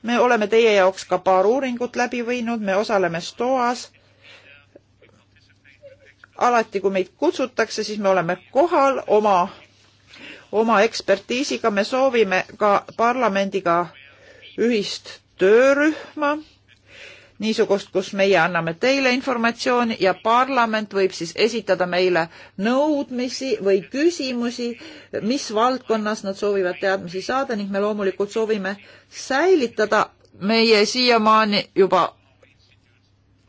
me oleme teie jaoks ka paar uuringut läbi võinud, me osaleme STOAS alati, kui meid kutsutakse, siis me oleme kohal oma, oma ekspertiisiga, me soovime ka parlamendiga ühist töörühma, niisugust, kus meie anname teile informatsiooni ja parlament võib siis esitada meile nõudmisi või küsimusi, mis valdkonnas nad soovivad teadmisi saada ning me loomulikult soovime säilitada meie siiamaani juba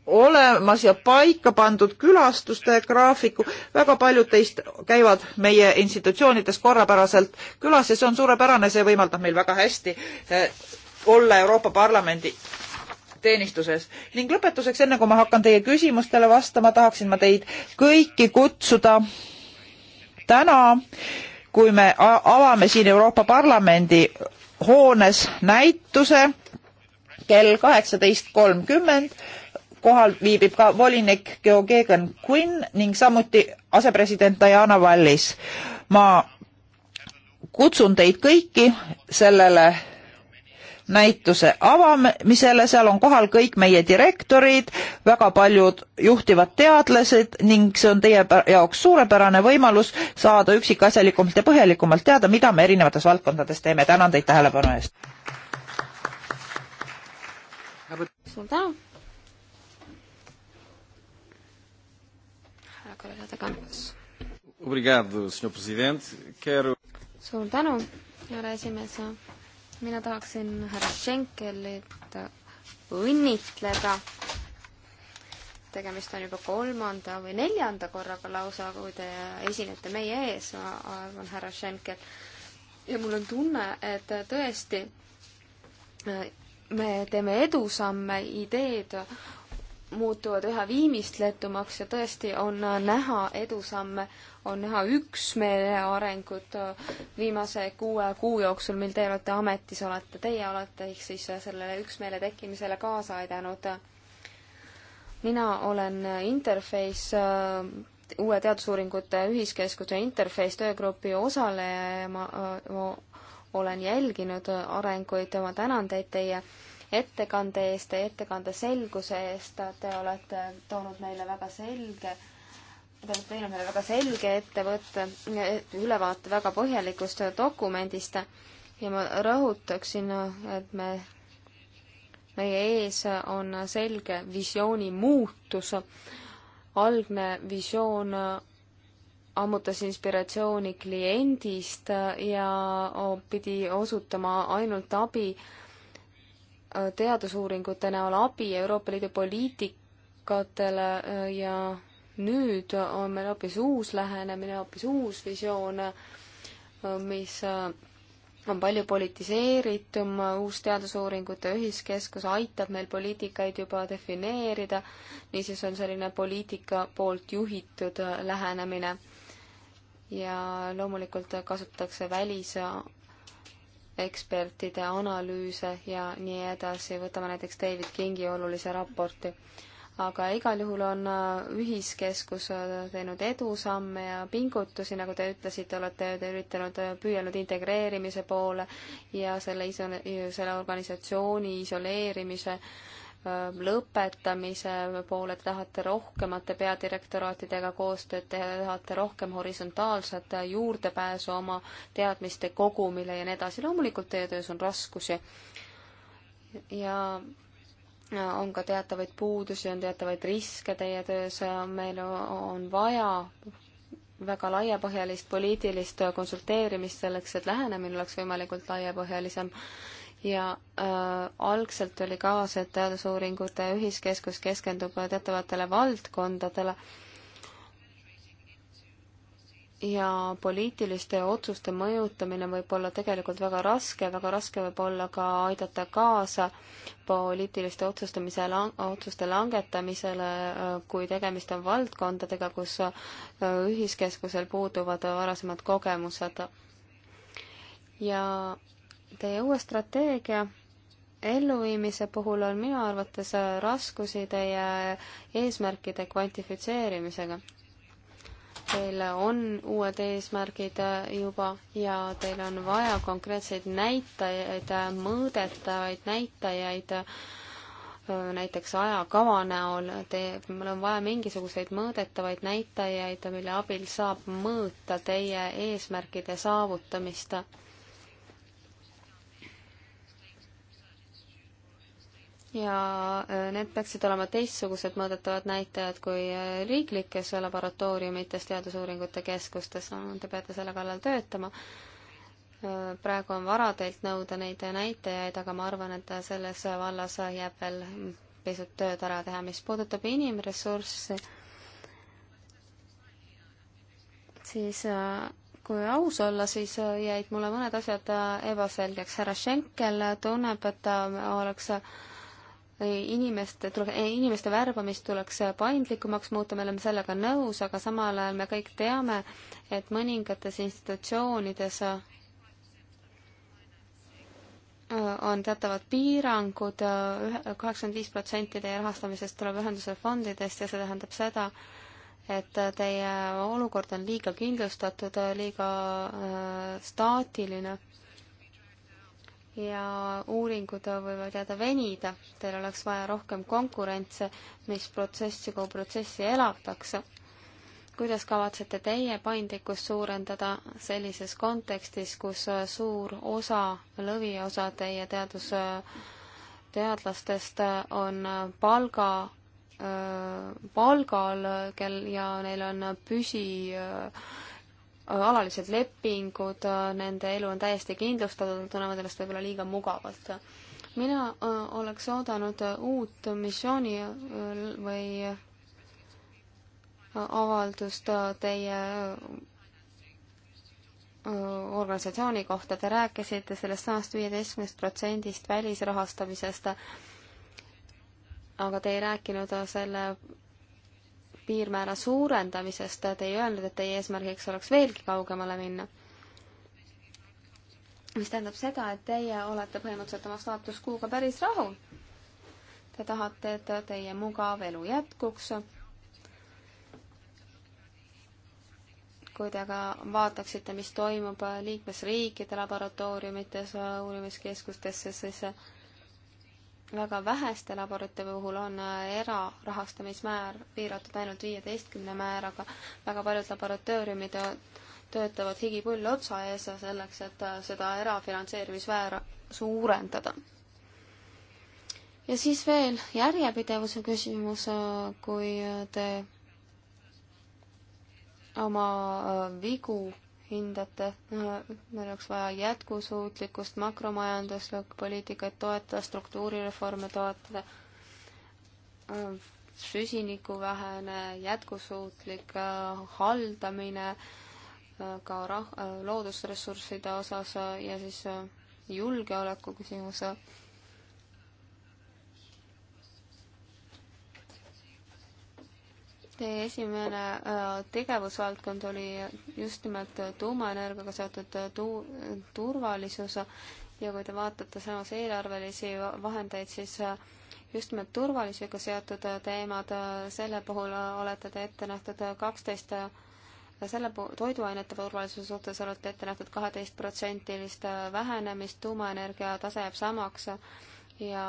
olemas ja paika pandud külastuste graafiku. väga paljud teist käivad meie institutsioonides korrapäraselt külas ja see on suurepärane, see võimaldab meil väga hästi eh, olla Euroopa Parlamendi teenistuses. ning lõpetuseks, enne kui ma hakkan teie küsimustele vastama, tahaksin ma teid kõiki kutsuda täna, kui me avame siin Euroopa Parlamendi hoones näituse kell kaheksateist kolmkümmend kohal viibib ka volinik Georg Quinn ning samuti asepresident Diana Wallis. ma kutsun teid kõiki sellele näituse avamisele, seal on kohal kõik meie direktorid, väga paljud juhtivad teadlased ning see on teie jaoks suurepärane võimalus saada üksikasjalikumalt ja põhjalikumalt teada, mida me erinevates valdkondades teeme. tänan teid tähelepanu eest. suur tänu. härra Kanakas. suur tänu, härra esimees. mina tahaksin härra Schenkelit õnnitleda. tegemist on juba kolmanda või neljanda korraga lausa, kui te esinete meie ees, ma arvan, härra Schenkel. ja mul on tunne, et tõesti me teeme edusamme, ideed muutuvad üha viimistletumaks ja tõesti on näha edusamme, on näha üksmeele arengut äh, viimase kuue kuu jooksul, mil te olete ametis, olete teie olete ehk siis äh, sellele üksmeele tekkimisele kaasa aidanud. mina olen äh, Interface uue teadusuuringute ühiskeskuse Interface töögrupi osaleja ja ma, ma olen jälginud arenguid ja ma tänan teid teie ettekande eest, teie ettekande selguse eest, te olete toonud meile väga selge Te olete teinud meile väga selge ettevõtte, ülevaate väga põhjalikust dokumendist ja ma rõhutaksin, et me, meie ees on selge visiooni muutus. algne visioon ammutas inspiratsiooni kliendist ja pidi osutama ainult abi teadusuuringute näol abi Euroopa Liidu poliitikatele äh, ja nüüd on meil hoopis uus lähenemine, hoopis uus visioon, äh, mis äh, on palju politiseeritum, uus teadusuuringute ühiskeskus aitab meil poliitikaid juba defineerida, niisiis on selline poliitika poolt juhitud lähenemine. ja loomulikult kasutatakse välise ekspertide analüüse ja nii edasi, võtame näiteks David Kingi olulise raporti. aga igal juhul on äh, ühiskeskus äh, teinud edusamme ja pingutusi, nagu te ütlesite, olete te üritanud, äh, püüelnud integreerimise poole ja selle iso-, selle organisatsiooni isoleerimise äh, Ähm, lõpetamise poole, te tahate rohkemate peadirektoraatidega koostööd teha, tahate rohkem horisontaalset juurdepääsu oma teadmiste kogumile ja nii edasi. loomulikult teie töös on raskusi ja on ka teatavaid puudusi, on teatavaid riske teie töös, meil on vaja väga laiapõhjalist poliitilist konsulteerimist selleks, et lähenemine oleks võimalikult laiapõhjalisem ja äh, algselt oli kaas, et teadusuuringute ühiskeskus keskendub teatavatele valdkondadele ja poliitiliste otsuste mõjutamine võib olla tegelikult väga raske, väga raske võib olla ka aidata kaasa poliitiliste otsustamise, otsuste langetamisele, äh, kui tegemist on valdkondadega, kus äh, ühiskeskusel puuduvad varasemad kogemused. ja Teie uue strateegia elluviimise puhul on minu arvates raskusi teie eesmärkide kvantifitseerimisega. Teil on uued eesmärgid juba ja teil on vaja konkreetseid näitajaid, mõõdetavaid näitajaid, näiteks ajakava näol, te, meil on vaja mingisuguseid mõõdetavaid näitajaid, mille abil saab mõõta teie eesmärkide saavutamist ja äh, need peaksid olema teistsugused mõõdetavad näitajad kui äh, riiklikes laboratooriumites teadusuuringute keskustes, te peate selle kallal töötama. Äh, praegu on vara teilt nõuda neid näitajaid, aga ma arvan, et selles vallas jääb veel pisut tööd ära teha, mis puudutab inimressurssi, siis kui aus olla, siis jäid mulle mõned asjad ebaselgeks. härra Schenkel tunneb, et ta oleks inimeste, eh, inimeste värbamist tuleks paindlikumaks muuta, me oleme sellega nõus, aga samal ajal me kõik teame, et mõningates institutsioonides äh, on teatavad piirangud, äh, kaheksakümmend viis protsenti teie rahastamisest tuleb ühenduse fondidest ja see tähendab seda, et teie olukord on liiga kindlustatud, liiga äh, staatiline ja uuringud võivad jääda venida, teil oleks vaja rohkem konkurentse, mis protsessi kui protsessi elavdaks. kuidas kavatsete teie paindlikkust suurendada sellises kontekstis, kus suur osa, lõviosa teie teadus, teadlastest on palga, palgal, kel ja neil on püsi öö, Äh, alalised lepingud, äh, nende elu on täiesti kindlustatud, nad tunnevad ennast võib-olla liiga mugavalt. mina äh, oleks oodanud uut missiooni või avaldust teie organisatsiooni kohta, te rääkisite sellest samast viieteistkümnest protsendist välisrahastamisest, aga te ei rääkinud selle piirmäära suurendamisest, te ei öelnud, et teie eesmärgiks oleks veelgi kaugemale minna. mis tähendab seda, et teie olete põhimõtteliselt oma staatus kuuga päris rahul. Te tahate, et teie mugav elu jätkuks. kui te aga vaataksite, mis toimub liikmesriikide laboratooriumites, uurimiskeskustesse, siis väga väheste laborite puhul on äh, erarahastamismäär piiratud ainult viieteistkümne määraga, väga paljud laboratooriumid äh, töötavad higipull otsa ees selleks, et äh, seda erafinantseerimisväära suurendada. ja siis veel järjepidevuse küsimus, kui te oma vigu hindate, meil oleks vaja jätkusuutlikkust, makromajanduslikku poliitikat toetada, struktuurireforme toetada, süsinikuvähene jätkusuutlik äh, haldamine äh, ka rah-, loodusressursside osas äh, ja siis julgeoleku küsimus Teie esimene äh, tegevusvaldkond oli just nimelt tuumaenergiaga seotud äh, tu-, turvalisus ja kui te vaatate samas eelarvelisi vahendeid, siis äh, just nimelt turvalisusega seotud teemad, selle puhul olete te ette nähtud kaksteist selle puhul toiduainete turvalisuse suhtes olete ette nähtud kaheteistprotsendilist vähenemist, tuumaenergia tase jääb samaks ja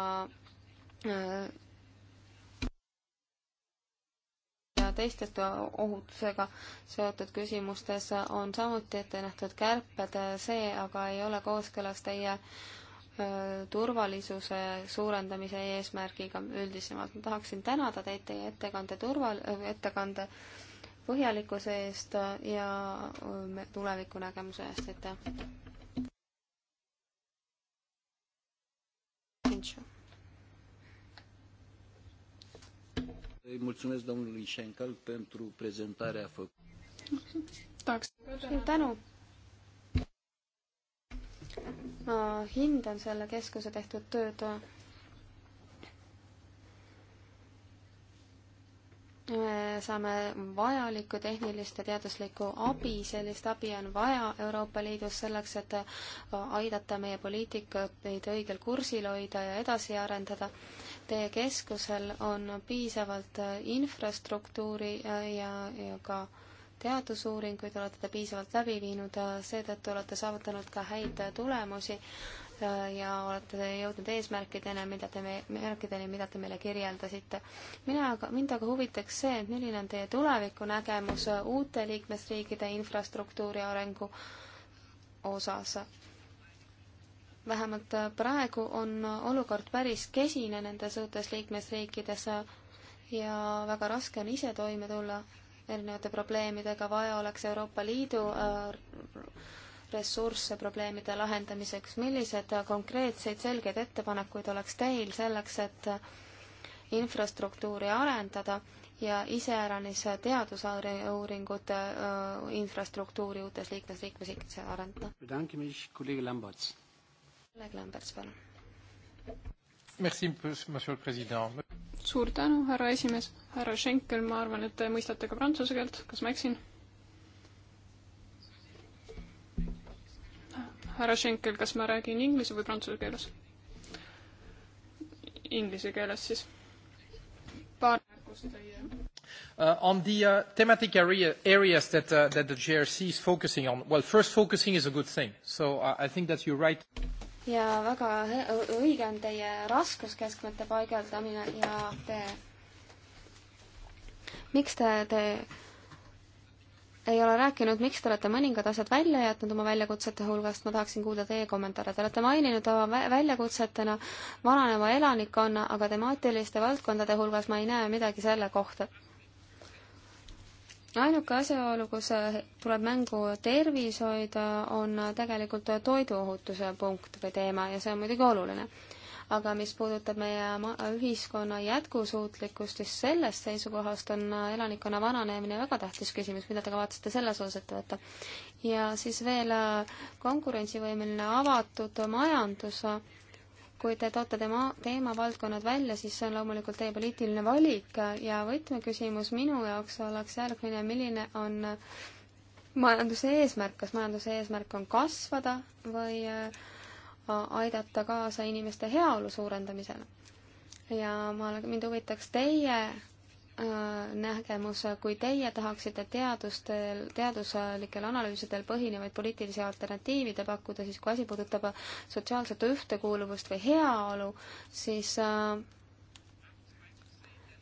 teistes ohutusega seotud küsimustes on samuti ette nähtud kärped, see aga ei ole kooskõlas teie äh, turvalisuse suurendamise eesmärgiga üldisemalt. ma tahaksin tänada teid teie ettekande turval-, äh, ettekande põhjalikkuse eest ja äh, tulevikunägemuse eest, aitäh! mulțumesc domnului Șencal pentru prezentarea făcută. Tahaks suur tänu. ma hindan selle keskuse tehtud tööd. me uh, saame uh, vajalikku tehnilist ja teaduslikku abi, sellist abi on vaja Euroopa Liidus selleks, et uh, aidata meie poliitikaid õigel kursil hoida e, ja edasi arendada Teie keskusel on piisavalt äh, infrastruktuuri äh, ja, ja ka teadusuuringuid olete te piisavalt läbi viinud, äh, seetõttu olete saavutanud ka häid tulemusi ja olete jõudnud eesmärkideni, mida te, märkideni, mida te meile kirjeldasite. mina aga, mind aga huvitaks see, et milline on teie tulevikunägemus uute liikmesriikide infrastruktuuri arengu osas vähemalt praegu on olukord päris kesine nendes uutes liikmesriikides ja väga raske on ise toime tulla erinevate probleemidega, vaja oleks Euroopa Liidu äh, ressursse probleemide lahendamiseks. millised konkreetseid selgeid ettepanekuid oleks teil selleks, et infrastruktuuri arendada ja iseäranis teadusuuringute äh, infrastruktuuri uutes liikmesriikides arendada? kolleeg Lamberts, palun. suur tänu, härra esimees. härra Schenkel, ma arvan, et te mõistate ka prantsuse keelt, kas ma eksin? härra Schenkel, kas ma räägin inglise või prantsuse keeles? Inglise keeles siis. paar märkust teie. Uh, on the uh, thematic area, areas that, uh, that the GRC is focusing on, well, first, focusing is a good thing. So uh, I think that you're right ja väga õige on teie raskuskeskmete paigaldamine ja te, miks te, te ei ole rääkinud, miks te olete mõningad asjad välja jätnud oma väljakutsete hulgast, ma tahaksin kuulda teie kommentaare. Te olete maininud oma väljakutsetena vananeva elanikkonna, aga temaatiliste valdkondade hulgas ma ei näe midagi selle kohta ainuke asjaolu, kus eh, tuleb mängu tervishoid, eh, on tegelikult toiduohutuse punkt või teema ja see on muidugi oluline. aga mis puudutab meie ühiskonna jätkusuutlikkust, siis sellest seisukohast on eh, elanikkonna vananemine väga tähtis küsimus, mida te kavatsete selles osas ette võtta. ja siis veel konkurentsivõimeline avatud majandus kui te toote tema, teemavaldkonnad välja, siis see on loomulikult teie poliitiline valik ja võtmeküsimus minu jaoks oleks järgmine, milline on majanduse eesmärk, kas majanduse eesmärk on kasvada või äh, aidata kaasa inimeste heaolu suurendamisele? ja ma, mind huvitaks teie Äh, nägemus, kui teie tahaksite teadustel, teaduslikel analüüsidel põhinevaid poliitilisi alternatiivide pakkuda, siis kui asi puudutab sotsiaalset ühtekuuluvust või heaolu, siis äh,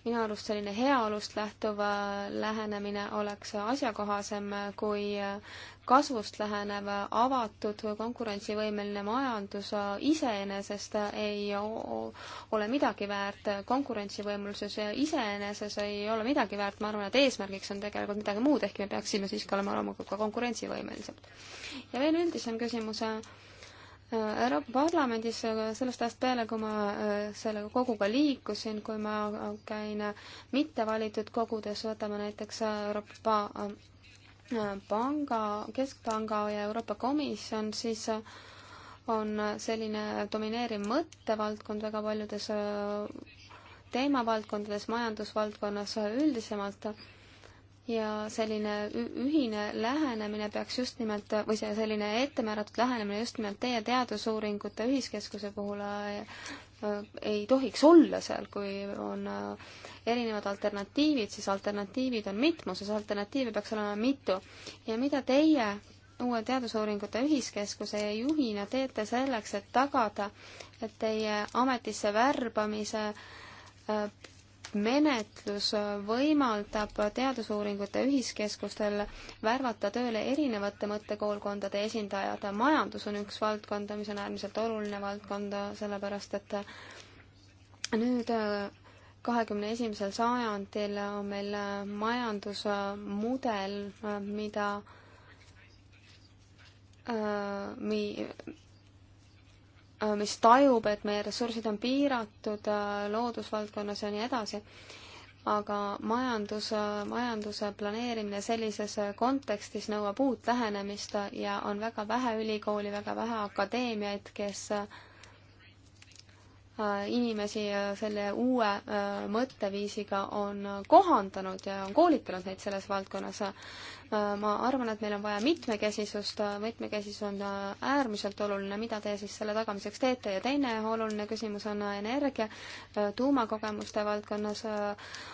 minu arust selline heaolust lähtuv äh, lähenemine oleks asjakohasem kui äh, kasvust lähenev äh, avatud konkurentsivõimeline majandus iseenesest ei ole midagi väärt, konkurentsivõimeluses iseeneses ei ole midagi väärt, ma arvan, et eesmärgiks on tegelikult midagi muud, ehkki me peaksime siiski olema loomulikult ka konkurentsivõimelised. ja veel üldisem küsimus Euroopa Parlamendis sellest ajast peale, kui ma äh, selle koguga liikusin, kui ma äh, käin äh, mittevalitud kogudes, võtame näiteks Euroopa Panga, Keskpanga ja Euroopa Komisjon, siis on selline domineeriv mõttevaldkond väga paljudes teemavaldkondades, majandusvaldkonnas üldisemalt ja selline ühine lähenemine peaks just nimelt, või see selline ettemääratud lähenemine just nimelt teie teadusuuringute ühiskeskuse puhul äh, äh, ei tohiks olla seal, kui on äh, erinevad alternatiivid, siis alternatiivid on mitmuses, alternatiive peaks olema mitu. ja mida teie uue teadusuuringute ühiskeskuse juhina teete selleks, et tagada, et teie ametisse värbamise menetlus võimaldab teadusuuringute ühiskeskustel värvata tööle erinevate mõttekoolkondade esindajad. majandus on üks valdkonda, mis on äärmiselt oluline valdkond, sellepärast et nüüd äh, kahekümne esimesel sajandil on meil äh, majandusmudel, äh, mida mi-, Äh, mis tajub, et meie ressursid on piiratud äh, loodusvaldkonnas ja nii edasi, aga majandus, äh, majanduse planeerimine sellises kontekstis nõuab uut lähenemist ja on väga vähe ülikooli, väga vähe akadeemiaid, kes Äh, inimesi äh, selle uue äh, mõtteviisiga on kohandanud ja on koolitanud neid selles valdkonnas. ma arvan, et meil on vaja mitmekesisust, mitmekesisus on äärmiselt oluline, mida te siis selle tagamiseks teete ja teine oluline küsimus on energia. tuumakogemuste valdkonnas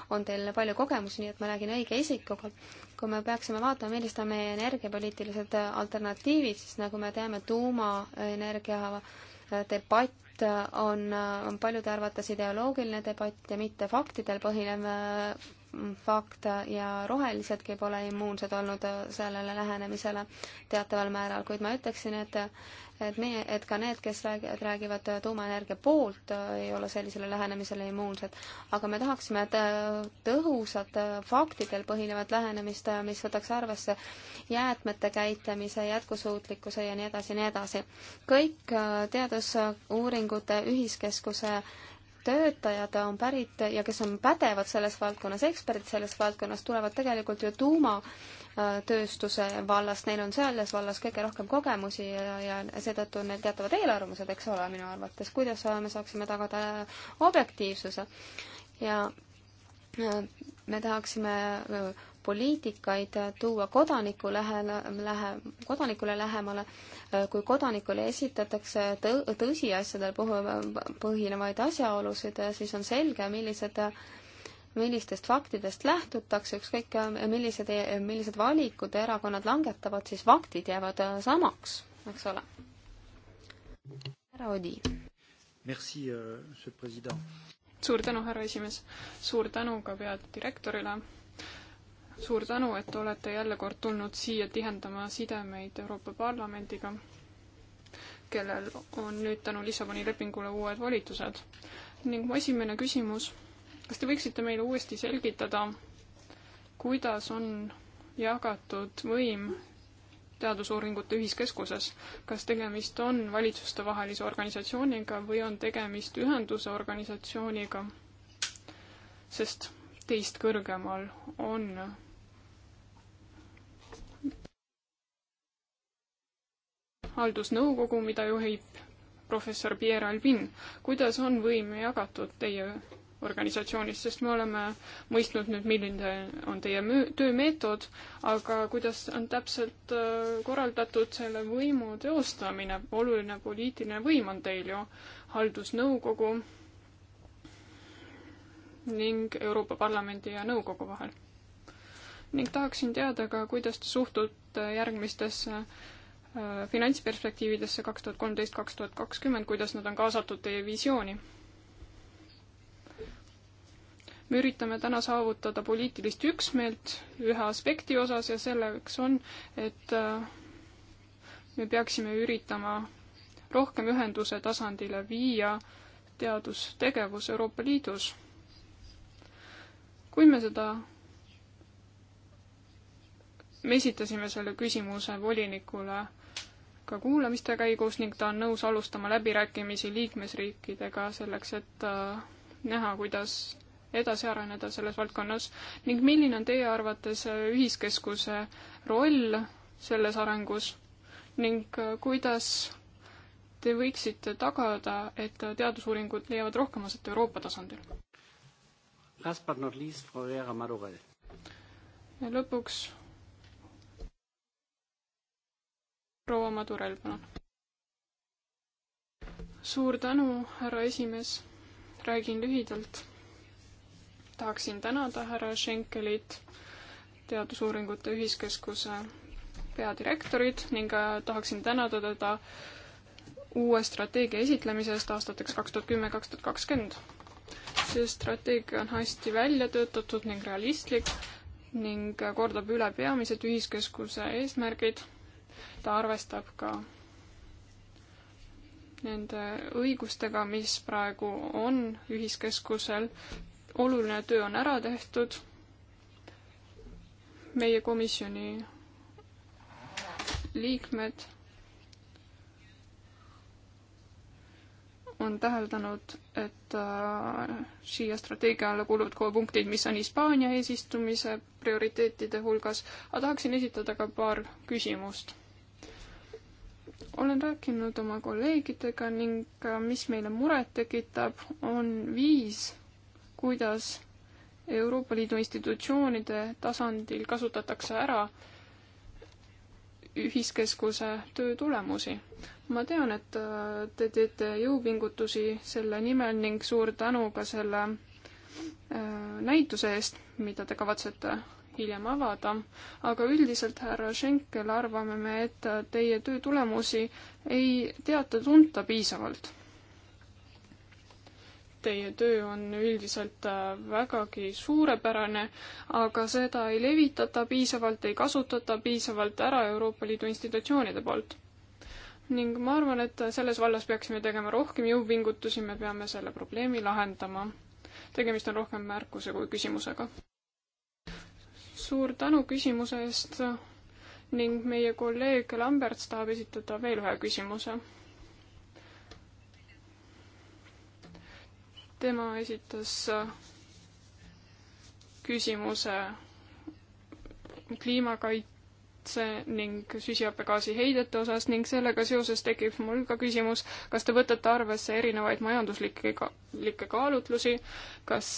on teil palju kogemusi, nii et ma räägin õige isikuga. kui me peaksime vaatama, millised on meie energiapoliitilised alternatiivid, siis nagu me teame, tuumaenergia debatt Äh, on, äh, on paljude arvates ideoloogiline debatt ja mitte faktidel põhinev äh, fakt ja rohelisedki pole immuunsed olnud sellele lähenemisele teataval määral, kuid ma ütleksin, et et meie, et ka need, kes räägivad, räägivad tuumaenergia poolt, ei ole sellisele lähenemisele immuunsed. aga me tahaksime tõhusat faktidel põhinevat lähenemist, mis võtaks arvesse jäätmete käitlemise, jätkusuutlikkuse ja nii edasi ja nii edasi. kõik teadusuuringute ühiskeskuse äh, töötajad on pärit ja kes on pädevad selles valdkonnas, eksperdid selles valdkonnas, tulevad tegelikult ju tuumatööstuse vallast, neil on selles vallas kõige rohkem kogemusi ja, ja seetõttu on neil teatavad eelarvamused, eks ole, minu arvates, kuidas me saaksime tagada objektiivsuse ja äh, me tahaksime poliitikaid tuua kodaniku lähele, lähe, kodanikule lähemale, kui kodanikule esitatakse tõ, tõsiasjadel põhinevaid asjaolusid, siis on selge, millised millistest faktidest lähtutakse, ükskõik millised, e-, millised valikud erakonnad langetavad, siis faktid jäävad samaks, eks ole. härra Odi. Merci, euh, monsieur president. suur tänu, härra esimees. suur tänu ka peadirektorile suur tänu, et olete jälle kord tulnud siia tihendama sidemeid Euroopa Parlamendiga, kellel on nüüd tänu Lissaboni lepingule uued volitused. ning mu esimene küsimus, kas te võiksite meile uuesti selgitada, kuidas on jagatud võim teadusuuringute ühiskeskuses. kas tegemist on valitsustevahelise organisatsiooniga või on tegemist ühenduse organisatsiooniga, sest teist kõrgemal on haldusnõukogu, mida juhib professor Pierre Albin. kuidas on võim jagatud teie organisatsioonis, sest me oleme mõistnud nüüd, milline on teie töömeetod, aga kuidas on täpselt äh, korraldatud selle võimu teostamine, oluline poliitiline võim on teil ju, haldusnõukogu ning Euroopa Parlamendi ja nõukogu vahel. ning tahaksin teada ka, kuidas te suhtute järgmistesse Äh, finantsperspektiividesse kaks tuhat kolmteist, kaks tuhat kakskümmend, kuidas nad on kaasatud teie visiooni? me üritame täna saavutada poliitilist üksmeelt ühe aspekti osas ja selleks on, et äh, me peaksime üritama rohkem ühenduse tasandile viia teadustegevus Euroopa Liidus. kui me seda me esitasime selle küsimuse volinikule ka kuulamiste käigus ning ta on nõus alustama läbirääkimisi liikmesriikidega selleks, et äh, näha, kuidas edasi areneda selles valdkonnas ning milline on teie arvates äh, ühiskeskuse roll selles arengus ning äh, kuidas te võiksite tagada, et teadusuuringud leiavad rohkem aset Euroopa tasandil? Last but not least, Frau Vera Madurell. ja lõpuks proua Madurel, palun. suur tänu, härra esimees. räägin lühidalt. tahaksin tänada härra Schenkelit, Teadusuuringute Ühiskeskuse peadirektorit ning äh, tahaksin tänada teda uue strateegia esitlemise eest aastateks kaks tuhat kümme, kaks tuhat kakskümmend. see strateegia on hästi välja töötatud ning realistlik ning äh, kordab üle peamised ühiskeskuse eesmärgid ta arvestab ka nende õigustega, mis praegu on ühiskeskusel. oluline töö on ära tehtud. meie komisjoni liikmed on täheldanud, et äh, siia strateegia alla kuuluvad kohe punktid, mis on Hispaania eesistumise prioriteetide hulgas, aga tahaksin esitada ka paar küsimust olen rääkinud oma kolleegidega ning mis meile muret tekitab, on viis, kuidas Euroopa Liidu institutsioonide tasandil kasutatakse ära ühiskeskuse töö tulemusi. ma tean, et äh, te teete jõupingutusi selle nimel ning suur tänu ka selle äh, näituse eest, mida te kavatsete hiljem avada, aga üldiselt, härra Schenkel, arvame me, et teie töö tulemusi ei teata-tunta piisavalt. Teie töö on üldiselt äh, vägagi suurepärane, aga seda ei levitata piisavalt, ei kasutata piisavalt ära Euroopa Liidu institutsioonide poolt. ning ma arvan, et selles vallas peaksime tegema rohkem jõupingutusi, me peame selle probleemi lahendama. tegemist on rohkem märkuse kui küsimusega suur tänu küsimuse eest ning meie kolleeg Lamberts tahab esitada veel ühe küsimuse. tema esitas küsimuse kliimakaitse ning süsihappegaasi heidete osas ning sellega seoses tekib mul ka küsimus, kas te võtate arvesse erinevaid majanduslikke ka,, likke kaalutlusi, kas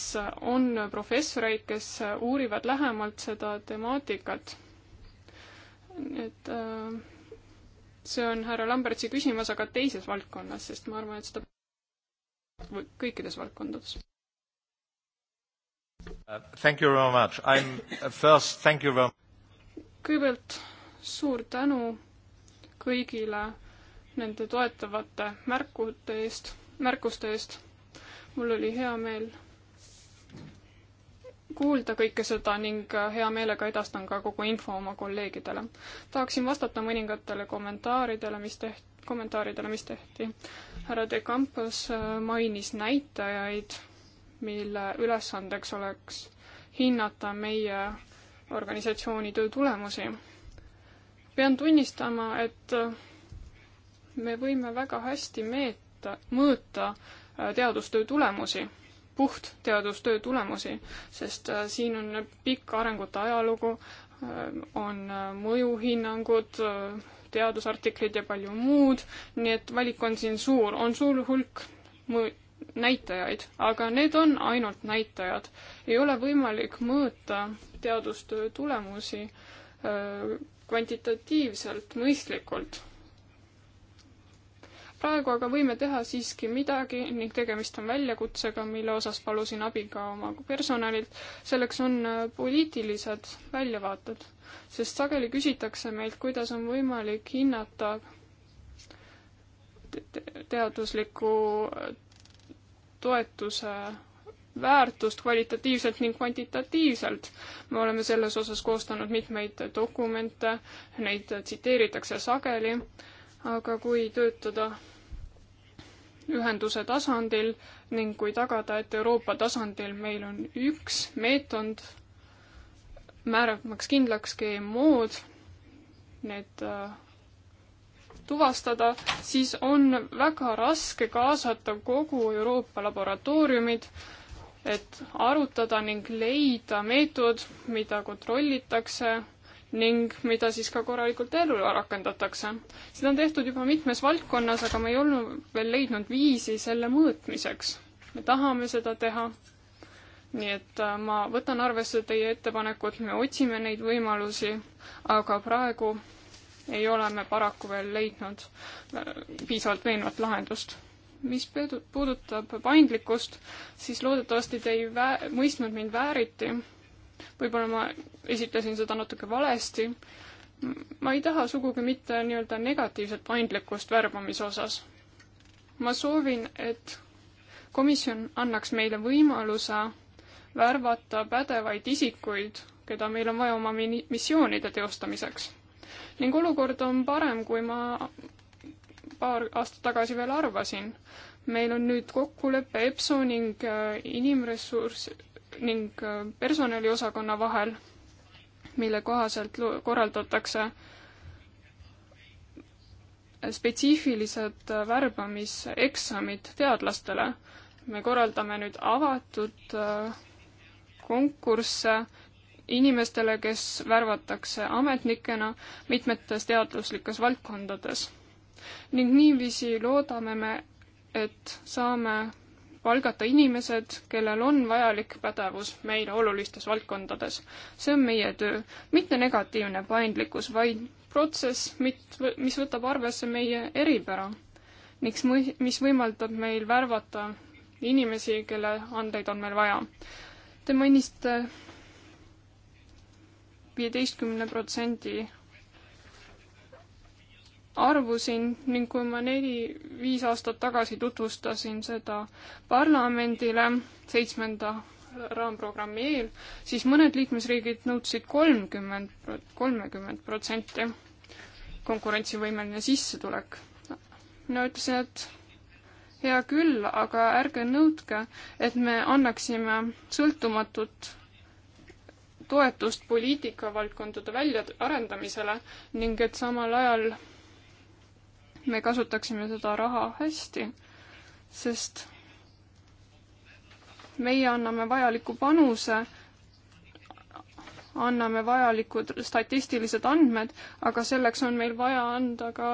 on professoreid, kes uurivad lähemalt seda temaatikat? et äh, see on härra Lambertsi küsimus, aga teises valdkonnas, sest ma arvan, et seda kõikides valdkondades. Uh, thank you very much. I am uh, first, thank you very much kõigepealt suur tänu kõigile nende toetavate märkute eest, märkuste eest. mul oli hea meel kuulda kõike seda ning hea meelega edastan ka kogu info oma kolleegidele. tahaksin vastata mõningatele kommentaaridele, mis tehti, kommentaaridele, mis tehti. härra De Campos äh, mainis näitajaid, mille ülesandeks oleks hinnata meie organisatsiooni töö tulemusi. pean tunnistama, et äh, me võime väga hästi meeta, mõõta äh, teadustöö tulemusi, puht teadustöö tulemusi, sest äh, siin on pikk arengute ajalugu, on mõjuhinnangud, teadusartiklid ja palju muud, nii et valik on siin suur, on suur hulk mõõt-, näitajaid, aga need on ainult näitajad. ei ole võimalik mõõta teadustöö tulemusi äh, kvantitatiivselt, mõistlikult. praegu aga võime teha siiski midagi ning tegemist on väljakutsega, mille osas palusin abi ka oma personalilt. selleks on äh, poliitilised väljavaated, sest sageli küsitakse meilt, kuidas on võimalik hinnata teaduslikku toetuse väärtust kvalitatiivselt ning kvantitatiivselt. me oleme selles osas koostanud mitmeid dokumente, neid tsiteeritakse sageli, aga kui töötada ühenduse tasandil ning kui tagada, et Euroopa tasandil meil on üks meetod, määramaks kindlaks GMO-d, need tuvastada, siis on väga raske kaasata kogu Euroopa laboratooriumid, et arutada ning leida meetod, mida kontrollitakse ning mida siis ka korralikult ellu rakendatakse. seda on tehtud juba mitmes valdkonnas, aga me ei olnud veel leidnud viisi selle mõõtmiseks. me tahame seda teha. nii et äh, ma võtan arvesse teie ettepanekut, me otsime neid võimalusi, aga praegu ei ole me paraku veel leidnud äh, piisavalt veenvat lahendust. mis puudutab paindlikkust, siis loodetavasti te ei vä-, mõistnud mind vääriti. võib-olla ma esitlesin seda natuke valesti. ma ei taha sugugi mitte nii-öelda negatiivset paindlikkust värbamise osas. ma soovin, et komisjon annaks meile võimaluse värvata pädevaid isikuid, keda meil on vaja oma missioonide teostamiseks ning olukord on parem, kui ma paar aastat tagasi veel arvasin. meil on nüüd kokkulepe EPSO ning äh, inimressurss ning äh, personaliosakonna vahel, mille kohaselt korraldatakse äh, spetsiifilised värbamiseksamid teadlastele. me korraldame nüüd avatud konkursse äh, inimestele, kes värvatakse ametnikena mitmetes teaduslikes valdkondades. ning niiviisi loodame me, et saame palgata inimesed, kellel on vajalik pädevus meile olulistes valdkondades. see on meie töö, mitte negatiivne paindlikkus, vaid protsess, mit-, mis võtab arvesse meie eripära, miks mõ-, mis võimaldab meil värvata inimesi, kelle andeid on meil vaja. Te mainisite viieteistkümne protsendi arvu siin ning kui ma neli-viis aastat tagasi tutvustasin seda parlamendile seitsmenda raamprogrammi eel, siis mõned liikmesriigid nõudsid kolmkümmend, kolmekümmend protsenti konkurentsivõimeline sissetulek. mina ütlesin, et hea küll, aga ärge nõudke, et me annaksime sõltumatut toetust poliitikavaldkondade väljaarendamisele ning et samal ajal me kasutaksime seda raha hästi, sest meie anname vajaliku panuse, anname vajalikud statistilised andmed, aga selleks on meil vaja anda ka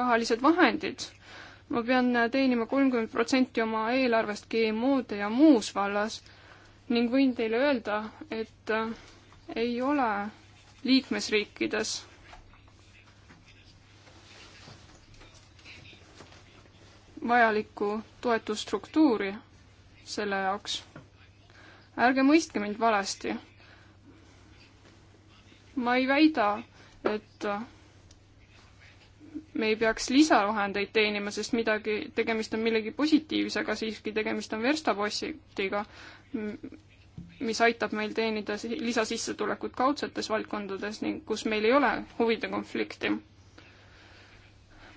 rahalised vahendid. ma pean teenima kolmkümmend protsenti oma eelarvest GMO-de ja muus vallas ning võin teile öelda, et äh, ei ole liikmesriikides vajalikku toetusstruktuuri selle jaoks. ärge mõistke mind valesti. ma ei väida, et äh, me ei peaks lisavahendeid teenima, sest midagi, tegemist on millegi positiivsega, siiski tegemist on verstapostiga, mis aitab meil teenida lisasissetulekut kaudsetes valdkondades ning kus meil ei ole huvide konflikti.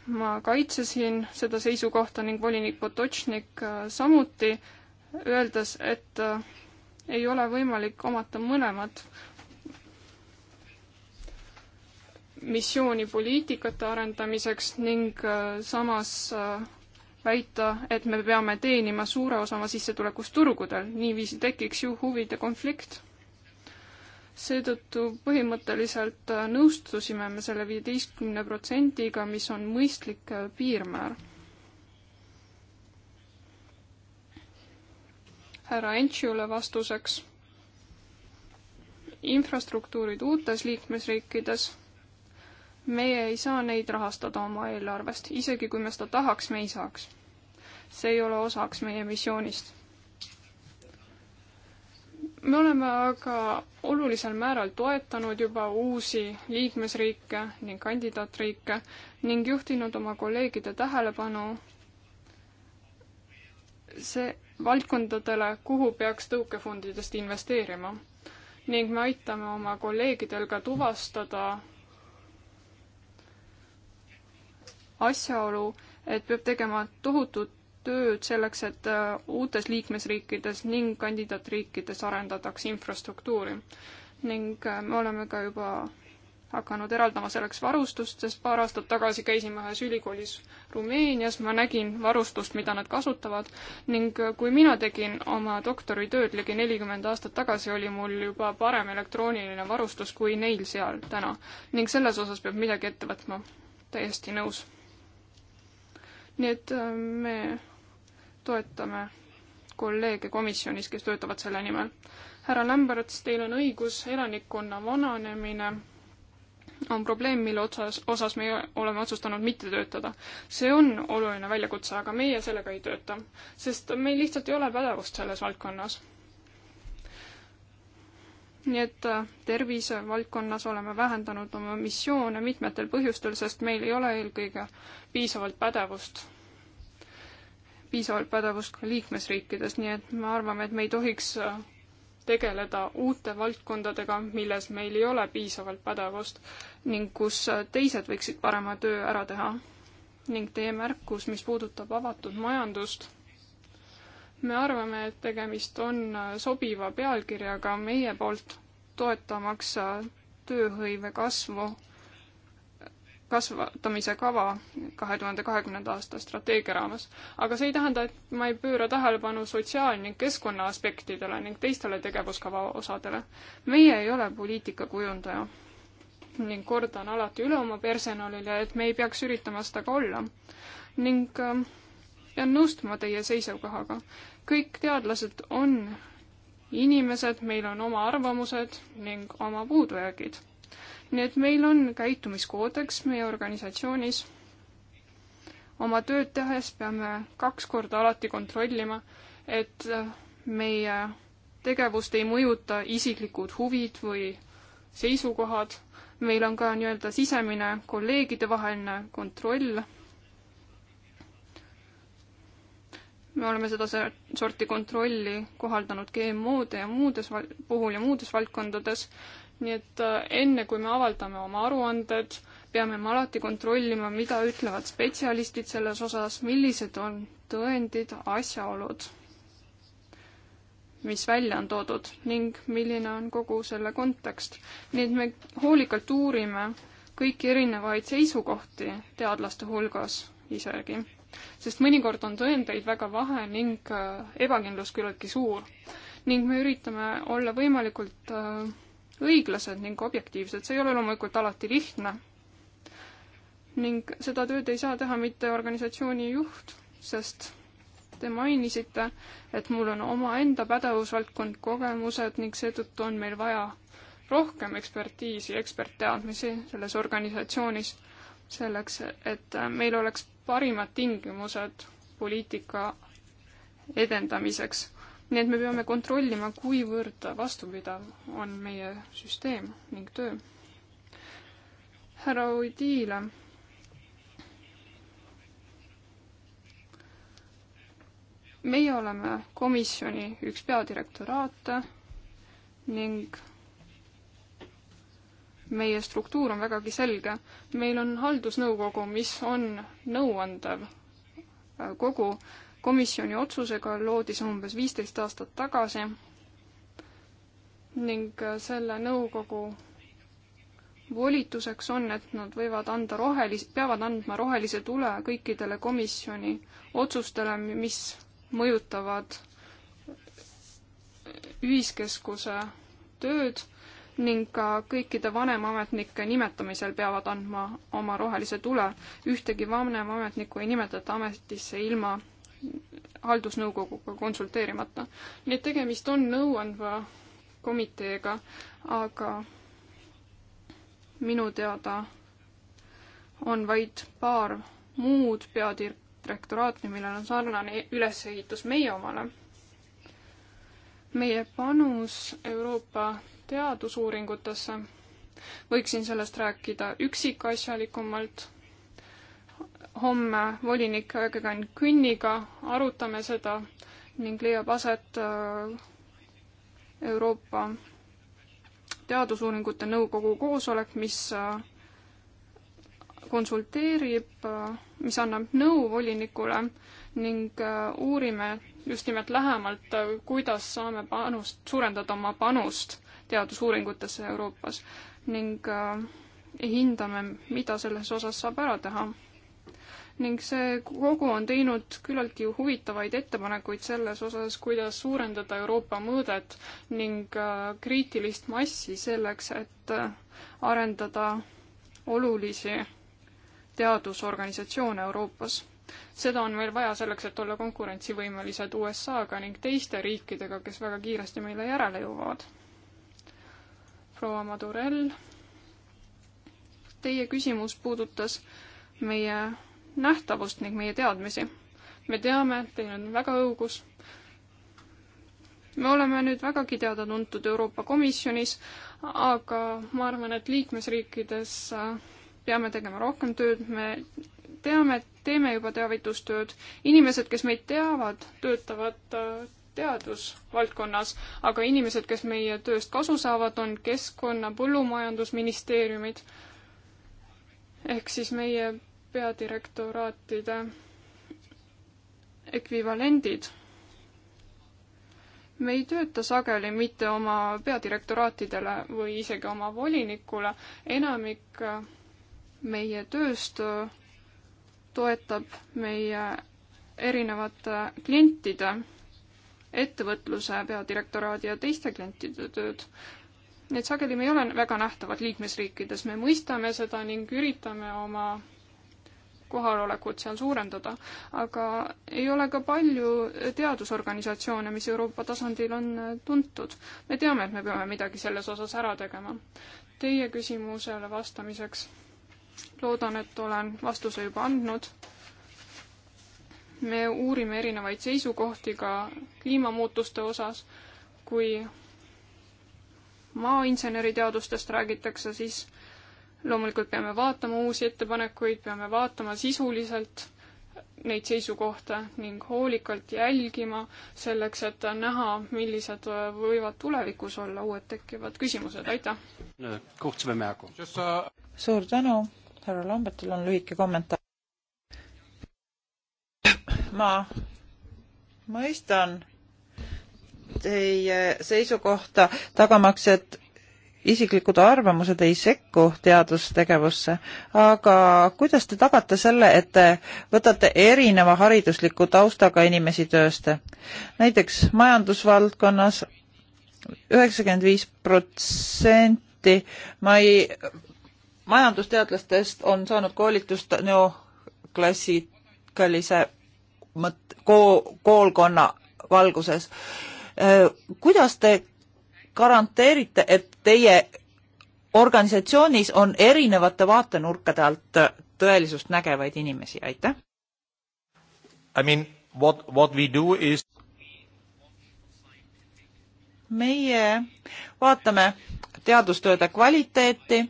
ma kaitsesin seda seisukohta ning volinik Potočnik äh, samuti, öeldes, et äh, ei ole võimalik omata mõlemat missiooni poliitikate arendamiseks ning äh, samas väita, et me peame teenima suure osa oma sissetulekust turgudel, niiviisi tekiks ju huvide konflikt. seetõttu põhimõtteliselt nõustusime me selle viieteistkümne protsendiga, mis on mõistlik piirmäär. härra Entšiule vastuseks. infrastruktuurid uutes liikmesriikides meie ei saa neid rahastada oma eelarvest, isegi kui me seda tahaks, me ei saaks see ei ole osaks meie missioonist. me oleme aga olulisel määral toetanud juba uusi liikmesriike ning kandidaatriike ning juhtinud oma kolleegide tähelepanu see valdkondadele, kuhu peaks tõukefondidest investeerima ning me aitame oma kolleegidel ka tuvastada asjaolu, et peab tegema tohutut tööd selleks, et äh, uutes liikmesriikides ning kandidaatriikides arendataks infrastruktuuri. ning äh, me oleme ka juba hakanud eraldama selleks varustust, sest paar aastat tagasi käisime ühes ülikoolis Rumeenias, ma nägin varustust, mida nad kasutavad ning äh, kui mina tegin oma doktoritööd ligi nelikümmend aastat tagasi, oli mul juba parem elektrooniline varustus kui neil seal täna. ning selles osas peab midagi ette võtma. täiesti nõus. nii et me toetame kolleege komisjonis, kes töötavad selle nimel. härra Lämberts, teil on õigus, elanikkonna vananemine on probleem, mille otsas, osas me oleme otsustanud mitte töötada. see on oluline väljakutse, aga meie sellega ei tööta, sest meil lihtsalt ei ole pädevust selles valdkonnas. nii et äh, tervisevaldkonnas oleme vähendanud oma missioone mitmetel põhjustel, sest meil ei ole eelkõige piisavalt pädevust piisavalt pädevust ka liikmesriikides, nii et me arvame, et me ei tohiks äh, tegeleda uute valdkondadega, milles meil ei ole piisavalt pädevust ning kus äh, teised võiksid parema töö ära teha. ning teie märkus, mis puudutab avatud majandust, me arvame, et tegemist on äh, sobiva pealkirjaga meie poolt toetamaks tööhõive kasvu kasvatamise kava kahe tuhande kahekümnenda aasta strateegia raames. aga see ei tähenda, et ma ei pööra tähelepanu sotsiaal- ning keskkonna aspektidele ning teistele tegevuskava osadele. meie ei ole poliitikakujundaja ning kordan alati üle oma personalile, et me ei peaks üritama seda ka olla. ning ähm, pean nõustuma teie seisukohaga. kõik teadlased on inimesed, meil on oma arvamused ning oma puudujäägid nii et meil on käitumiskoodeks meie organisatsioonis. oma tööd tehes peame kaks korda alati kontrollima, et meie tegevust ei mõjuta isiklikud huvid või seisukohad. meil on ka nii-öelda sisemine kolleegidevaheline kontroll me oleme seda sorti kontrolli kohaldanud GMO-de ja muudes puhul ja muudes valdkondades nii et äh, enne, kui me avaldame oma aruanded, peame me alati kontrollima, mida ütlevad spetsialistid selles osas, millised on tõendid, asjaolud, mis välja on toodud ning milline on kogu selle kontekst. nii et me hoolikalt uurime kõiki erinevaid seisukohti teadlaste hulgas isegi, sest mõnikord on tõendeid väga vahe ning äh, ebakindlus küllaltki suur. ning me üritame olla võimalikult äh, õiglased ning objektiivsed, see ei ole loomulikult alati lihtne. ning seda tööd ei saa teha mitte organisatsiooni juht, sest te mainisite, et mul on omaenda pädevusvaldkond, kogemused ning seetõttu on meil vaja rohkem ekspertiisi, ekspertteadmisi selles organisatsioonis, selleks, et meil oleks parimad tingimused poliitika edendamiseks nii et me peame kontrollima, kuivõrd vastupidav on meie süsteem ning töö. härra Oudila. meie oleme komisjoni üks peadirektoraate ning meie struktuur on vägagi selge. meil on haldusnõukogu, mis on nõuandev kogu komisjoni otsusega loodi see umbes viisteist aastat tagasi ning äh, selle nõukogu volituseks on, et nad võivad anda rohelis-, peavad andma rohelise tule kõikidele komisjoni otsustele, mis mõjutavad ühiskeskuse tööd ning ka kõikide vanemametnike nimetamisel peavad andma oma rohelise tule. ühtegi vanemametnikku ei nimetata ametisse ilma haldusnõukoguga konsulteerimata. nii et tegemist on nõuandva komiteega, aga minu teada on vaid paar muud peadirektoraati, millel on sarnane ülesehitus meie omale. meie panus Euroopa teadusuuringutesse, võiksin sellest rääkida üksikasjalikumalt homme volinik Öögegan Künniga arutame seda ning leiab aset äh, Euroopa Teadusuuringute Nõukogu koosolek, mis äh, konsulteerib, äh, mis annab nõu volinikule ning uurime just nimelt lähemalt, kuidas saame panust, suurendada oma panust teadusuuringutesse Euroopas ning hindame, mida selles osas saab ära teha ning see kogu on teinud küllaltki huvitavaid ettepanekuid selles osas, kuidas suurendada Euroopa mõõdet ning äh, kriitilist massi selleks, et äh, arendada olulisi teadusorganisatsioone Euroopas. seda on meil vaja selleks, et olla konkurentsivõimelised USA-ga ning teiste riikidega, kes väga kiiresti meile järele jõuavad. proua Madurell, teie küsimus puudutas meie nähtavust ning meie teadmisi. me teame, et teil on väga õugus. me oleme nüüd vägagi teada-tuntud Euroopa Komisjonis, aga ma arvan, et liikmesriikides äh, peame tegema rohkem tööd, me teame, et teeme juba teavitustööd. inimesed, kes meid teavad, töötavad äh, teadusvaldkonnas, aga inimesed, kes meie tööst kasu saavad, on keskkonna, põllumajandusministeeriumid. ehk siis meie peadirektoraatide ekvivalendid. me ei tööta sageli mitte oma peadirektoraatidele või isegi oma volinikule, enamik meie tööst toetab meie erinevate klientide, ettevõtluse peadirektoraadi ja teiste klientide tööd. nii et sageli me ei ole väga nähtavad liikmesriikides, me mõistame seda ning üritame oma kohalolekut seal suurendada, aga ei ole ka palju teadusorganisatsioone, mis Euroopa tasandil on tuntud. me teame, et me peame midagi selles osas ära tegema. Teie küsimusele vastamiseks loodan, et olen vastuse juba andnud. me uurime erinevaid seisukohti ka kliimamuutuste osas, kui maainseneriteadustest räägitakse, siis loomulikult peame vaatama uusi ettepanekuid, peame vaatama sisuliselt neid seisukohta ning hoolikalt jälgima selleks, et näha, millised võivad tulevikus olla uued tekkivad küsimused, aitäh! suur tänu, härra Lambetil on lühike kommentaar. ma mõistan teie seisukohta tagamaks, et isiklikud arvamused ei sekku teadustegevusse, aga kuidas te tagate selle, et te võtate erineva haridusliku taustaga inimesi tööst? näiteks majandusvaldkonnas üheksakümmend viis protsenti ma ei, majandusteadlastest on saanud koolitust neoklassikalise mõt-, koolkonna valguses. kuidas te garanteerite, et teie organisatsioonis on erinevate vaatenurkade alt tõelisust nägevaid inimesi, aitäh! I mean, what, what we do is meie vaatame teadustööde kvaliteeti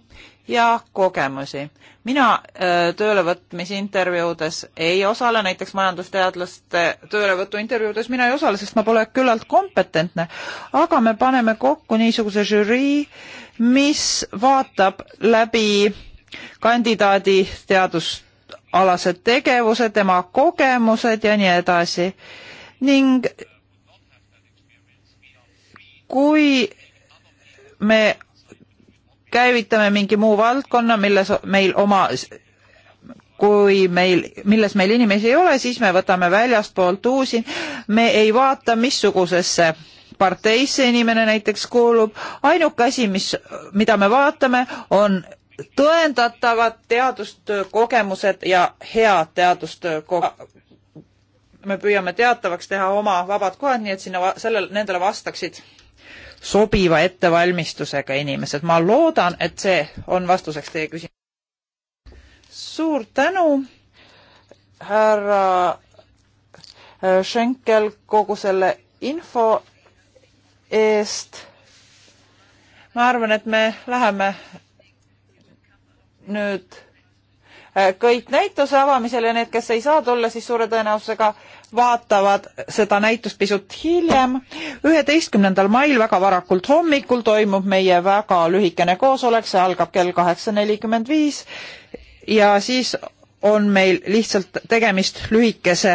ja kogemusi. mina äh, töölevõtmisintervjuudes ei osale, näiteks majandusteadlaste töölevõtu intervjuudes mina ei osale, sest ma pole küllalt kompetentne, aga me paneme kokku niisuguse žürii, mis vaatab läbi kandidaadi teadusalased tegevused, tema kogemused ja nii edasi ning kui me käivitame mingi muu valdkonna, milles meil oma, kui meil, milles meil inimesi ei ole, siis me võtame väljastpoolt uusi. me ei vaata, missugusesse parteisse inimene näiteks kuulub. ainuke asi, mis, mida me vaatame, on tõendatavad teadustöö kogemused ja head teadustöö kogemused me püüame teatavaks teha oma vabad kohad, nii et sinna, sellel, nendele vastaksid sobiva ettevalmistusega inimesed. ma loodan, et see on vastuseks teie küsimusele. suur tänu, härra äh, Schenkel, kogu selle info eest. ma arvan, et me läheme nüüd äh, kõik näituse avamisele, need, kes ei saa tulla, siis suure tõenäosusega äh, vaatavad seda näitust pisut hiljem. üheteistkümnendal mail väga varakult hommikul toimub meie väga lühikene koosolek, see algab kell kaheksa nelikümmend viis ja siis on meil lihtsalt tegemist lühikese